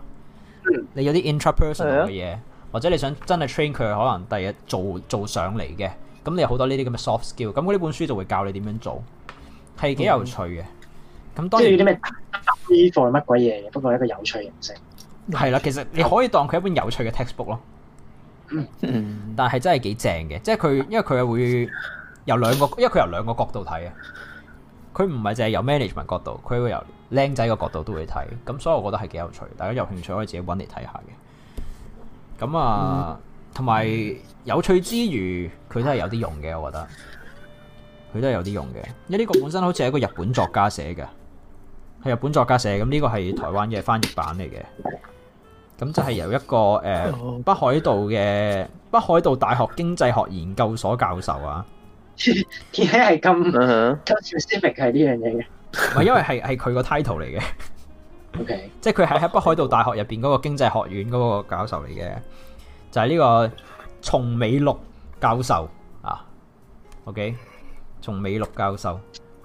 嗯、你有啲 interpersonal 嘅嘢，的的或者你想真係 train 佢可能第日做做上嚟嘅，咁你有好多呢啲咁嘅 soft skill，咁佢呢本書就會教你點樣做，係幾有趣嘅。咁、嗯、即係啲咩？師傅乜鬼嘢？不過一個有趣的形式。係啦，其實你可以當佢一本有趣嘅 textbook 咯，但係真係幾正嘅，即係佢因為佢會由兩個，因為佢由兩個角度睇嘅，佢唔係淨係由 management 角度，佢會由靚仔嘅角度都會睇，咁所以我覺得係幾有趣，大家有興趣可以自己揾嚟睇下嘅。咁啊，同埋有，有趣之餘，佢都係有啲用嘅，我覺得佢都係有啲用嘅。因為呢個本身好似係一個日本作家寫嘅，係日本作家寫，咁呢個係台灣嘅翻譯版嚟嘅。咁就係由一個、uh, 北海道嘅北海道大學經濟學研究所教授啊，而且係咁 trustworthy 係呢樣嘢嘅，唔係因為係係佢個 title 嚟嘅，OK， 即係佢係喺北海道大學入面嗰個經濟學院嗰個教授嚟嘅，就係呢個松尾綠教授啊，OK，松尾綠教授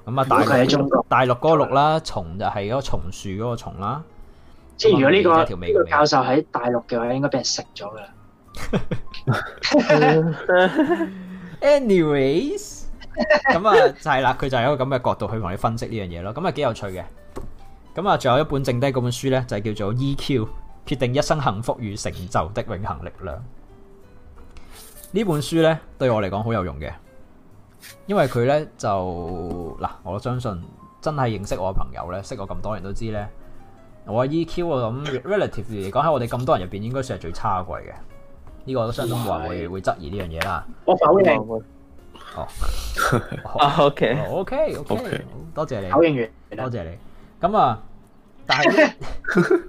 咁大，大陸嗰個綠啦，松就係嗰個松樹嗰個松啦。即係如果呢個呢個教授喺大陸嘅話，應該俾人食咗噶啦。Anyways，咁啊，就係啦，佢就係一個咁嘅角度去同你分析呢樣嘢咯。咁啊，幾有趣嘅。咁啊，仲有一本剩低嗰本書咧，就係叫做《EQ 決定一生幸福與成就的永恒力量》。呢本書咧，對我嚟講好有用嘅，因為佢咧就嗱，我相信真係認識我嘅朋友咧，識我咁多年都知咧。我話 EQ 啊，咁 relative 嚟講喺我哋咁多人入邊應該算係最差嘅嘅，呢、這個我都相當冇人會會質疑呢樣嘢啦。我口訣，哦，OK，OK，OK，多謝你，口多謝你。咁啊，但係呢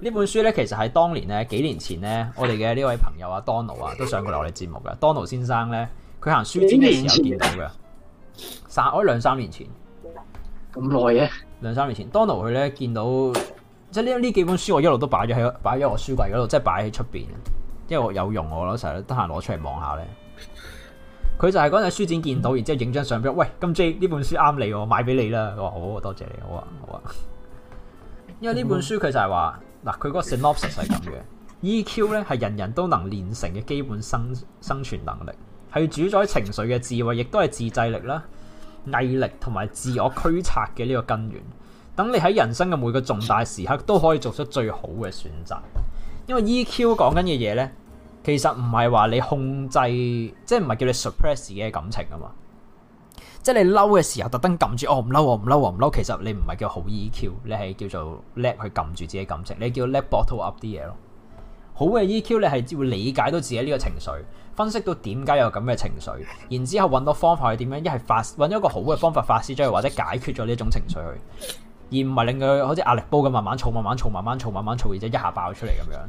本書咧，其實喺當年咧幾年前咧，我哋嘅呢位朋友啊 Donald 啊都上過嚟我哋節目嘅。Donald 先生咧，佢行書展嘅時候見到嘅，三我兩三年前，咁耐嘅，兩三年前。Donald 佢咧見到。即係呢呢幾本書我一路都擺咗喺擺咗我書櫃嗰度，即係擺喺出邊，因為我有用我咯，成日得閒攞出嚟望下咧。佢就係嗰陣書展見到，然之後影張相俾我，喂，咁 J 呢本書啱你，我買俾你啦。我話好，多謝你，好啊，好啊。因為呢本書佢就係話嗱，佢嗰個 synopsis 係咁嘅 ，EQ 咧係人人都能練成嘅基本生生存能力，係主宰情緒嘅智慧，亦都係自制力啦、毅力同埋自我驅策嘅呢個根源。等你喺人生嘅每個重大時刻都可以做出最好嘅選擇，因為 EQ 講緊嘅嘢呢，其實唔係話你控制，即係唔係叫你 suppress 自己嘅感情啊嘛。即係你嬲嘅時候，特登撳住，我唔嬲，我唔嬲，我唔嬲。其實你唔係叫好 EQ，你係叫做叻去撳住自己感情，你叫叻 bottle up 啲嘢咯。好嘅 EQ，你係要理解到自己呢個情緒，分析到點解有咁嘅情緒，然之後揾到方法去點樣是找一係發揾咗個好嘅方法發泄出去，或者解決咗呢種情緒去。而唔係令佢好似壓力煲咁慢慢燥、慢慢燥、慢慢燥、慢慢燥，而且一下爆出嚟咁樣。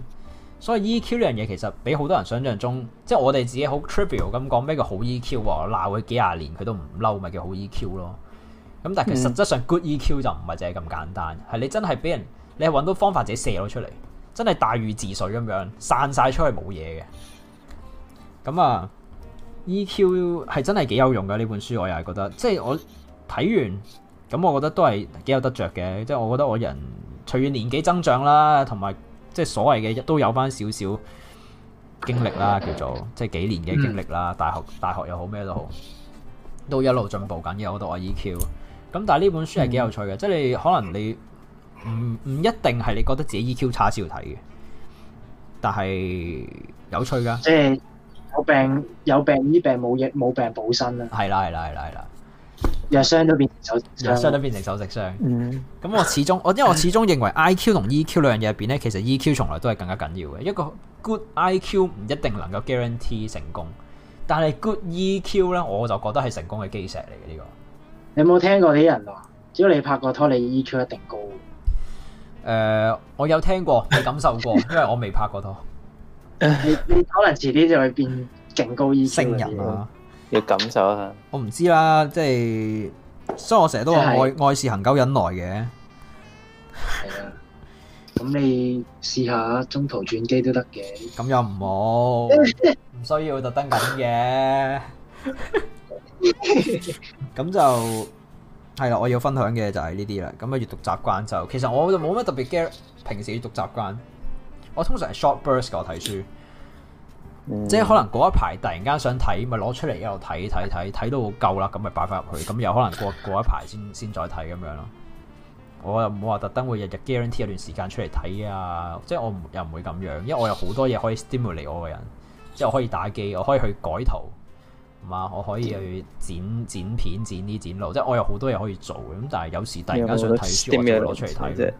所以 EQ 呢樣嘢其實比好多人想象中，即係我哋自己好 trivial 咁講咩叫好 EQ 喎？鬧佢幾廿年佢都唔嬲，咪叫好 EQ 咯。咁但係其實質上 good EQ 就唔係淨係咁簡單，係、嗯、你真係俾人，你係揾到方法自己射咗出嚟，真係大禹治水咁樣散晒出去冇嘢嘅。咁啊，EQ 係真係幾有用㗎。呢本書，我又係覺得，即係我睇完。咁我覺得都係幾有得着嘅，即、就、係、是、我覺得我人隨住年紀增長啦，同埋即係所謂嘅都有返少少經歷啦，叫做即係、就是、幾年嘅經歷啦。嗯、大學大學又好咩都好，都一路進步緊嘅。我讀 EQ，咁但係呢本書係幾有趣嘅，嗯、即係你可能你唔唔一定係你覺得自己 EQ 差先睇嘅，但係有趣㗎。即係有病有病，有病醫病，冇疫冇病，病補身啊！係啦係啦係啦係啦。是的是的是的是的。藥商都變成手，藥商都變成手食商。商食商嗯，咁我始終，我因為我始終認為 I Q 同 E Q 兩樣嘢入邊咧，其實 E Q 從來都係更加緊要嘅。一個 good I Q 唔一定能夠 guarantee 成功，但係 good E Q 咧，我就覺得係成功嘅基石嚟嘅呢個。你有冇聽過啲人話，只要你拍過拖，你 E Q 一定高？誒、呃，我有聽過，你感受過， 因為我未拍過拖。你你可能遲啲就會變勁高 E Q 嘅人啦。嘅感受啊！我唔知啦，即係，所以我成日都話愛是的愛是恆久忍耐嘅。咁你試下中途轉機都得嘅。咁又唔好，唔需要特登咁嘅。咁 就係啦，我要分享嘅就係呢啲啦。咁啊，閱讀習慣就其實我就冇乜特別嘅平時閱讀習慣，我通常係 short burst 我睇書。嗯、即係可能嗰一排突然間想睇，咪攞出嚟一路睇睇睇，睇到夠啦，咁咪擺翻入去。咁又可能過過一排先先再睇咁樣咯。我又冇話特登會日日 guarantee 一段時間出嚟睇啊！即係我又唔會咁樣，因為我有好多嘢可以 stimulate 我個人，即係我可以打機，我可以去改圖，嘛，我可以去剪剪片、剪啲剪路，即係我有好多嘢可以做。咁但係有時突然間想睇書，我就攞出嚟睇啫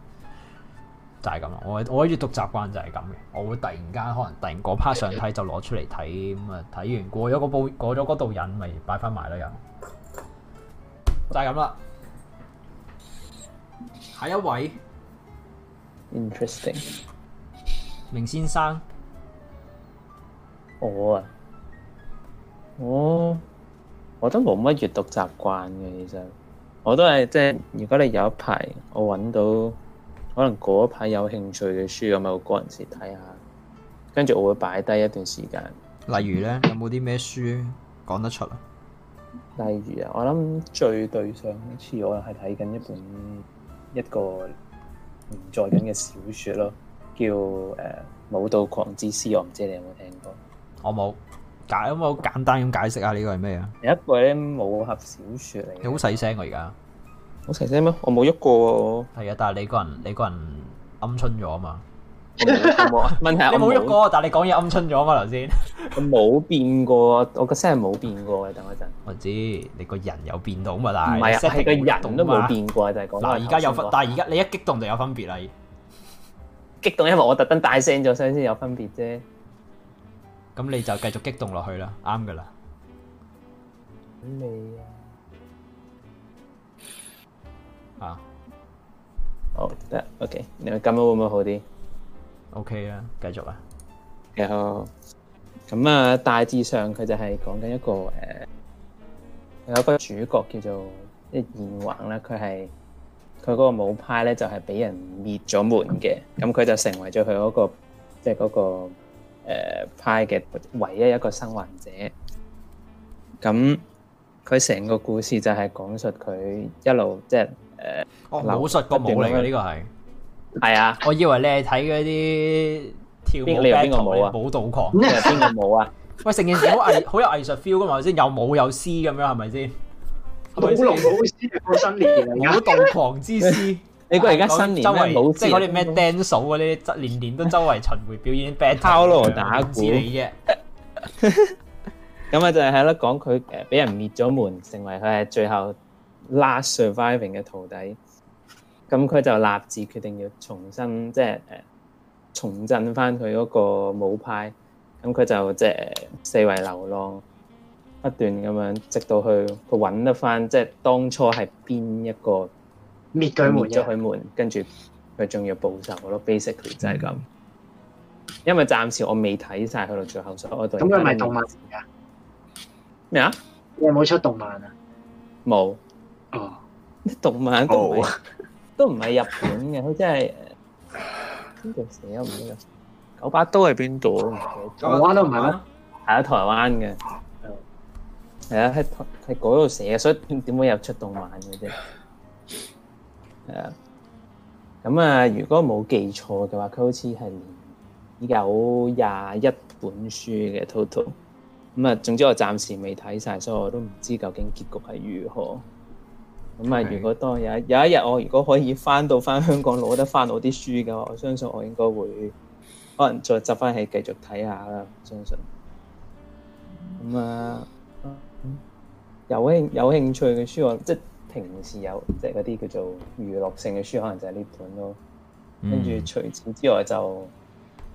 就係咁啦，我我嘅閱讀習慣就係咁嘅。我會突然間可能突然嗰 part 想睇就攞出嚟睇，咁啊睇完過咗嗰部過咗嗰度癮，咪擺翻埋咯又，就係咁啦。下一位，interesting，明先生。我啊，我我都冇乜閱讀習慣嘅，其實我都係即係，如果你有一排我揾到。可能嗰一排有興趣嘅書咁冇個人試睇下，跟住我會擺低一段時間。例如咧，有冇啲咩書講得出啊？例如啊，我諗最對上一次我係睇緊一本一個連載緊嘅小說咯，叫《誒武道狂之詩》，我唔知你有冇聽過。我冇解有冇好簡單咁解釋啊？呢個係咩啊？有一個咧武俠小說嚟嘅。你好細聲啊！而家。好齊聲咩？我冇喐過。係啊，但係你個人你個人鵪鶉咗啊嘛？問題係你冇喐過，但係你講嘢鵪鶉咗啊嘛？頭先我冇變過，我個聲係冇變過。等我一陣。我知你個人有變到嘛？但係唔係啊，係個人都冇變過，就係講到而家有分。但係而家你一激動就有分別啦。激動因為我特登大聲咗聲先有分別啫。咁你就繼續激動落去啦，啱噶啦。你啊。好得、oh,，OK，你咁樣會唔會好啲？OK 啊、okay, uh, okay, oh, okay.，繼續啊，好，咁啊，大致上佢就係講緊一個誒，uh, 他有一個主角叫做即係炎黃啦，佢係佢嗰個武派咧就係、是、俾人滅咗門嘅，咁佢就成為咗佢嗰個即係嗰個誒、uh, 派嘅唯一一個生還者。咁佢成個故事就係講述佢一路即係。就是誒，我武術個舞嚟嘅呢個係，係啊，我以為你係睇嗰啲跳舞你邊個舞啊，舞蹈狂邊個舞啊？喂，成件事好藝，好有藝術 feel 㗎嘛？先有舞有詩咁樣係咪先？舞龍舞獅過新年，舞蹈狂之詩。你估而家新年咧，即係嗰啲咩 dance 舞嗰啲，年年都周圍巡迴表演，拋鑼打鼓嚟啫。咁啊，就係係咯，講佢誒俾人滅咗門，成為佢係最後。last surviving 嘅徒弟，咁佢就立志決定要重新即係誒重振翻佢嗰個武派，咁佢就即係、就是、四圍流浪，不斷咁樣直到去佢揾得翻，即、就、係、是、當初係邊一個滅佢門,門？咗佢門，跟住佢仲要報仇咯。Basically 就係咁。嗯、因為暫時我未睇晒去到最後集，我對咁佢咪動漫㗎？咩啊麼？你有冇出動漫啊？冇。啲動漫都唔係，都唔係日本嘅，佢真係呢度寫唔知啊。九把刀係邊度？台灣都唔係咩？係啊，台灣嘅，係啊，喺台喺嗰度寫嘅，所以點會有出動漫嘅啫？係啊。咁啊，如果冇記錯嘅話，佢好似係有廿一本書嘅 total。咁啊，總之我暫時未睇晒，所以我都唔知究竟結局係如何。咁啊，如果當有有一日我如果可以翻到翻香港攞得翻我啲書嘅話，我相信我應該會可能再執翻起繼續睇下啦。相信咁啊，有興有興趣嘅書，我即係平時有，即係嗰啲叫做娛樂性嘅書，可能就係呢本咯。跟住、嗯、除此之外就誒、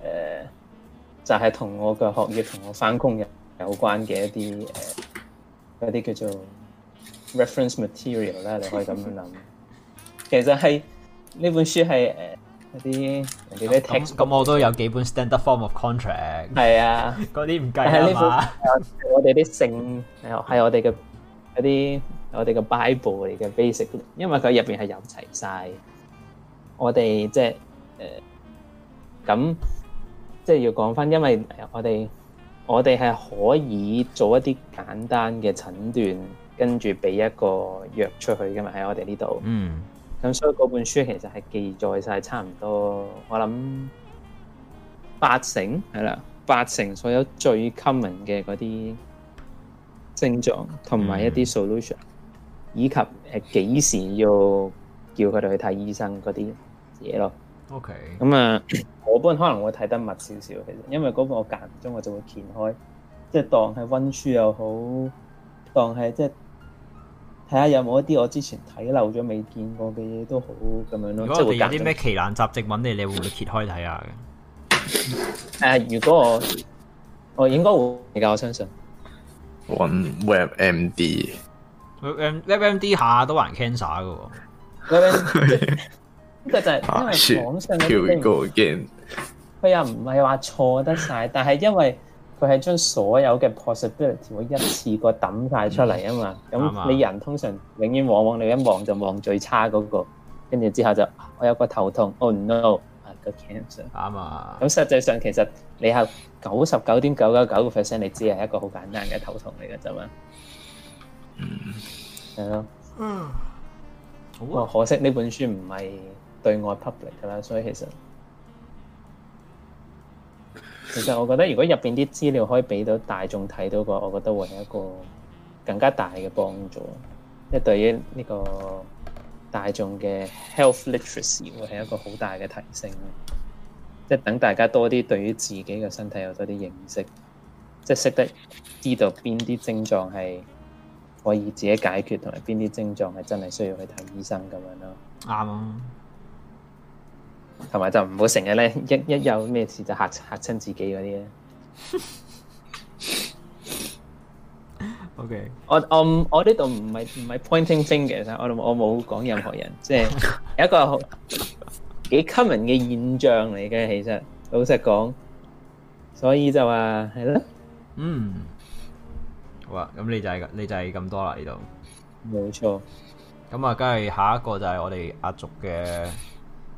呃、就係、是、同我嘅學業同我翻工有有關嘅一啲誒、嗰、呃、啲叫做。reference material 咧，你可以咁樣諗。其實係呢本書係誒、呃、一啲人哋啲 text。咁我都有幾本 standard form of contract。係啊，嗰啲唔計啊嘛。我哋啲聖係我哋嘅一啲我哋嘅 bible 嚟嘅 basic 因為佢入邊係有齊晒。我哋即係誒咁，即係、呃、要講返，因為我哋我哋係可以做一啲簡單嘅診斷。跟住俾一個藥出去㗎嘛，喺我哋呢度。嗯，咁所以嗰本書其實係記載晒差唔多，我諗八成係啦，八成所有最 common 嘅嗰啲症狀同埋一啲 solution、嗯、以及誒幾時要叫佢哋去睇醫生嗰啲嘢咯。OK。咁啊，我般可能會睇得密少少，其實，因為嗰本我間中我就會掀開，即係當係温書又好，當係即係。睇下有冇一啲我之前睇漏咗未見過嘅嘢都好咁樣咯。即係我有啲咩奇難雜症揾你，你會唔會揭開睇下嘅？誒，如果我我應該會比較相信。WebMD，Web WebMD 下都還 cancer 㗎。WebMD 呢個就係因為網上你你唔夠勁，佢又唔係話錯得晒，但係因為。佢係將所有嘅 possibility 我一次過揼晒出嚟啊嘛，咁、嗯、你人通常永遠往往你一望就望最差嗰、那個，跟住之後就我有個頭痛哦，h、oh, no 啊個 cancer。啱啊、嗯，咁實際上其實你係九十九點九九九個 percent 你只係一個好簡單嘅頭痛嚟嘅啫嘛，係咯，嗯，嗯，可惜呢本書唔係對外 public 噶啦，所以其實。其實我覺得如果入邊啲資料可以俾到大眾睇到嘅話，我覺得會係一個更加大嘅幫助，即係對於呢個大眾嘅 health literacy 會係一個好大嘅提升，即等大家多啲對於自己嘅身體有多啲認識，即係識得知道邊啲症狀係可以自己解決，同埋邊啲症狀係真係需要去睇醫生咁樣咯。啱、嗯。同埋就唔好成日咧，一一有咩事就嚇嚇親自己嗰啲咧。O K，我我我呢度唔係唔係 pointing finger，我我冇講任何人，即係一個好幾 common 嘅現象嚟嘅，其實老實講，所以就話係咯，嗯，好啊，咁你就係你就係咁多啦，呢度冇錯，咁啊，梗係下一個就係我哋壓軸嘅。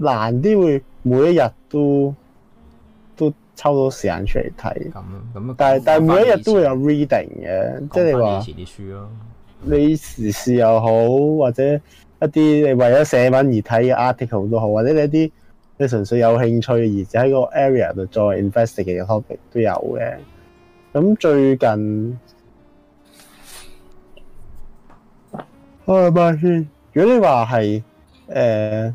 難啲會每一日都都抽到時間出嚟睇，咁咁但係但係每一日都會有 reading 嘅，以前即係話啲書咯，你時事又好，或者一啲你為咗寫文而睇嘅 article 都好，或者你一啲你純粹有興趣而喺個 area 度再 investigate 嘅 topic 都有嘅。咁最近，我諗下先，如果你話係誒。呃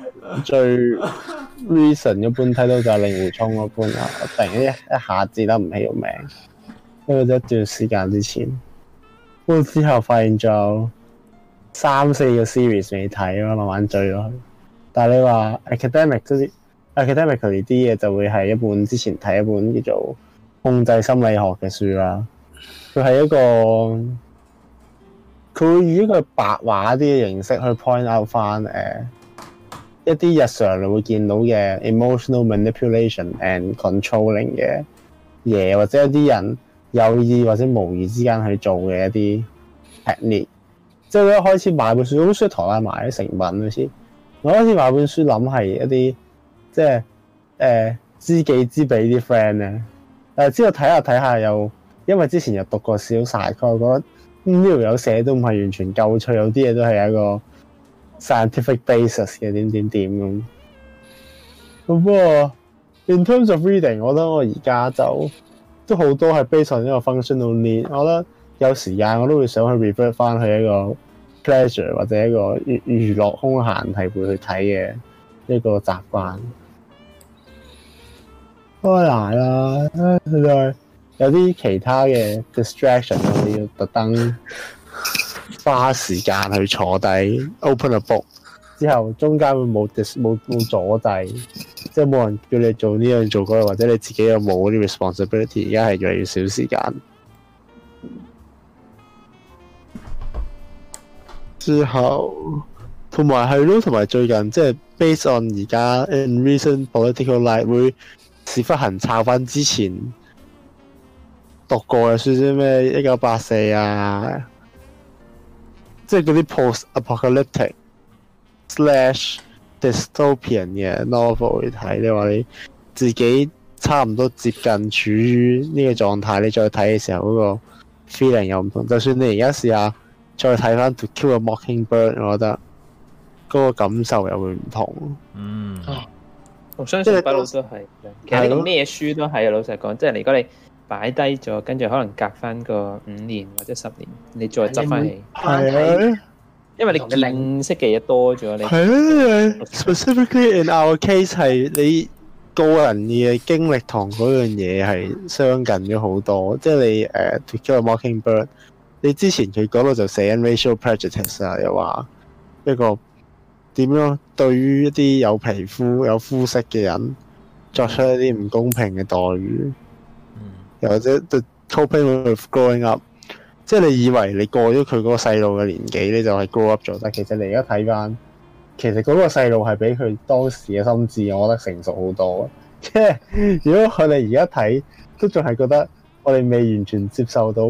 最 reason 一般睇到就係《令狐沖》嗰本啦，突然一一下子唔記得唔起個名，因為一段時間之前，跟住之後發現咗三四個 series 未睇啊，慢慢追咯。但係你話 academic academic 嗰啲啲嘢，就會係一本之前睇一本叫做《控制心理學的書》嘅書啦，佢係一個佢會以一個白話啲嘅形式去 point out 翻誒。一啲日常你會見到嘅 emotional manipulation and controlling 嘅嘢，或者一啲人有意或者無意之間去做嘅一啲 technique。即係我一開始買本書好需台灣買啲成品先。我開始買本書諗係一啲即係誒、呃、知己知彼啲 friend 咧，誒之後睇下睇下又，因為之前又讀過少曬，佢又覺得呢度有寫都唔係完全夠趣，有啲嘢都係一個。scientific basis 嘅點點點咁，不過，In terms of reading，我覺得我而家就都好多係 based on 呢個 functional need。我覺得有時間我都會想去 revert 翻去一個 pleasure 或者一個娛娛樂空閒係會去睇嘅一個習慣。開眼啦，佢就係有啲其他嘅 distraction 我哋要特登。花時間去坐底，open 個 book 之後，中間會冇 dis 冇冇阻滯，即係冇人叫你做呢樣做嗰樣，或者你自己又冇啲 responsibility，而家係越嚟越少時間。之後，同埋係咯，同埋最近即係 based on 而家 in recent political life 會是否行抄翻之前讀過嘅書，即咩一九八四啊？即係嗰啲 post apocalyptic slash dystopian 嘅 novel 去睇，no、vel, 你話你自己差唔多接近處於呢個狀態，你再睇嘅時候嗰個 feeling 又唔同。就算你而家試下再睇翻《To Kill a Mockingbird》，我覺得嗰個感受又會唔同。嗯，我相信不老都係，其實你講咩書都係、啊。的老實講，即係如果你。擺低咗，跟住可能隔翻個五年或者十年，你再執翻起，因為你認識嘅嘢多咗，是的你 specifically in our case 係你個人嘅經歷同嗰樣嘢係相近咗好多， 即係你誒、uh, To Kill a Mockingbird，你之前佢嗰度就寫 racial prejudice 啊，又話一個點樣對於一啲有皮膚有膚色嘅人作出一啲唔公平嘅待遇。又或者 The coping of growing up，即係你以為你過咗佢嗰個細路嘅年紀，你就係 grow up 咗，但其實你而家睇翻，其實嗰個細路係比佢當時嘅心智，我覺得成熟好多。即係如果我哋而家睇，都仲係覺得我哋未完全接受到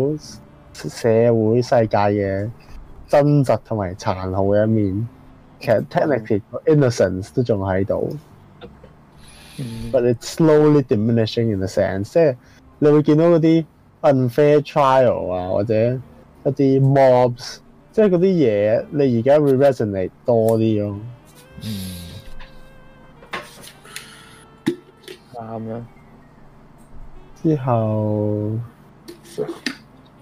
社會世界嘅真實同埋殘酷嘅一面。其實 technically，the innocence 都仲喺度，but it slowly diminishing in the sense，即係。你會見到嗰啲 unfair trial 啊，或者一啲 mobs，即係嗰啲嘢。你而家 resonate 嚟多啲咯，啱啦。之後、 哦、又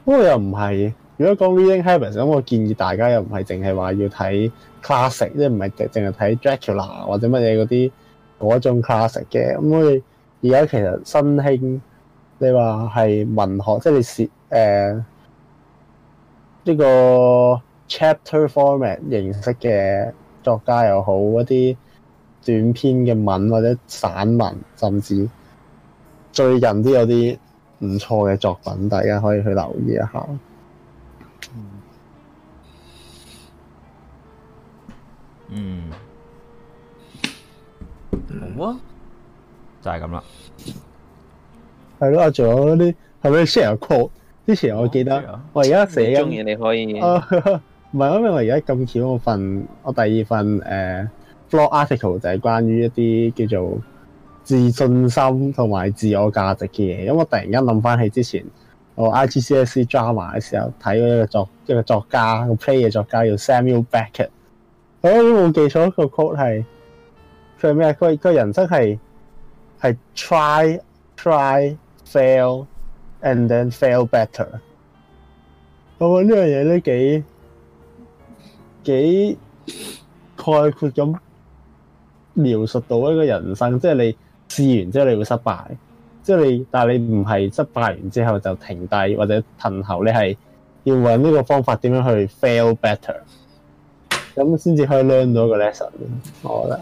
不過又唔係。如果講 reading habits，咁我建議大家又唔係淨係話要睇 classic，即係唔係淨淨係睇 Dracula 或者乜嘢嗰啲嗰種 classic 嘅咁。我哋而家其實新興。你話係文學，即係你誒呢、呃這個 chapter format 形式嘅作家又好，一啲短篇嘅文或者散文，甚至最近都有啲唔錯嘅作品，大家可以去留意一下。嗯，好、啊、就係咁啦。係咯，我仲有嗰啲，係咪 share quote？之前我記得我，我而家寫，中意你可以。唔係、 uh,，因為我而家咁巧，我份我第二份誒 blog article 就係關於一啲叫做自信心同埋自我價值嘅嘢。咁我突然間諗翻起之前我 IGCSE drama 嘅時候睇一個作一個作家個 play 嘅作家叫 Samuel Beckett。我冇記錯一個 quote 係佢係咩？佢佢人生係係 try try。fail，and then fail better 我，我覺得呢樣嘢都幾幾概括咁描述到一個人生，即係你試完之後你會失敗，即係你，但係你唔係失敗完之後就停低或者退後，你係要揾呢個方法點樣去 fail better，咁先至可以 learn 到一個 lesson。我覺得。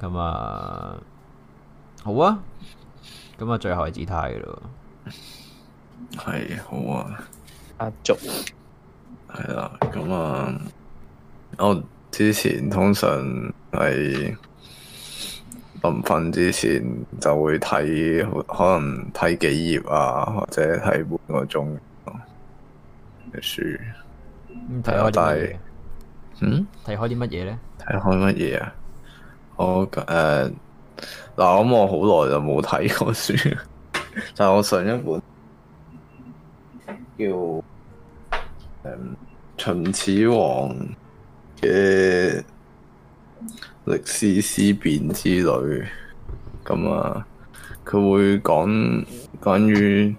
咁啊，好啊，咁啊，最後姿態咯，係好啊，壓軸，係啊，咁啊，我之前通常係臨瞓之前就會睇，可能睇幾頁啊，或者睇半個鐘嘅書，睇開啲，是嗯，睇開啲乜嘢咧？睇開乜嘢啊？我誒嗱咁，我好耐就冇睇過書，但係我上一本叫嗯，《秦始皇》嘅歷史思辨之旅，咁啊，佢會講關於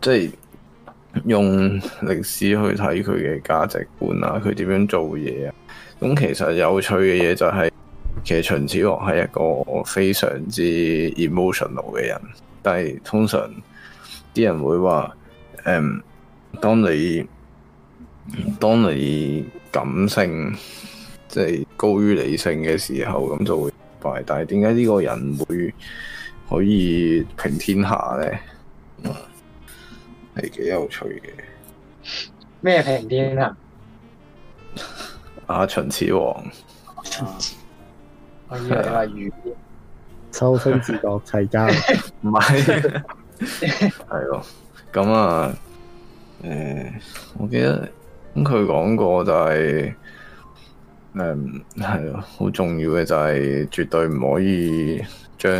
即係用歷史去睇佢嘅價值觀啊，佢點樣做嘢啊？咁其實有趣嘅嘢就係、是，其實秦始皇係一個非常之 emotional 嘅人，但係通常啲人會話，誒、嗯，當你當你感性即係、就是、高於理性嘅時候，咁就會敗。但係點解呢個人會可以平天下呢？嗯，係幾有趣嘅。咩平天下、啊？ 啊！秦始皇，係 啊，如修身自覺齊家，唔係，係咯，咁啊，誒、啊欸，我記得咁佢講過就係、是，誒、嗯，係咯、啊，好重要嘅就係絕對唔可以將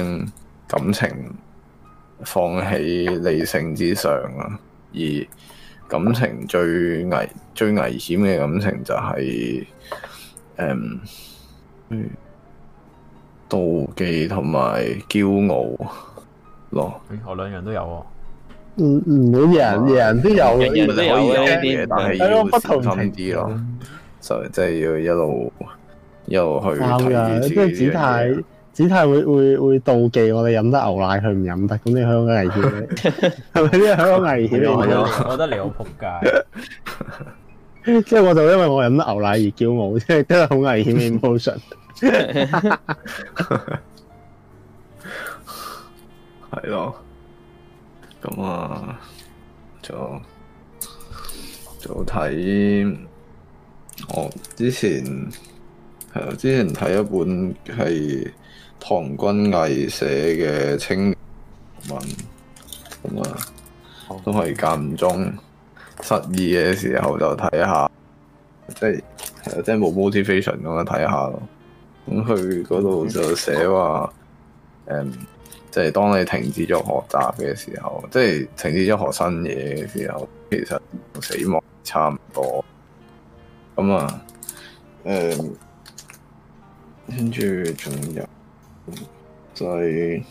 感情放喺理性之上啊，而感情最危最危險嘅感情就係、是。誒，妒忌同埋驕傲咯。我兩樣都有。嗯，兩人人都有嘅，可以有嘢，但係要小心啲咯。就即係要一路一路去啱㗎，即係子太子太會會會妒忌我哋飲得牛奶，佢唔飲得，咁你香港危險，係咪先香港危險？我覺得你好撲街。即係 我就因為我飲得牛奶而驕傲，我即係都係好危險 emotion。係咯，咁啊，就就睇我之前係咯，之前睇一本係唐君毅寫嘅清文，咁啊，都係間唔中。嗯失意嘅時候就睇下，即係即係冇 motivation 咁樣睇下咯。咁去嗰度就寫話，誒，就係、嗯就是、當你停止咗學習嘅時候，即係停止咗學新嘢嘅時候，其實同死亡差唔多。咁啊，誒、嗯，跟住仲有就係、是、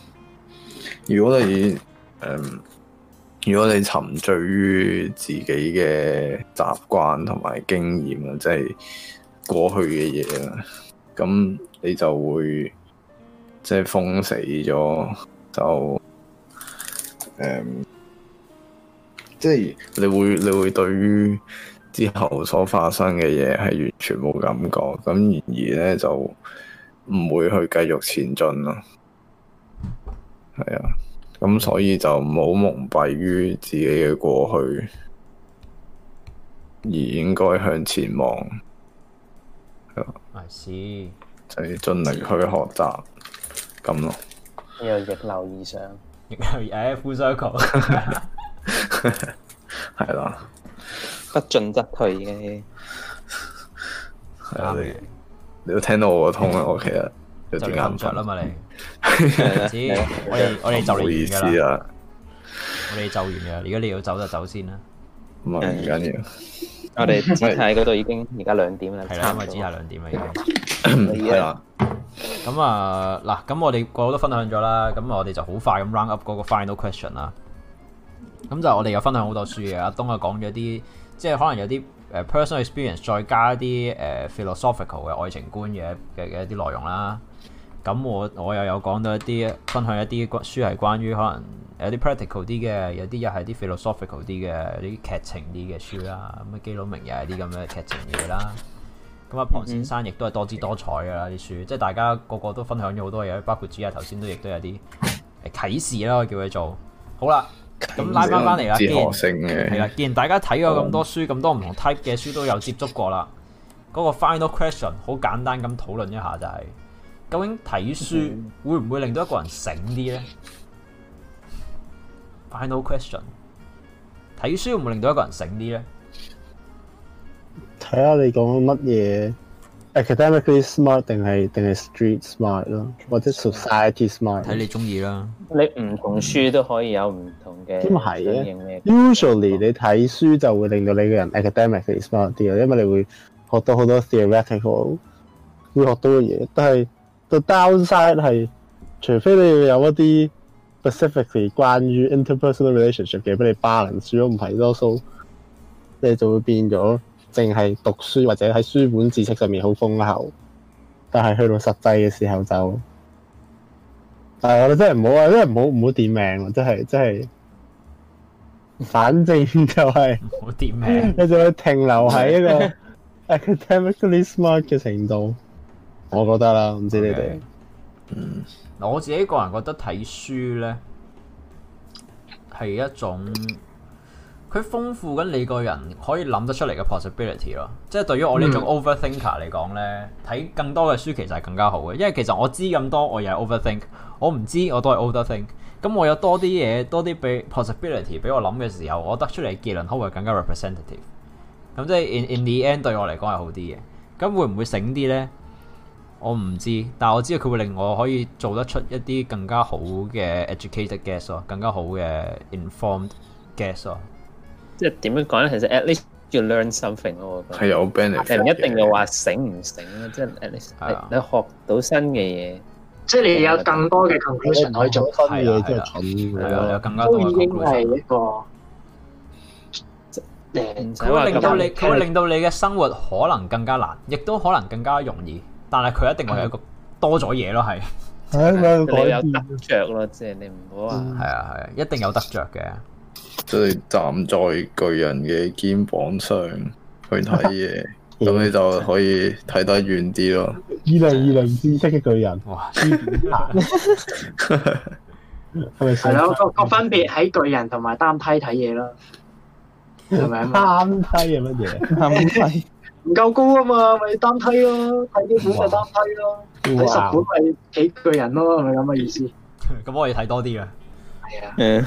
如果你，誒、嗯。如果你沉醉於自己嘅習慣同埋經驗啊，即係過去嘅嘢啊，咁你就會即係封死咗，就誒，即係你會你會對於之後所發生嘅嘢係完全冇感覺，咁然而咧就唔會去繼續前進咯，係啊。咁、嗯、所以就唔好蒙蔽於自己嘅過去，而應該向前望。係啊，係就係盡力去學習咁咯。又逆流而上，逆流誒 c 傷球，係啦，不進則退嘅。啱嘅，你都聽到我痛啦， 我其實有啲眼瞓。就瞓著啦嘛你。唔 我哋我哋就完噶啦。我哋就完噶啦，如果你要走就走先啦。咁啊唔緊要，我哋姿態嗰度已經而家兩點啦，係啦 的，因為姿態兩點啦已經。係啦。 咁啊嗱，咁我哋個個都分享咗啦，咁我哋就好快咁 round up 嗰個 final question 啦。咁就我哋有分享好多書嘅，阿東啊講咗啲，即係可能有啲誒 personal experience，再加一啲誒 philosophical 嘅愛情觀嘅嘅嘅一啲內容啦。咁我我又有講到一啲分享一啲書，係關於可能有啲 practical 啲嘅，有啲又係啲 philosophical 啲嘅，有啲劇情啲嘅書啦。咁基佬明又係啲咁嘅劇情嘢啦。咁啊，龐先生亦都係多姿多彩㗎喇啲書，即係大家個個都分享咗好多嘢，包括主啊頭先都亦都有啲啟示啦，我叫佢做好啦。咁啟示 拉翻翻嚟啦，既然大家睇咗咁多書，咁、嗯、多唔同 type 嘅書都有接觸過啦，嗰、那個 final question 好簡單咁討論一下就係、是。究竟睇書會唔會令到一個人醒啲咧？Final question，睇書會唔會令到一個人醒啲咧？睇下你講緊乜嘢，academically smart 定係定係 street smart 咯，或者 society smart，睇你中意啦。你唔同書都可以有唔同嘅。咁啊係啊。Usually 你睇書就會令到你個人 academically smart 啲啊，因為你會學到好多 theoretical 會學到嘅嘢，但係，The downside 係，除非你要有一啲 specifically 關於 interpersonal relationship 嘅俾你 balance，如果唔係，囉嗦，你就會變咗淨係讀書或者喺書本知識上面好豐厚，但係去到實際嘅時候就，我哋真係唔好啊，真係唔好唔好點命，真係真係，反正就係唔好點命， 你就會停留喺一個 academically smart 嘅程度。我覺得啦，唔知你哋嗯 Okay. 我自己個人覺得睇書咧係一種佢豐富緊你個人可以諗得出嚟嘅 possibility 咯。即係對於我、er、呢種 over thinker 嚟講咧，睇、mm. 更多嘅書其實係更加好嘅。因為其實我知咁多，我又 over think，我唔知我都係 over think。咁我有多啲嘢多啲俾 possibility 俾我諗嘅時候，我得出嚟嘅結論可能會更加 representative。咁即係 in in the end，對我嚟講係好啲嘅。咁會唔會醒啲咧？我唔知，但係我知道佢會令我可以做得出一啲更加好嘅 educated guess 咯，更加好嘅 informed guess 咯。即係點樣講咧？其實 at least you learn something 咯，我覺得係有 benefit，唔一定要話醒唔醒咯。即係 at least 你學到新嘅嘢，即係你有更多嘅 conclusion、啊、可以做翻啲嘢，係、係啊、啊，係啊，有更加多嘅 conclusion。佢、呢個、令到你，佢會令到你嘅生活可能更加難，亦都可能更加容易。但係佢一定係一個多咗嘢咯，係。係咪有得着咯？即係你唔好話。係啊係啊，一定有得着嘅。所以站在巨人嘅肩膀上去睇嘢，咁 你就可以睇得遠啲咯。二零二零知識嘅巨人，哇！ 係咪先？係咯，個個分別喺巨人同埋單梯睇嘢咯。係咪？單梯係乜嘢？單梯。 唔夠高啊嘛，咪、就是、單梯咯、啊，睇啲本就單梯咯、啊，睇哇十本咪幾個人咯、啊，係咪咁嘅意思？咁我以睇多啲嘅，係啊，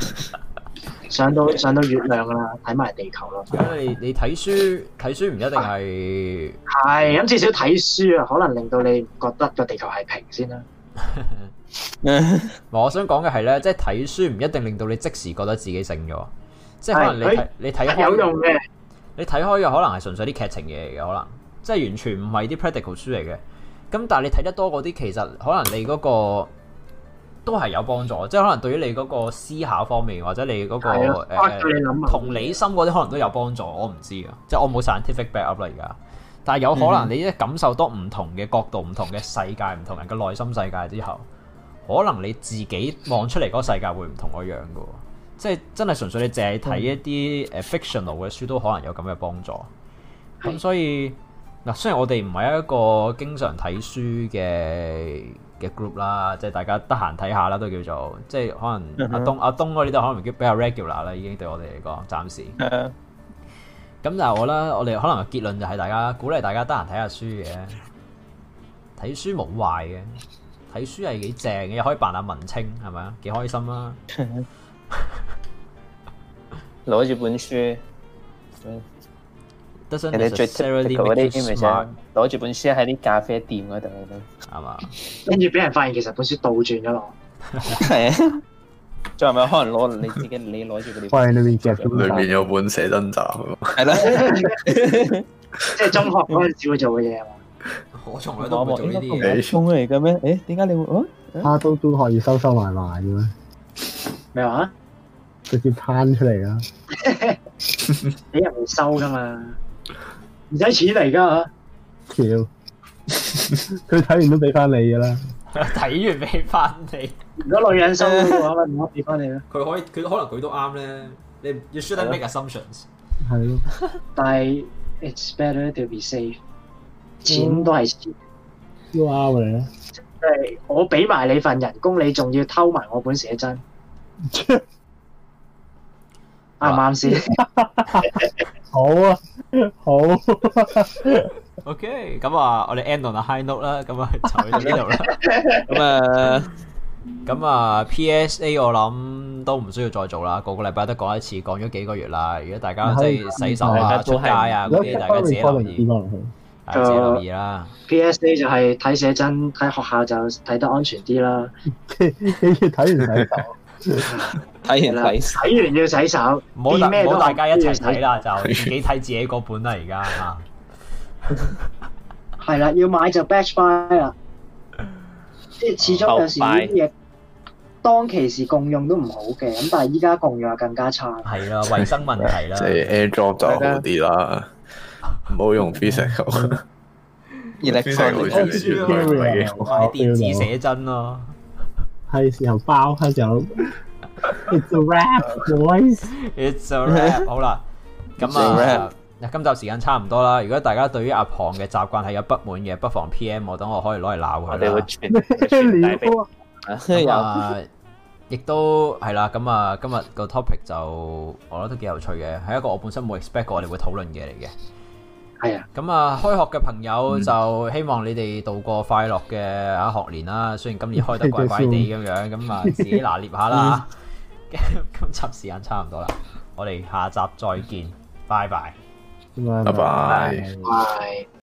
上到上到月亮啦，睇埋地球咯。因為你你睇書睇書唔一定係係，咁至少睇書啊，可能令到你覺得個地球係平先啦。唔， 我想講嘅係咧，即係睇書唔一定令到你即時覺得自己醒咗，是即係可能你是你睇有用嘅。你睇開嘅可能係純粹啲劇情嘢嚟嘅，可能即係完全唔係啲 practical 書嚟嘅。咁但係你睇得多嗰啲，其實可能你嗰個都係有幫助，即係可能對於你嗰個思考方面或者你嗰、嗰個同理的、呃、心嗰啲，可能都有幫助。我唔知㗎，即係我冇 scientific backup 啦而家。但係有可能你一感受到唔同嘅角度、唔同嘅世界、唔同人嘅內心世界之後，可能你自己望出嚟嗰個世界會唔同嗰樣喎。即係真係純粹，你淨係睇一啲誒 fictional 嘅書，都可能有咁嘅幫助。咁、嗯、所以嗱，雖然我哋唔係一個經常睇書嘅嘅 group 啦，即係大家得閒睇下啦，都叫做即係可能、嗯、阿東阿東嗰啲都可能比較 regular 啦，已經對我哋嚟講暫時。咁但係我啦，我哋可能嘅結論就係大家鼓勵大家得閒睇下書嘅，睇書冇壞嘅，睇書係幾正嘅，又可以扮下文青係咪啊？幾開心啦～、嗯攞住本書，但係你最近嗰啲聽唔聽？攞住本書喺啲咖啡店嗰度，係嘛？跟住俾人發現，其實本書倒轉咗咯。係啊，仲有咪可能攞你自己？你攞住？發現裏面其實裏邊有本寫真集，係啦，即係中學嗰陣時會做嘅嘢啊嘛。我從嚟都冇望呢啲，你充嚟嘅咩？誒，點解你會？他都都可以收收埋埋嘅咩？咩話？直接攤出嚟啦，俾人收噶嘛？唔使錢嚟噶嗬，屌佢睇完都俾翻你噶啦，睇完俾翻你。如果女人收嘅話，咪唔好俾翻你啦。佢可以，佢可能佢都啱咧。你，you shouldn't make assumptions。係咯，但係 it's better to be safe。錢都係錢，you are 嚟嘅。即係我俾埋你份人工，你仲要偷埋我本寫真。啱啱先，好啊，好。O K，咁啊，我哋 end on a high note 啦，咁啊，就去到呢度啦。咁啊，咁啊，P S A 我諗都唔需要再做啦，個個禮拜都講一次，講咗幾個月啦。如果大家即係洗手啊，出街啊，嗰啲大家自己留意。大家自己留意啦。P S A 就係睇寫真，睇學校就睇得安全啲啦。你你睇完睇到。睇完啦，洗完要洗手。唔好唔好，大家一齊睇啦，就自己睇自己嗰本啦。而家係啦，要買就 batch buy 啦。即係始終有時啲嘢當其時共用都唔好嘅，咁但係依家共用更加差，係啦，衛生問題啦。即係 AirDrop 就好啲啦，唔好用 physical。而你睇啲書都係電子寫真咯、啊，係時候包開就。It's a rap, boys. It's a rap. 好啦，咁啊，嗱，今集時間差唔多啦。如果大家對於阿龐嘅習慣係有不滿嘅，不妨 PM 我，等我可以攞嚟鬧佢啦。我哋會串。你癲哥。咁啊，亦都係啦。咁啊，今日個 topic 就我覺得都幾有趣嘅，係一個我本身冇 expect 過我哋會討論嘅嚟嘅。係啊。咁啊，開學嘅朋友就希望你哋度過快樂嘅啊學年啦。雖然今年開得怪怪地咁樣，咁啊自己拿捏下啦吓。 今集時間差唔多啦，我哋下集再見，拜拜，拜拜，拜。